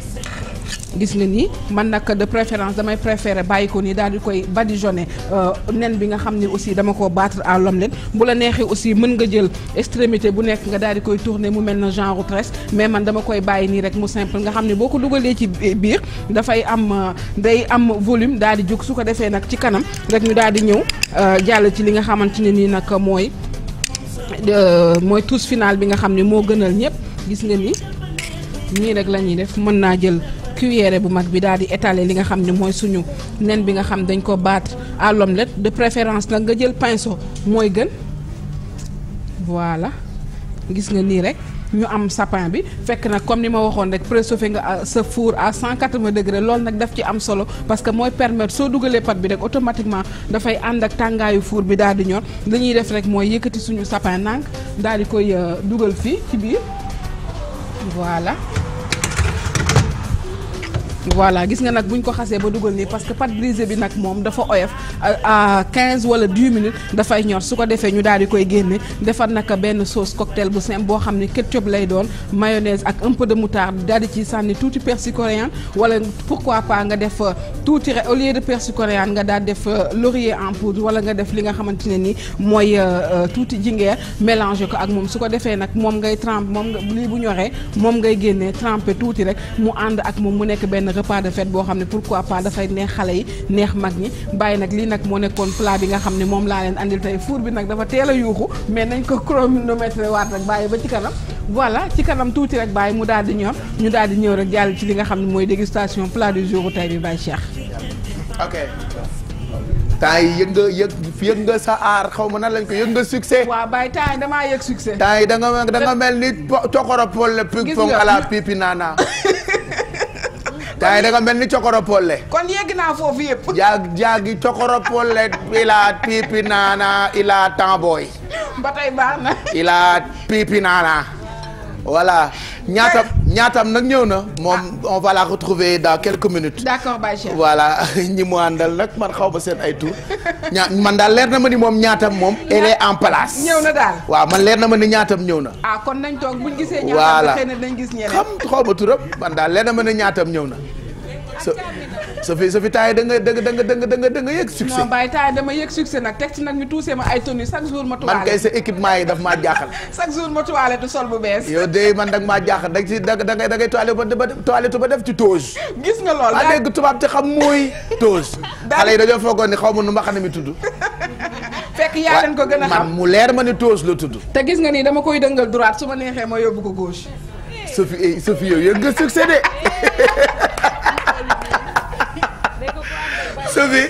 gis nga nii man nag de préférence damay préférer bàyyi ko nii daal di koy badigeonner euh, nen bi nga xam ne aussi dama ko battre à l'omelette bu la neexee aussi mën nga jël extrémité bu nekk nga daal di koy tourner mu mel na genre tresse mais man dama koy bàyyi nii rek mu simple nga xam ne boo ko dugalee ci biir dafay am euh, day am volume daal di jóg su ko defee nag ci kanam rek ñu daal di ñëw euh, jàll ci li nga xamante ne nii nag mooy mooy touche finale bi nga xam ne moo gënal ñëpp gis nga ni nii rek la ñuy def mën naa jël. cuillère bu mag bi daal di étaler li nga xam ne mooy suñu nen bi nga xam dañ ko baat à l'omelette de préférence nag nga jël pinceau mooy gën voilà gis nga nii rek ñu am sapin bi fekk na comme ni ma waxoon rek préchauffé nga sa four à 180 degré loolu nag daf ci am solo parce que mooy permettre soo dugalee pat bi rek automatiquement dafay ànd ak tàngaayu four bi daal di ñor li def rek mooy yëkkati suñu sapin nànk daal di koy euh, dugal fii ci biir voilà. voilà gis nga nag bu ñu ko xasee ba dugal nii parce que pâte brisée bi nag moom dafa oyof euh, à 15 wala 10 minutes dafay ñor su ko defee ñu daal di koy génne defar naka benn sauce cocktail bu simple boo xam ni ne ketchup lay doon mayonnaise ak un peu de moutarde daal di ci sànni tuuti persil coréen wala pourquoi pas nga def euh, tuuti au lieu de persil coréen nga daal def euh, laurier en poudre wala nga def li nga xamante ne ni mooy tuuti jingeer mélanger ko ak moom su ko defee nag moom ngay trempe moom lii bu ñoree moom ngay génnee tremper tuuti rek mu ànd ak moom mu nekk benn repas de fête boo xam ne pourquoi pas dafay neex xale yi neex mag ñi bàyyi nag lii nag moo nekkoon plat bi nga xam ne moom laa leen andil tey four bi nag dafa teel a yuuxu mais nañ ko chronomètre waat rek bàyyi ba ci kanam voilà ci kanam tuuti rek bàyyi mu daal di ñor ñu daal di ñëw rek jàll ci li nga xam ne mooy dégustation plat du jour tey bi bàyyi Cheikh. ok. taay yëg nga yëg yëg sa aar xaw ma nan lañ ko yëg nga succès. waaw Baye taay damaa yëg succès. da nga da nga mel ni cokoro pole ping pong à tay da nga mel ni cokoropole kon yegg naa foofu yëpp jaag jaagi cokoropole ilaa pipi naana ilaa tamboy ba tey baax na ilaa pipi naana voilà ñaata ñaatam nag ñëw na moom ah. on va la trouver dans quelques minutes. d'accord Bachir voilà ñi mu àndal nag man xaw ma seen ay tur. ña man daal leer na ma ni moom ñaatam moom. elle est en place. na daal waaw man leer na ma ni ñaatam ñëw na. ah kon nañ toog buñ gisee. ñaatam xëy na dañ gis ñeneen. xam xaw ma turam man daal leer na ma ni ñaatam ñëw na. sa fi sa fi taay da nga da nga da nga da nga yëg succès. nag teg ci nag ñu tuusee ma ay tenue chaque jour ma. tuwaale sa équipement yi daf maa jaaxal. chaque jour ma tuwaale tu sol bu bees. yow de man nag maa jaaxal da ci da nga da ngay ba def ci toge. gis nga lool daal dégg tubaab te xam mooy toge. xale yi dañoo foogoon ni xaw ma nu ma xam ne mi tudd. fekk yaa leen ko gën a xam mu leer ma ni toge la tudd. te gis nga ni dama koy dëngal droite su ma neexee ma yóbbu ko gauche. Sophie eh, Sophie sofi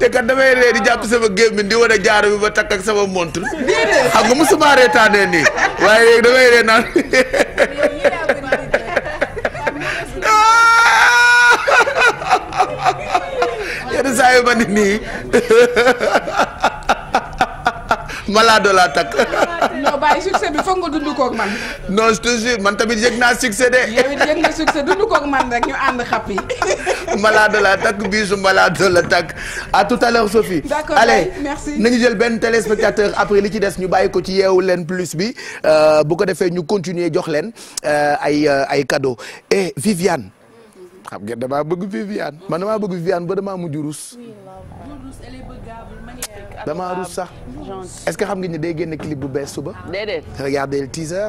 te kat damay ree di jàpp sama gémmiñ di wane jaaro bi ba takk ak sama montre xam nga musuma reetaanee nii waaye léegi damay ree naan yenn saa yu ma ni nii malaado laa takk bàyyi succès bi foog nga dund man. non je te jure man tamit yëg naa succès de. yow man rek ñu ànd xàppi. malade la takk bisu malade la takk à tout à l'heure Sophie. d'accord allez merci nañu jël benn téléspectateur après li ci des ñu bàyyi ko ci yeewu leen plus bi euh, bu ko defee ñu continuer jox leen euh, ay euh, ay cadeau et eh, Viviane. xam ngeen damaa bëgg Viviane man damaa bëgg Viviane ba damaa mujj rus. damaa rus sax est-ce que xam nga ni day génn clip bu bees suba. déedéet regardez le teaser.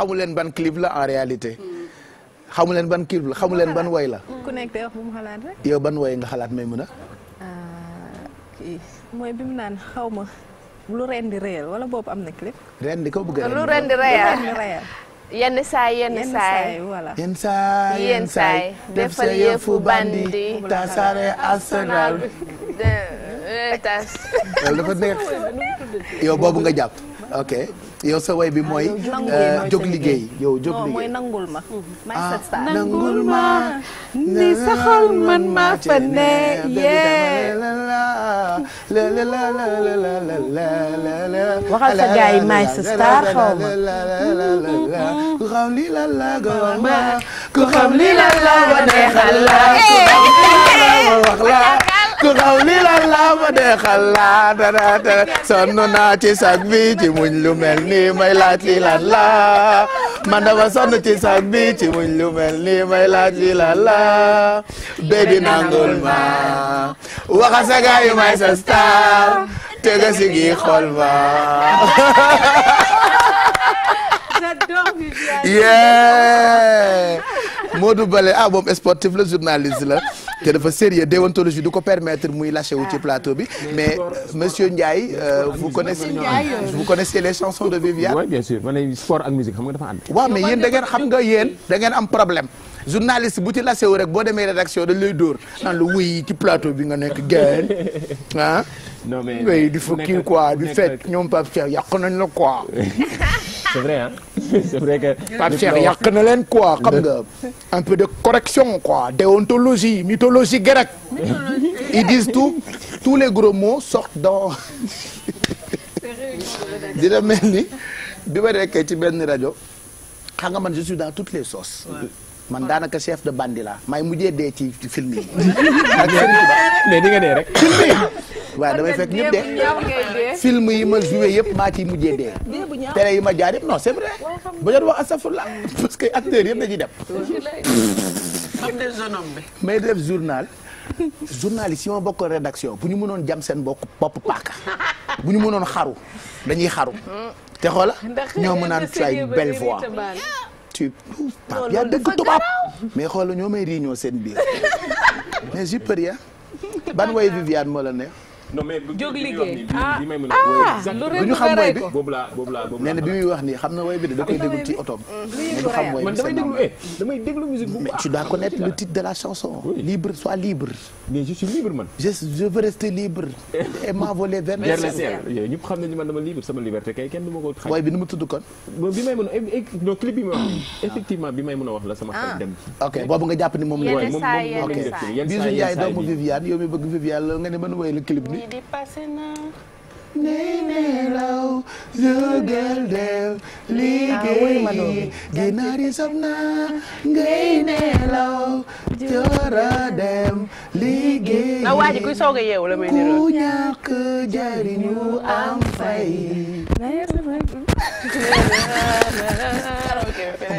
xamu leen ban clip la en réalité. xamu leen ban clip la ban way la. ku yow ban way nga xalaat may mën a. mooy bi mu naan xaw ma lu rendi réel wala boobu am na clip. rendi bëgg a lu rendi réel yenn saay yenn saay yenn saay yenn saay defal yëfu bandi tasaare arsenal eh, tas boobu nga jàpp ok yow sa way bi mooy. jóg liggéey yow jóg liggéey mooy nangul ma. nangul ma ni saxal man maa fa waxal sa gars yi star xaw ma. ku xam li la la góor ma ku xam li la la wa neexal la ku xam li la la wax ku xaw li lan laa ma dee xalaat dara dara sonn naa ci sag bi ci muñ lu mel ni may laaj li lan laa man dama ci sag bi ci muñ lu mel ni may laaj li lan laa baby nangul ma waxa sa gaay yu may sa star tega si gi xool ma yeah Modou Balé ah, la journaliste la te dafa sérieux déontologie du ko permettre muy lâché wu ci ah. plateau bi mais monsieur Ndiaye euh, vous connaissez euh, euh, vous connaissez les chansons de Viviane oui bien sûr ma ne sport ak musique xam nga dafa ànd waaw mais yéen da ngeen xam nga yéen da am problème journaliste bu ci lâché wu rek boo demee rédaction dañ lay dóor naan la wuy ci plateau bi nga nekk geen ah non mais oui du fucking quoi du fait ñoom Pape Cheikh yàq nañ quoi. c'est vrai que. Pape Cheikh yàq na leen quoi xam nga un peu de correction quoi déontologie mythologie grecque. ils disent tout tous les gros mots sortent dans. dina mel ni bi ma nekkee ci benn rajo xam nga man je suis dans toutes les sauces. man daanaka chef de bandi may mujjee dee ci ci film yi. mais di nga dee rek. film damay ñëpp dee. film ma joué yëpp maa ciy mujjee dee. télé yi ma jaar yëpp non c'est vrai. jot wax astafurlah parce que acteurs yëpp dañuy dem. may def journal. journaliste yi ma bokk rédaction bu ñu mënoon jam seen bokk bopp paaka bu ñu mënoon xaru dañuy xaru. te xoola ñoo mën naan ay belle voix. tu Pape yaa dëgg tubaab mais xoolal ñoo may réunion seen biir mais je peux rien ban way Viviane moo la neex. non mais jóg liggéey ah ah lu rëy xam way bi boobu laa boobu laa boobu nee na bi muy wax nii xam na way bi de da koy déglu ci otoom. lii mm, xam way man damay déglu eh damay déglu musique bu baax. mais tu dois connaître le titre de la chanson. libre sois libre. mais je suis libre man. je je veux rester libre. et m'envoler vers le ciel. ñëpp xam nañu man dama libre sama liberté kay kenn du ma ko. xayma way bi nu mu tudd kon. bi may mën a eh, eh, non clip bi ma wax. effectivement bi may mën a wax la sama xel ah. dem. ok boobu nga jàpp ni moom la. yenn saa yenn saa yi ok Bijou Ndiaye doomu Viviane yow mi bëgg Viviane nga ne mën way la clip bi yi dépassé na. nee nelaw jógal dem liggéeyi ah, ginaar yi saf na ngay nelaw jora dem liggéeyi na ah, waaji kuy soog a yeewu la may nelaw ku ñàkk jariñu am fay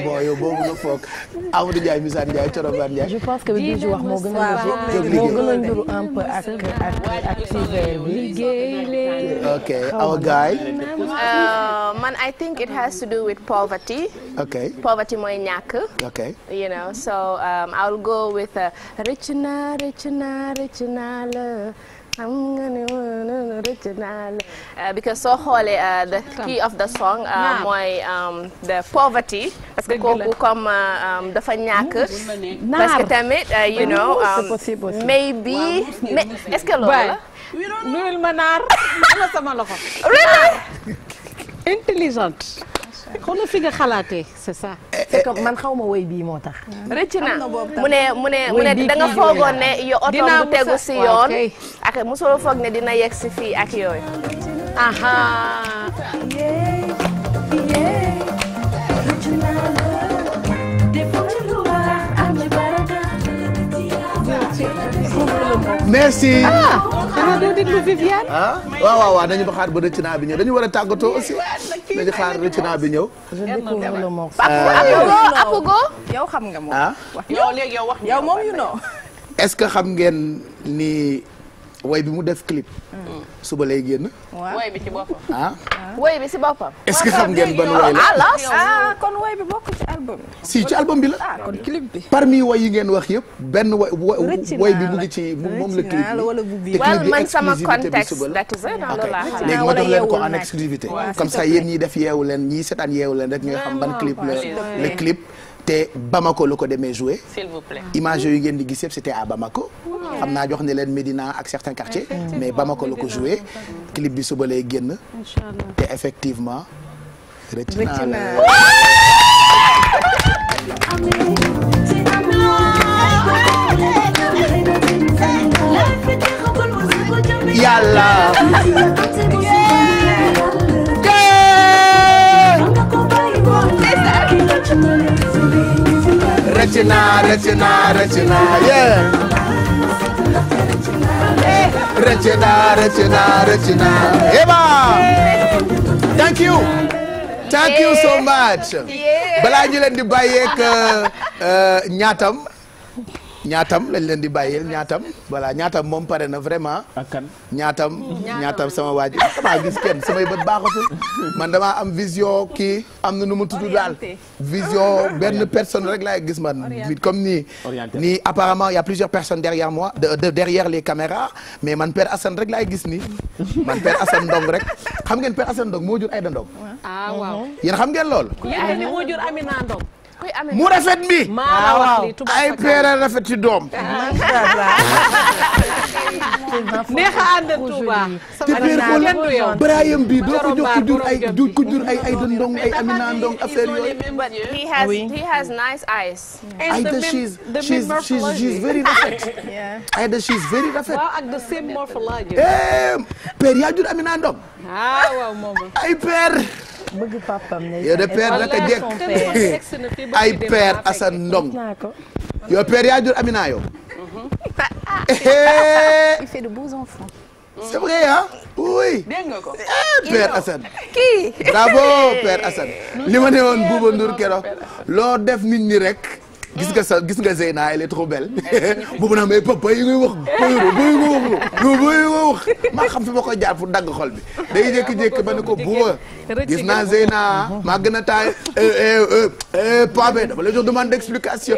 bon yow boobu nga foog Amadou Ndiaye Missane Ndiaye Corobane Ndiaye. je pense que bii wax moo gën a moo gën a njuru un peu ak ak ak hiver bi. ok awa gaay. Euh, man I think it has to do with poverty. ok poverty mooy ñàkk. ok you know so um, I will go with uh, rëcc naa rëcc naa rëcc naa la. xam nga ne rëcc naa la. because soo xoolee uh, the key of the song. Uh, mooy um, the poverty. parce que kooku comme uh, um, dafa ñàkk. parce que tamit you know. Um, maybe mais est-ce que loolu la. nuyul ma naar. sama loxo. really. intelligente. xaw na fi nga xalaatee c'est ça. Eh, eh, man xaw ma woy bii moo tax. rëcc na mu ne mu ne mu ne foogoon ne yo oto bu tegu si yoon. ak mosoo foog ne dina yegg si fii ak yooyu. aha. merci. ah xanaa doo déglu Viviane. ah waaw waaw waaw dañu xaar ba rëccinaa bi ñëw dañu war a tàggatoo aussi dañu xaar rëccinaa bi ñëw. je découvre le xam nga moom. ce que xam ngeen ni way bi mu def clip. suba lay génn. waaw woy ci boppam. Ah. ah woy bi ci boppam. est-ce que xam ngeen ban woy la ah kon ci album si ci album bi la. ah kon clip bi. parmi woy yi ngeen wax yëpp benn woy woy bi mu ngi ci moom la clip bi. te clip bi exclusivité bi suba la ok léegi ma doon leen ko en exclusivité comme ça yéen ñi def yeewu leen ñii seetaan yeewu len rek ñooy xam ban clip la clip. te Bamako la ko demee jouer yu vous ngeen di gis yëpp c'était à Bamako xam naa jox ne leen Médina ak certains quartiers mais Bamako la ko jouer clip bi génn te effectivement rëcc Regina, Regina, Regina, Thank you. Thank you so much. balaa ñu leen di bàyyeek uh, uh, ñaatam. ñaatam lañ leen di bàyyil ñaatam voilà ñaatam moom pare na vraiment. ak kan ñaatam. ñaatam sama waaj damaa gis kenn samay bët baaxatul. man damaa am vision kii am na nu mu tudd daal. vision benn personne rek laay gis man. comme ni nii apparemment y' a plusieurs personnes derrière moi de, de derrière les caméras mais man Père Assane rek laay gis nii. man Père Assane Ndong rek xam ngeen Père Assane Ndong moo jur ay Ndong. ah waaw xam ngeen lool. mu rafet mi ay peera rafet ci doom neex a ànd te peer ko barayam bi doo ko jox ku jur ay dondong ay amina ndong affaire ah he has nice eyes Aïda she's she's she's very rafet ay peer bëgg de père naka jekk ay père Assane Ndong yow père yaa jur Amina yow. Eh. il fait de beaux kii eh, bravo père Assane. li ma ne woon Bouba Ndour keroog loo def nit ñi rek. gis nga gis nga Zeyna elle est trop belle. boobu nag mais papa yi ngay wax papa yi ngay wax yi ngay maa xam fi ma koy jaar pour dagg xol bi day jékki-jékki ba ne ko buuba gis naa Zeyna maa na a taay Pape dafa la jox demande d'explication.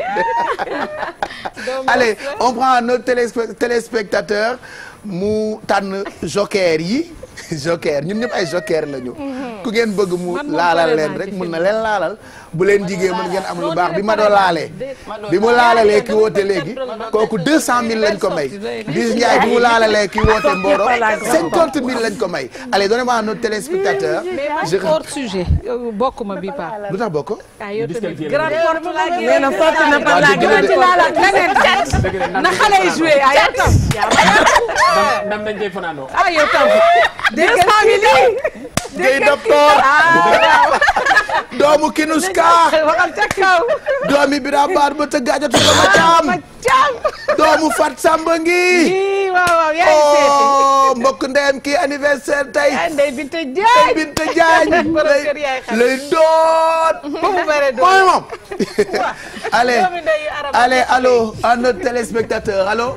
allez on prend nos téléspectateurs mu tànn joker yi. joker ñun ñëpp ay joker lañu. Mhm. ku ngeen bëgg mu laalal leen rek mun na leen laalal. bu leen jigee mën ngeen am lu baax bi ma doo laalee bi mu laalalee ki léegi kooku mille lañ ko may Liss Ndiaye bi mu laalalee ki woote mille lañ ko may allez donnez-moi notre téléspectateur je hors sujet ma bi pa lu tax bokk a porte la nee na porte na pas la grande la la ganeen na xale yi joué ay yow tam dam dañ koy Ka. waxal ca kaw. doomi Bira Baar ba tëgg ajatu la ma caam. doomu Fat Samba ngi. yii waaw waaw yaa ngi oh, seeti. oh mbokk ndeyam kii anniversaire tey. Ndeye Binta Diagne Binta Diagne. lay doon. ba mu bare doon mooy moom. allez allez allô à notre téléspectateur allô.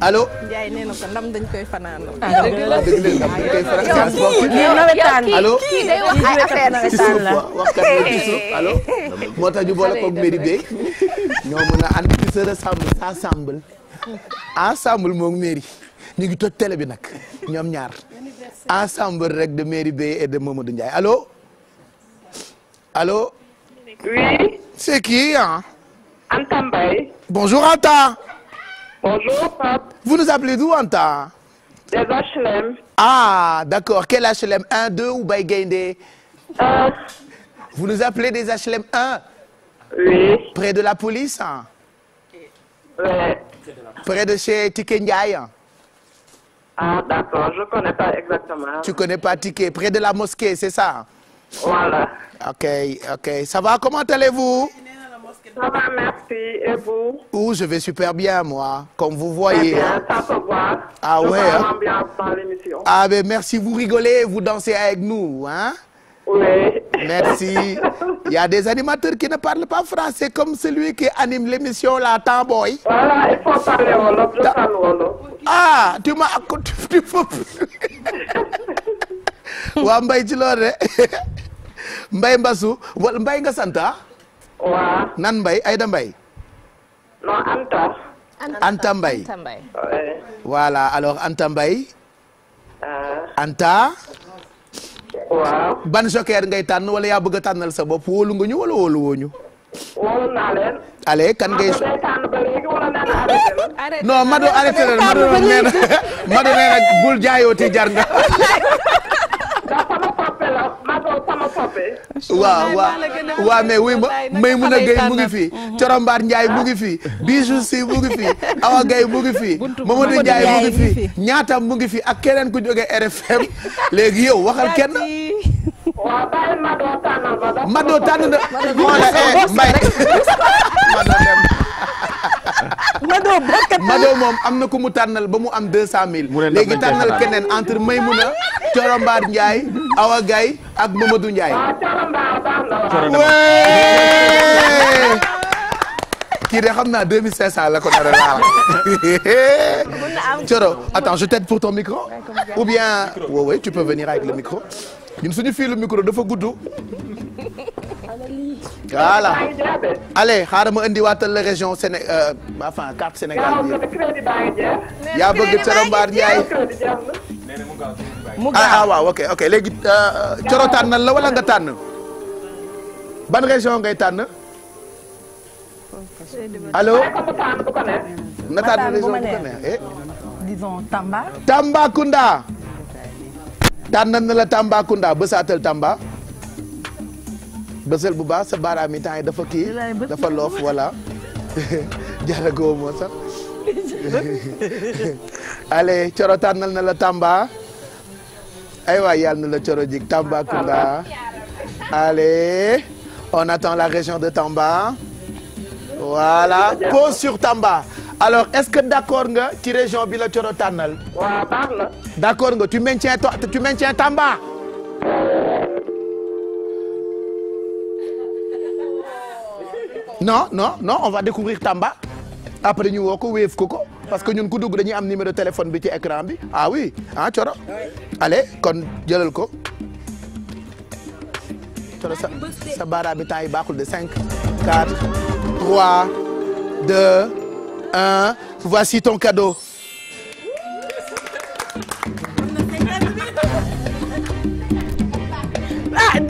allo. Ndiaye dañ koy fanaanoo. ah dëgg la moo tax ñu boole koog Mairie Bey ñoo a ànd ci se ressemble s'assemble ensemble moom mairie ñu ngi toj télé bi nag ñoom ñaar ensemble rek de Mairie Bey et de Mamadou Ndiaye allo allo. oui. c'est qui ah. Anta Mbaye. bonjour Bonjour, Pape. Vous nous appelez d'où, Anta? Des HLM. Ah, d'accord. Quel HLM? 1, 2 ou Baye Gaynde? 1. Vous nous appelez des HLM 1? Oui. de la police? Ouais. Près de chez Tiké Ndiaye? Ah, d'accord. Je connais pas exactement. Tu connais pas Tiké, près de la mosquée, c'est ça? Voilà. OK, OK. Ça va? Comment allez-vous? Ça va, merci. Et vous Où je vais super bien, moi, comme vous voyez. Bien, ça se voit. Ah je ouais hein? bien dans l'émission. Ah ben merci, vous rigolez, vous dansez avec nous, hein oui. Merci. Il y a des animateurs qui ne parlent pas français comme celui qui anime l'émission La Tamboy. Voilà, il faut parler wolof, je parle wolof. Ah, tu m'as tu peux. Waa Mbaye ci loolu de Mbaye Mbassou wala Mbaye nga sant ah? nan mbay Ayda Mbay non Anta. Anta Mbay Anta Anta Mbay. Anta. Euh. ban joker ngay tànn wala ya bëgg a tànnal sa bopp wóolu nga ñu wala wóolu woo ñu. kan ngay. non Mado arrêté leen na Mado bul jaayooti jar nga. waaw waaw waaw mais wuy ma Maymuna Gueye mu ngi fii Corombaat Ndiaye mu ngi fii mm-hmm. Bijou Sy mu ngi fii Awa Gueye mu ngi fii Mamadou Ndiaye mu ngi fii ñaatam mu ngi fii ak keneen ku jógee RFM léegi yow waxal kenn waaw bàyyi Mado tànn Mado tànn na. Mado Mado moom am na ku mu tànnal ba mu am deux cent mille léegi tànnal keneen entre Maymouna Corombaar Ndiaye Awa Gaye ak Mamadou Ndiaye ah, kii de xam naa 2500 la ko dara laal. Thioro attends je t'aide pour ton micro. ou bien oui tu peux venir avec le micro. ñun suñu fii lu micro dafa gudd. voilà allez xaaral ma indi waatal la région Séné euh, enfin carte Sénégal bi yaa bëgg Coro Mbaar Ndiaye ah, ah waaw ok ok léegi Coro euh, tànnal la wala nga tànn ban région ngay tànn allo na tànn région bu ko neex eh? disons Tamba Tambacounda tànnal na la ba saatal Tamba bësal bu baax sa baaraam yi temps dafa kii dafa loof voilà jaragoo moo sax coro tànnal na la Tamba ay waay yàlla na la coro jik Tambacounda allez on attend la région de Tamba wala pause sur Tamba alors est-ce que d'accord nga ci région bi la coro tànnal na d'accord nga tu maintiens Tamba non non non on va découvrir Tamba après ñu woo ko wéef parce que ñun ku dugg dañuy am numéro téléphone bi ci écran bi ah oui ah, Coro allez kon jëlal Coro sa baaxul de 5 ton cadeau. Ah,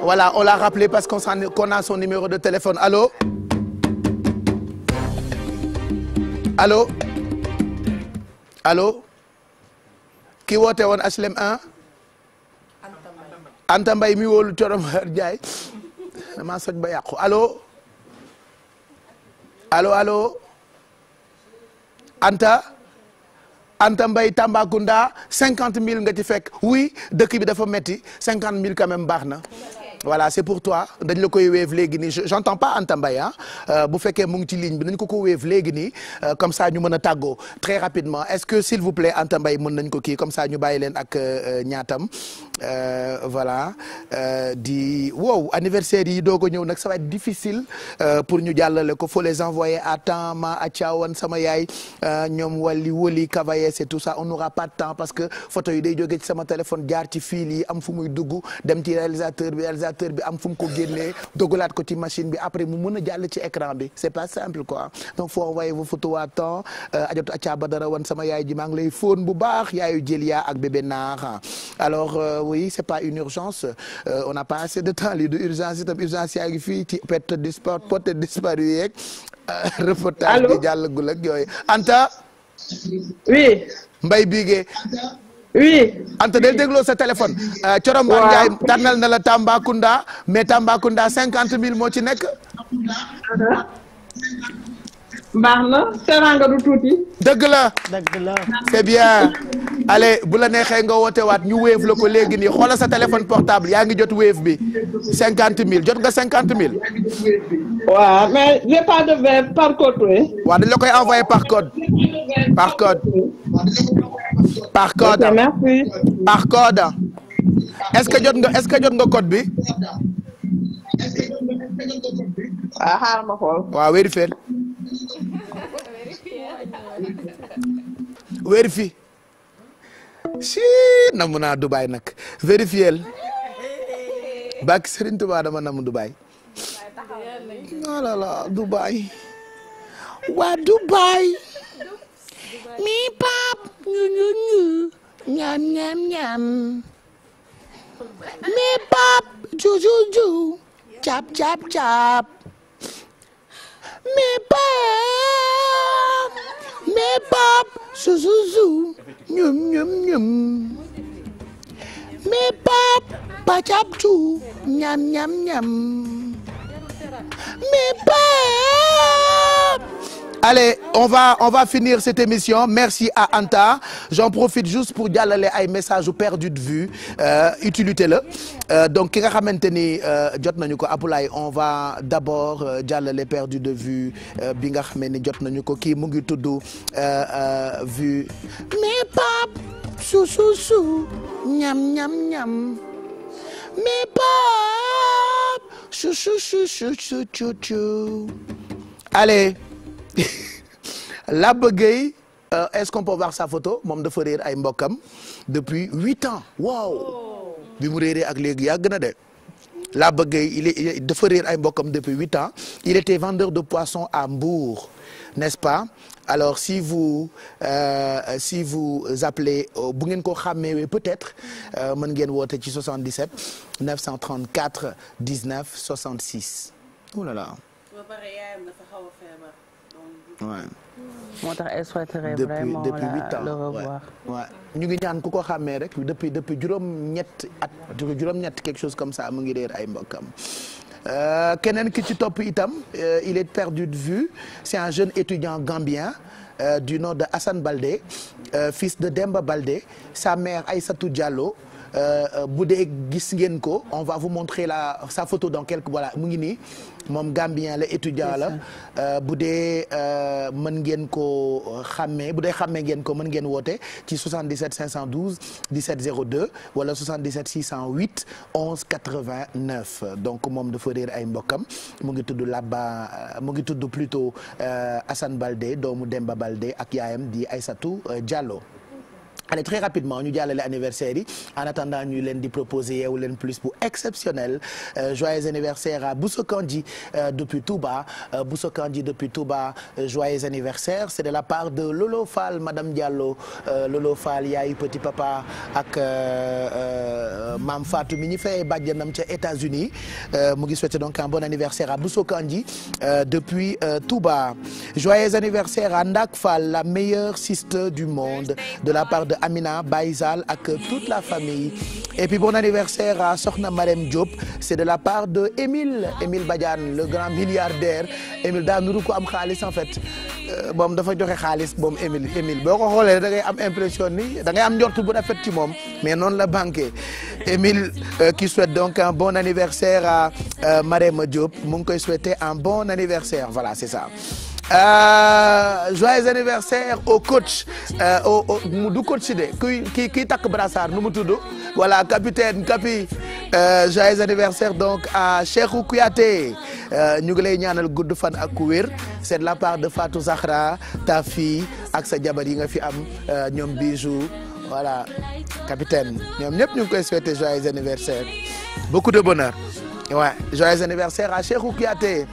Voilà, on l'a rappelé parce qu'on qu'on a son numéro de téléphone. Allô? Allô? Allô? ki woote woon HLM mi wóolu Corom Xar Ndiaye damaa soj ba yàqu allo allo Anta Anta mbay Tambacounda cinquante mille nga ci fekk oui dëkk bi dafa metti cinquante mille quand même baax na. voilà c'est pour toi dañ la koy weev léegi nii j'entends pas Anta mbay ah euh, bu fekkee mu ngi ci ligne bi nañ ko ko weev léegi nii euh, comme ça ñu mën a tàggoo très rapidement est-ce que s'il vous plaît Anta Mbaye mën nañ ko kii comme ça ñu bàyyi leen ak ñaatam euh, Euh, voilà euh, di wow anniversaire yi doog a ñëw nag ça va être difficile euh, pour ñu jàllale ko faut les envoyer à temps a à wan sama yaay ñoom wali woli Kavaye c'est tout ça on n'aura pas de temps parce que photo yi day jóge ci sama téléphone jaar ci fil yi am fu muy dugg dem ci réalisateur bi réalisateur bi am fu mu ko génnee dogalaat ko ci machine bi après mu mën a jàll ci écran bi c'est pas simple quoi donc faut envoyer vos photos à temps a Acha Badara wan sama yaay ji maa ngi lay fóon bu baax yaayu Jëlia ak bébé oui c'est pas une urgence euh, on n'a pas assez de temps lii du urgence itam urgence yaa fii ci perte du sport porte disparu yeeg euh, reportage bi jàllagul ak yooyu Anta oui Mbaye Bigué oui Anta del dégloo sa téléphone euh, Coromban Ndiaye tànnal na la Tambacounda mais Tambacounda cinquante mille moo ci nekk baax na teranga du tuuti. dëgg la la. c'est bien. allez bu la nga woote waat ñu wéef la ko léegi nii xoolal sa téléphone portable yaa ngi jot wéef bi cinquante mille jot nga cinquante mille. waaw mais j'ai pas de verbe par code. waaw dañ la koy envoyé par code. par code. par code. est-ce que jot nga est-ce que jot nga code bi. waaw ah, xaaral xool. waaw wéeru vérifie si namu naa Dubaay nag vérifiel bàkki Serigne Touba dama namu Dubaay ah la la la Dubaay waa Dubaay mi pap ñu ñu ñu ñam ñam ñam mi pap ju ju ju cap cap cap mi pap mais pap su su su ñum ñum ñum mais pap cu ñam ñam ñam mais pap Allez, on va on finir cette émission. Merci à Anta. J'en profite juste pour jàllale ay message perdu de vue euh, la euh, donc ki nga xamante ni euh, jot nañu ko Apulaay on va d'abord euh, jàllale perdu de vue bi nga xamee ni jot nañu ko kii mu ngi tudd vue mais pap su su su ñam ñam ñam mais allez Laba Gueye euh, est-ce qu'on peut voir sa photo moom dafa réer ay mbokkam depuis huit ans waaw bi mu réeree ak léegi yàgg na de Laba Gueye dafa réer ay mbokkam depuis huit ans il était vendeur de poissons à Mbour n'est-ce pas alors si vous euh, si vous appelez euh, bu ngeen ko xàmmeewee peut-être euh, mën ngeen woote ci 77 934 19 66 oh là là. waaw. moo tax elle souhaiterait vraiment le revoir waaw ñu ngi ñaan ku ko xàmmee rek depuis depuis juróom-ñett at juróom-ñett quelque chose comme ça mu ngi réer ay mbokkam. Euh, keneen ki ci topp itam euh, il est perdu de vue c'est un jeune étudiant gambien euh, du nom de Hassan Baldé fils de Demba Baldé sa mère Aïssatou Diallo. Euh, euh, bu dee gis ngeen ko on va vous montrer la sa photo dans quelques voilà mu ngi nii moom Gambien la étudiant la euh, bu dee mën ngeen ko xàmmee bu dee xàmmee ngeen ko mën ngeen woote ci 77 512 17 02 wala 77 608 11 89 donc moom dafa réer ay mbokkam mu ngi tudd Labba mu ngi tudd plutôt Assane Balde doomu Demba Balde ak yaayam di ay Aïssatou Diallo allez très rapidement ñu jàllale anniversaire yi en attendant ñu leen di proposer yeewu leen plus bu exceptionnel euh, joyeux anniversaire à Bousso Kandji euh, depuis Touba euh, Bousso Kandji depuis Touba joyeux anniversaire c'est de la part de Lolo Fall madame Diallo Lolo Fall yaayu petit papa ak maam Fatou mi ñu fay bàjjanam ca États-Unis mu ngi souhaiter donc un bon anniversaire à Bousso Kandji depuis Touba joyeux anniversaire à Ndak Fall la meilleure sister du monde la part de de Amina Baye ak toute la famille et puis bon anniversaire à Sokhna Marème Diop c'est de la part de Émile Émile Badiane le grand milliardaire Émile daa nuru ko am xaalis en fait euh, moom dafa joxe xaalis moom Émile Émile boo ko xoolee da ngay am impression ni am njortu bu rafet ci moom mais noonu la banqué Émile euh, qui souhaite donc un bon anniversaire à euh, Marème Diop mu ngi koy souhaiter un bon anniversaire voilà c'est ça Euh, joyeux anniversaire au coach euh, au du coach de kuy kii kii takk brassard nu mu tudd voilà capitaine Kapi euh, joyeux anniversaire donc à Cheikhou Kouyaté ñu ngi lay ñaanal gudd fan ak ku wér c'est de la part de Fatou Zahra ta fille ak sa jabar yi nga fi am ñoom bijou voilà capitaine ñoom ñëpp ñu ngi koy souhaiter joyeux anniversaire beaucoup de bonheur joyeux anniversaire à Cheikhou Kouyaté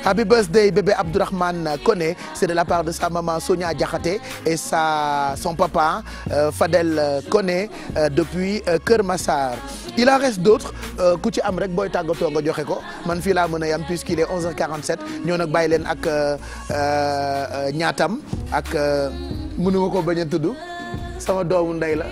Happy birthday bébé Abdourahmane Koné c'est de la part de sa maman Sonia Diakhaté et sa son papa euh, Fadel euh, Koné euh, depuis euh, Kër Massar il en reste d'autres ku ci am rek booy tàggatoo nga joxe ko man fii laa mën a yam puisqu'il est 11h47 ñoo nag bàyyi leen ak ñaatam ak mënuma ko bañ a sama doomu ndey la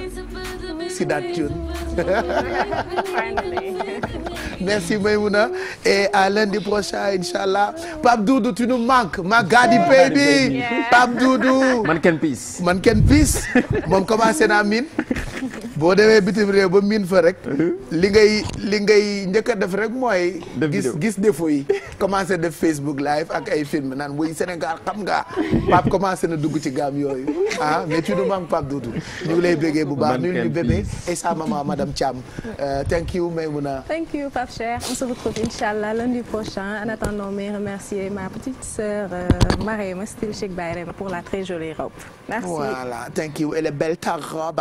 Sidaat Thioune merci Maïmouna et à lundi prochain inchallah Pape Doudou tu nous manques ma gadi baby Pape Doudou man kenn piis man kenn piis moom commencé naa miin boo demee bitim réew ba miin fa rek. Uh-huh. li ngay li ngay njëkk a def rek mooy. gis gis défaut yi. commencé def Facebook live ak ay film naan wuy senegal xam nga Pape commencé na dugg ci gaam yooyu ah mais tu nous manques Pape Doudou ñu ngi lay béggee bu baax ñu ñu bébé et sa maman madame Thiam. Euh, thank you Maymouna. thank you Pape Cheikh on se retrouve inchallah lundi prochain en attendant mais ma petite sœur euh, Marema style pour la très jolie robe. merci voilà thank you et la belle ta robe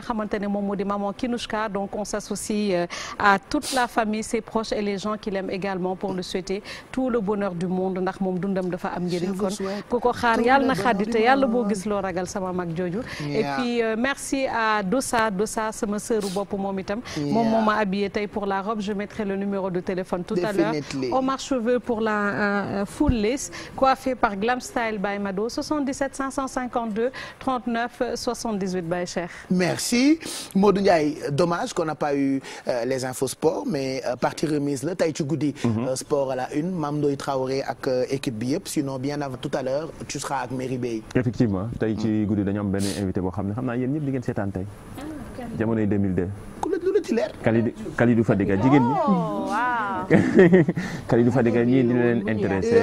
nga xamante ne moom moo di maman euh, la famille ses proches et les gens qui l'aiment également pour lui souhaiter boo gis loo ragal sama mag jooju et puis euh, merci à Dossa Dossa sama sœuru moom itam moom moo ma habillé tey pour la robe je mettrai le numéro de téléphone tout à l'heure Omar Cheveux pour la euh, full lace coiffé par Glam Style merci Modou Ndiaye dommage qu'on n'a pas eu euh, les infos sport mais euh, partie remise la tey ci guddi. sport à la une Mame Ndoye Traoré ak euh, équipe bi yëpp sinon bien avant tout à l'heure tu seras ak Mary Bey. effectivement tey ci mm. guddi dañu am benn invité boo xam ne xam naa yéen ñëpp di ngeen seetaan de ah, jamonoy 2002. ku la lu la ci leer. Kalidou Kalidou Fadiga jigéen ñi. Oh, di Fadiga ñii dina leen intéressé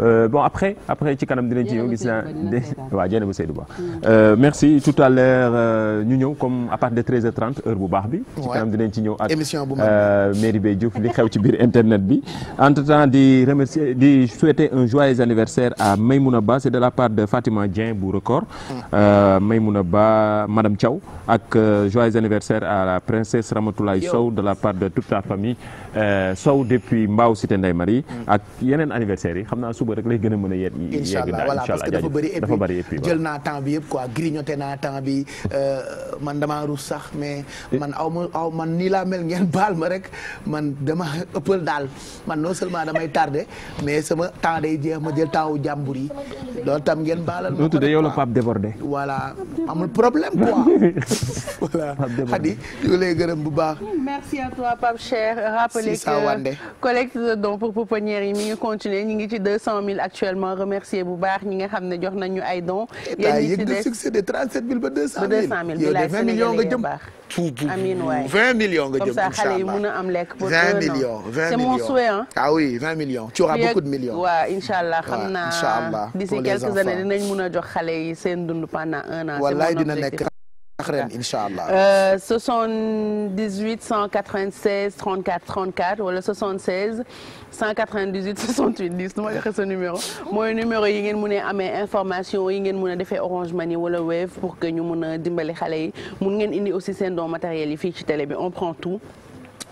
euh, bon après après ci kanam di dinañ ci ñëw gis naa waaw jërëjëf Seydou Ba euh, merci tout à l'heure euh, ñu ñëw comme à partir de 13 h heure bu baax bi. ci kanam dinañ ci ñëw ak émission bu mag Mairie Bey li xew ci biir internet bi. entre temps di remercier di souhaiter un joyeux anniversaire mu Maymouna Ba c'est de la part de Fatima Dieng bu record. Mm. Maymouna Ba madame Thiaw ak joyeux anniversaire à princesse Ramatoulaye Sow de la part de toute ta famille euh, Sow depuis Mbao cité Ndeye Marie mm. ak yeneen anniversaire yi xam naa suba rek lay gën a mën a yegg inchaallah voilà parce que dafa bëri et puis jël naa temps bi yëpp quoi grignoté naa temps bi euh, man sax mais man aw ma aw man nii laa mel ngeen baal ma rek man dama ëppal daal man non seulement damay tardé mais sama temps day jeex ma jël temps wu jàmbur yi loolu tam ngeen baalal ma tuddee yow la Pape débordé voilà amul problème quoi voilà Xadi ngi lay gërëm bu baax. merci à toi Pape Cheikh. rappeler que collecte de dons pour pouponnière yi mi ngi continuer ñu ngi ci deux cent mille actuellement remercier bu baax ñi nga xam ne jox nañu ay dons. Eh yéen ñi ci des succès de trente sept mille ba deux a mille. ba deux cent mille bilaay amiin waay vingt millions nga jëm. comme ça xale yi mun a am lekk pour vingt millions c'est mon souhait hein. ah oui vingt millions tu auras beaucoup de millions. waaw incha allah xam naa d'ici quelques années dinañ mun a jox xale seen dund pendant un an. wallaay dina ren incha allah. 78 196 34 34 wala 76 198 68 10 nu ma joxe sa numéro mooy numéro yi ngeen mun a amee information yi ngeen mun a defee Orange Money wala Wave pour que ñu mun a dimbali xale yi mun ngeen indi aussi seen don matériel yi fii ci télé bi on prend tout.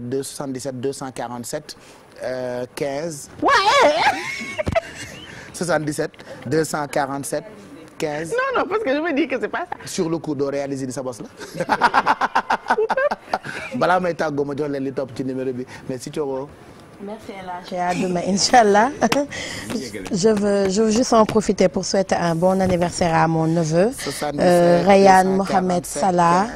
277 247 15. waaye. Ouais 77 247. 15 non non parce que je me sa boss may tàggoo ma jox leen li ci numéro bi merci El Hadj à demain incha allah je veux juste en profiter pour souhaiter un bon anniversaire à mon neveu. Euh, Rayan Mohamed Salah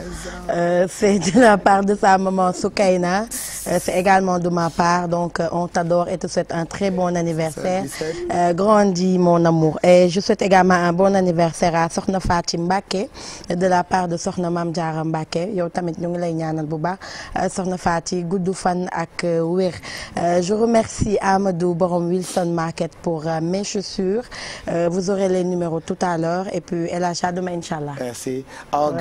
euh, c'est de la part de sa maman Soukaina euh, c'est également de ma part donc euh, on t'adore et te souhaite un très bon anniversaire. grandis mon amour et je souhaite également un bon anniversaire à Soxna Fatim Mbacké de la part de Soxna Mam Diarra Mbacké yow tamit ñu ngi lay ñaanal bu baax Soxna Fatim gudd fan ak wér. Euh, je remercie Amadou Borom Wilson Market pour euh, mes chaussures. Euh, vous aurez les numéros tout à l'heure et puis El Hadj Adama inchallah. Merci. All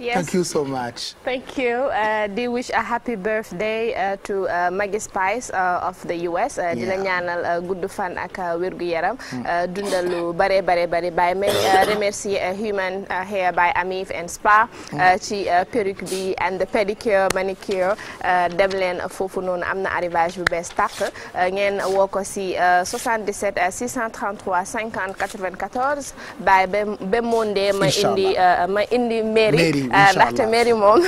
Yes. Thank you so much. Thank uh, a happy birthday uh, to uh, Maggie Spice uh, of the US. di ñaanal gudd fan ak wérgu yaram. Mm. dundal lu bare bare bare bay remercier Human Hair by Amif and Spa. Mm. ci perruque bi and the pedicure manicure dem leen foofu noonu am na arrivage bu bees tàq ngeen woo ko si 77 633 50 94 bay ba ba monde ma indi ma uh, Dr. Mary moom.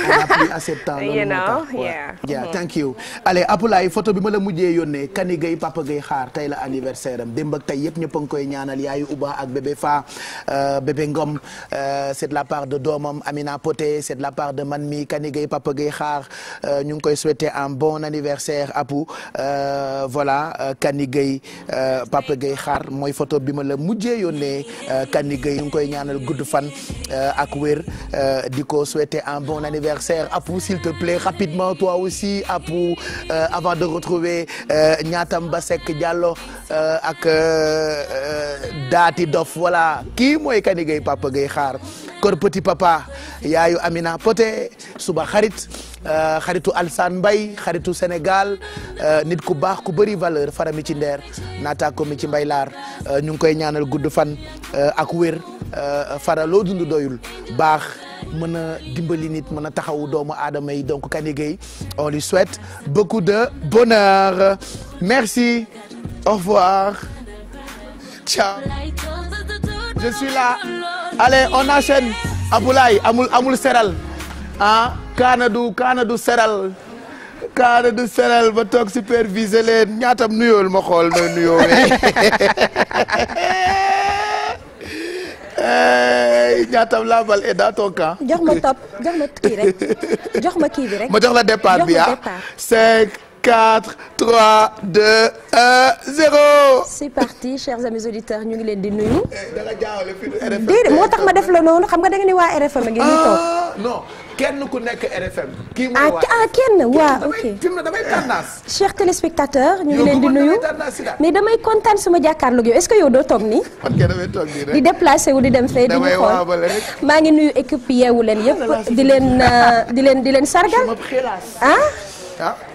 you know yeah. yeah mm-hmm. thank you. allez Apulaay photo bi ma la mujjee yónnee Kani Gueye Papa Gueye xaar tey la anniversaire am démb ak tey yëpp ñëpp a ngi koy ñaanal yaayu Uba ak bébé Fa euh, bébé Ngom euh, c'est de la part de doomam Amina Poté c'est de la part de man mi Kani Gueye Papa Gueye xaar euh, ñu ngi koy souhaiter un bon anniversaire Apu voilà Kani Gueye Papa xaar mooy photo bi ma la mujjee yónnee Kani ñu ngi koy ñaanal gudd fan ak wér di ko Sonko souhaiter un bon anniversaire Apou s'il te plaît rapidement toi aussi Apou euh, avant de retrouver Ñaata euh, Mbasek Diallo euh, ak euh, Daati Dof wala kii mooy Kani Gueye Papa Gueye xaar kor petit papa yaayu Amina Poté suba xarit xaritu uh, Alsaan Mbay xaritu Sénégal uh, nit ku baax ku bëri valeur farami ci ndeer naataako mi ci mbay laar ñu ngi koy ñaanal gudd fan ak wér Euh, Fara loo dund doyul baax mën a dimbali nit mën a taxawu doomu aadama yi donc Kany Gueye on lui souhaite beaucoup de bonheur merci au revoir ciao je suis là allez on enchaîne Aboulaye amul amul seral ah kaana du kaana du seral kaana du seral ba toog superviser leen ñaatam nuyool ma xool no nuyoo ñaatam la balle est eh, dans ton camp. jox ma topp jox ma kii rek jox ma kii bi rek. ma jox la départ bi ah 5 4 3 2 1 0. c'est parti chers amis auditeurs ñu ngi leen di nuyu. Eh, dara jaawale fii RFM déedéet moo tax ma def la noonu xam nga da nga ni waa RFM a ngi nii ah, toog. non. kenn ku nekk RFM. kii mooy ah, waa ah kenn waaw ok fi mu ne damay tànnaas. chers ñu ngi leen di nuyu mais damay kontaan sama jàkkaarloog yow est-ce que yow doo toog nii. man kay damay di déplacé wu di dem fee. di ñu xool maa ngi nuyu équipe yeewu leen yëpp ah, di leen euh, di leen di leen sargal. ah. ah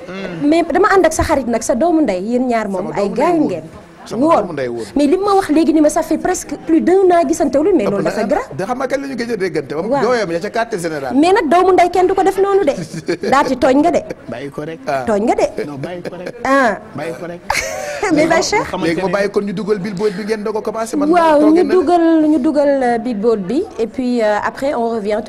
hmm. mais dama ànd ak sa xarit nag sa doomu ndey yéen ñaar moom ay gaañ ngeen. woon mais li ma wax léegi ni ma sa fait presque plus d'un an gisantewul mais loolu dafa grave da xam nga kañ la ñu gëj a déggante mais nag doomu ndey kenn du ko def noonu de daa tooñ nga de ko rek ah. tooñ nga de non bàyyi ko rek ah. ko rek mais ba Cheikh léegi ma bàyyi kon ñu dugal billboard bi ngeen doo ko commencé man waaw ñu dugal ñu euh, bi et euh, après on revient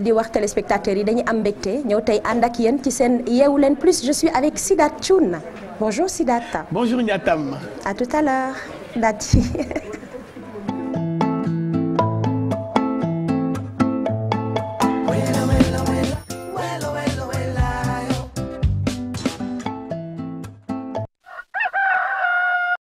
di wax téléspectateurs yi dañuy am mbégte ñëw tey ànd ak yéen ci seen yeewu leen plus je suis avec Sidat na Bonjour Sidata. Bonjour Niatam. À tout à l'heure. Dati.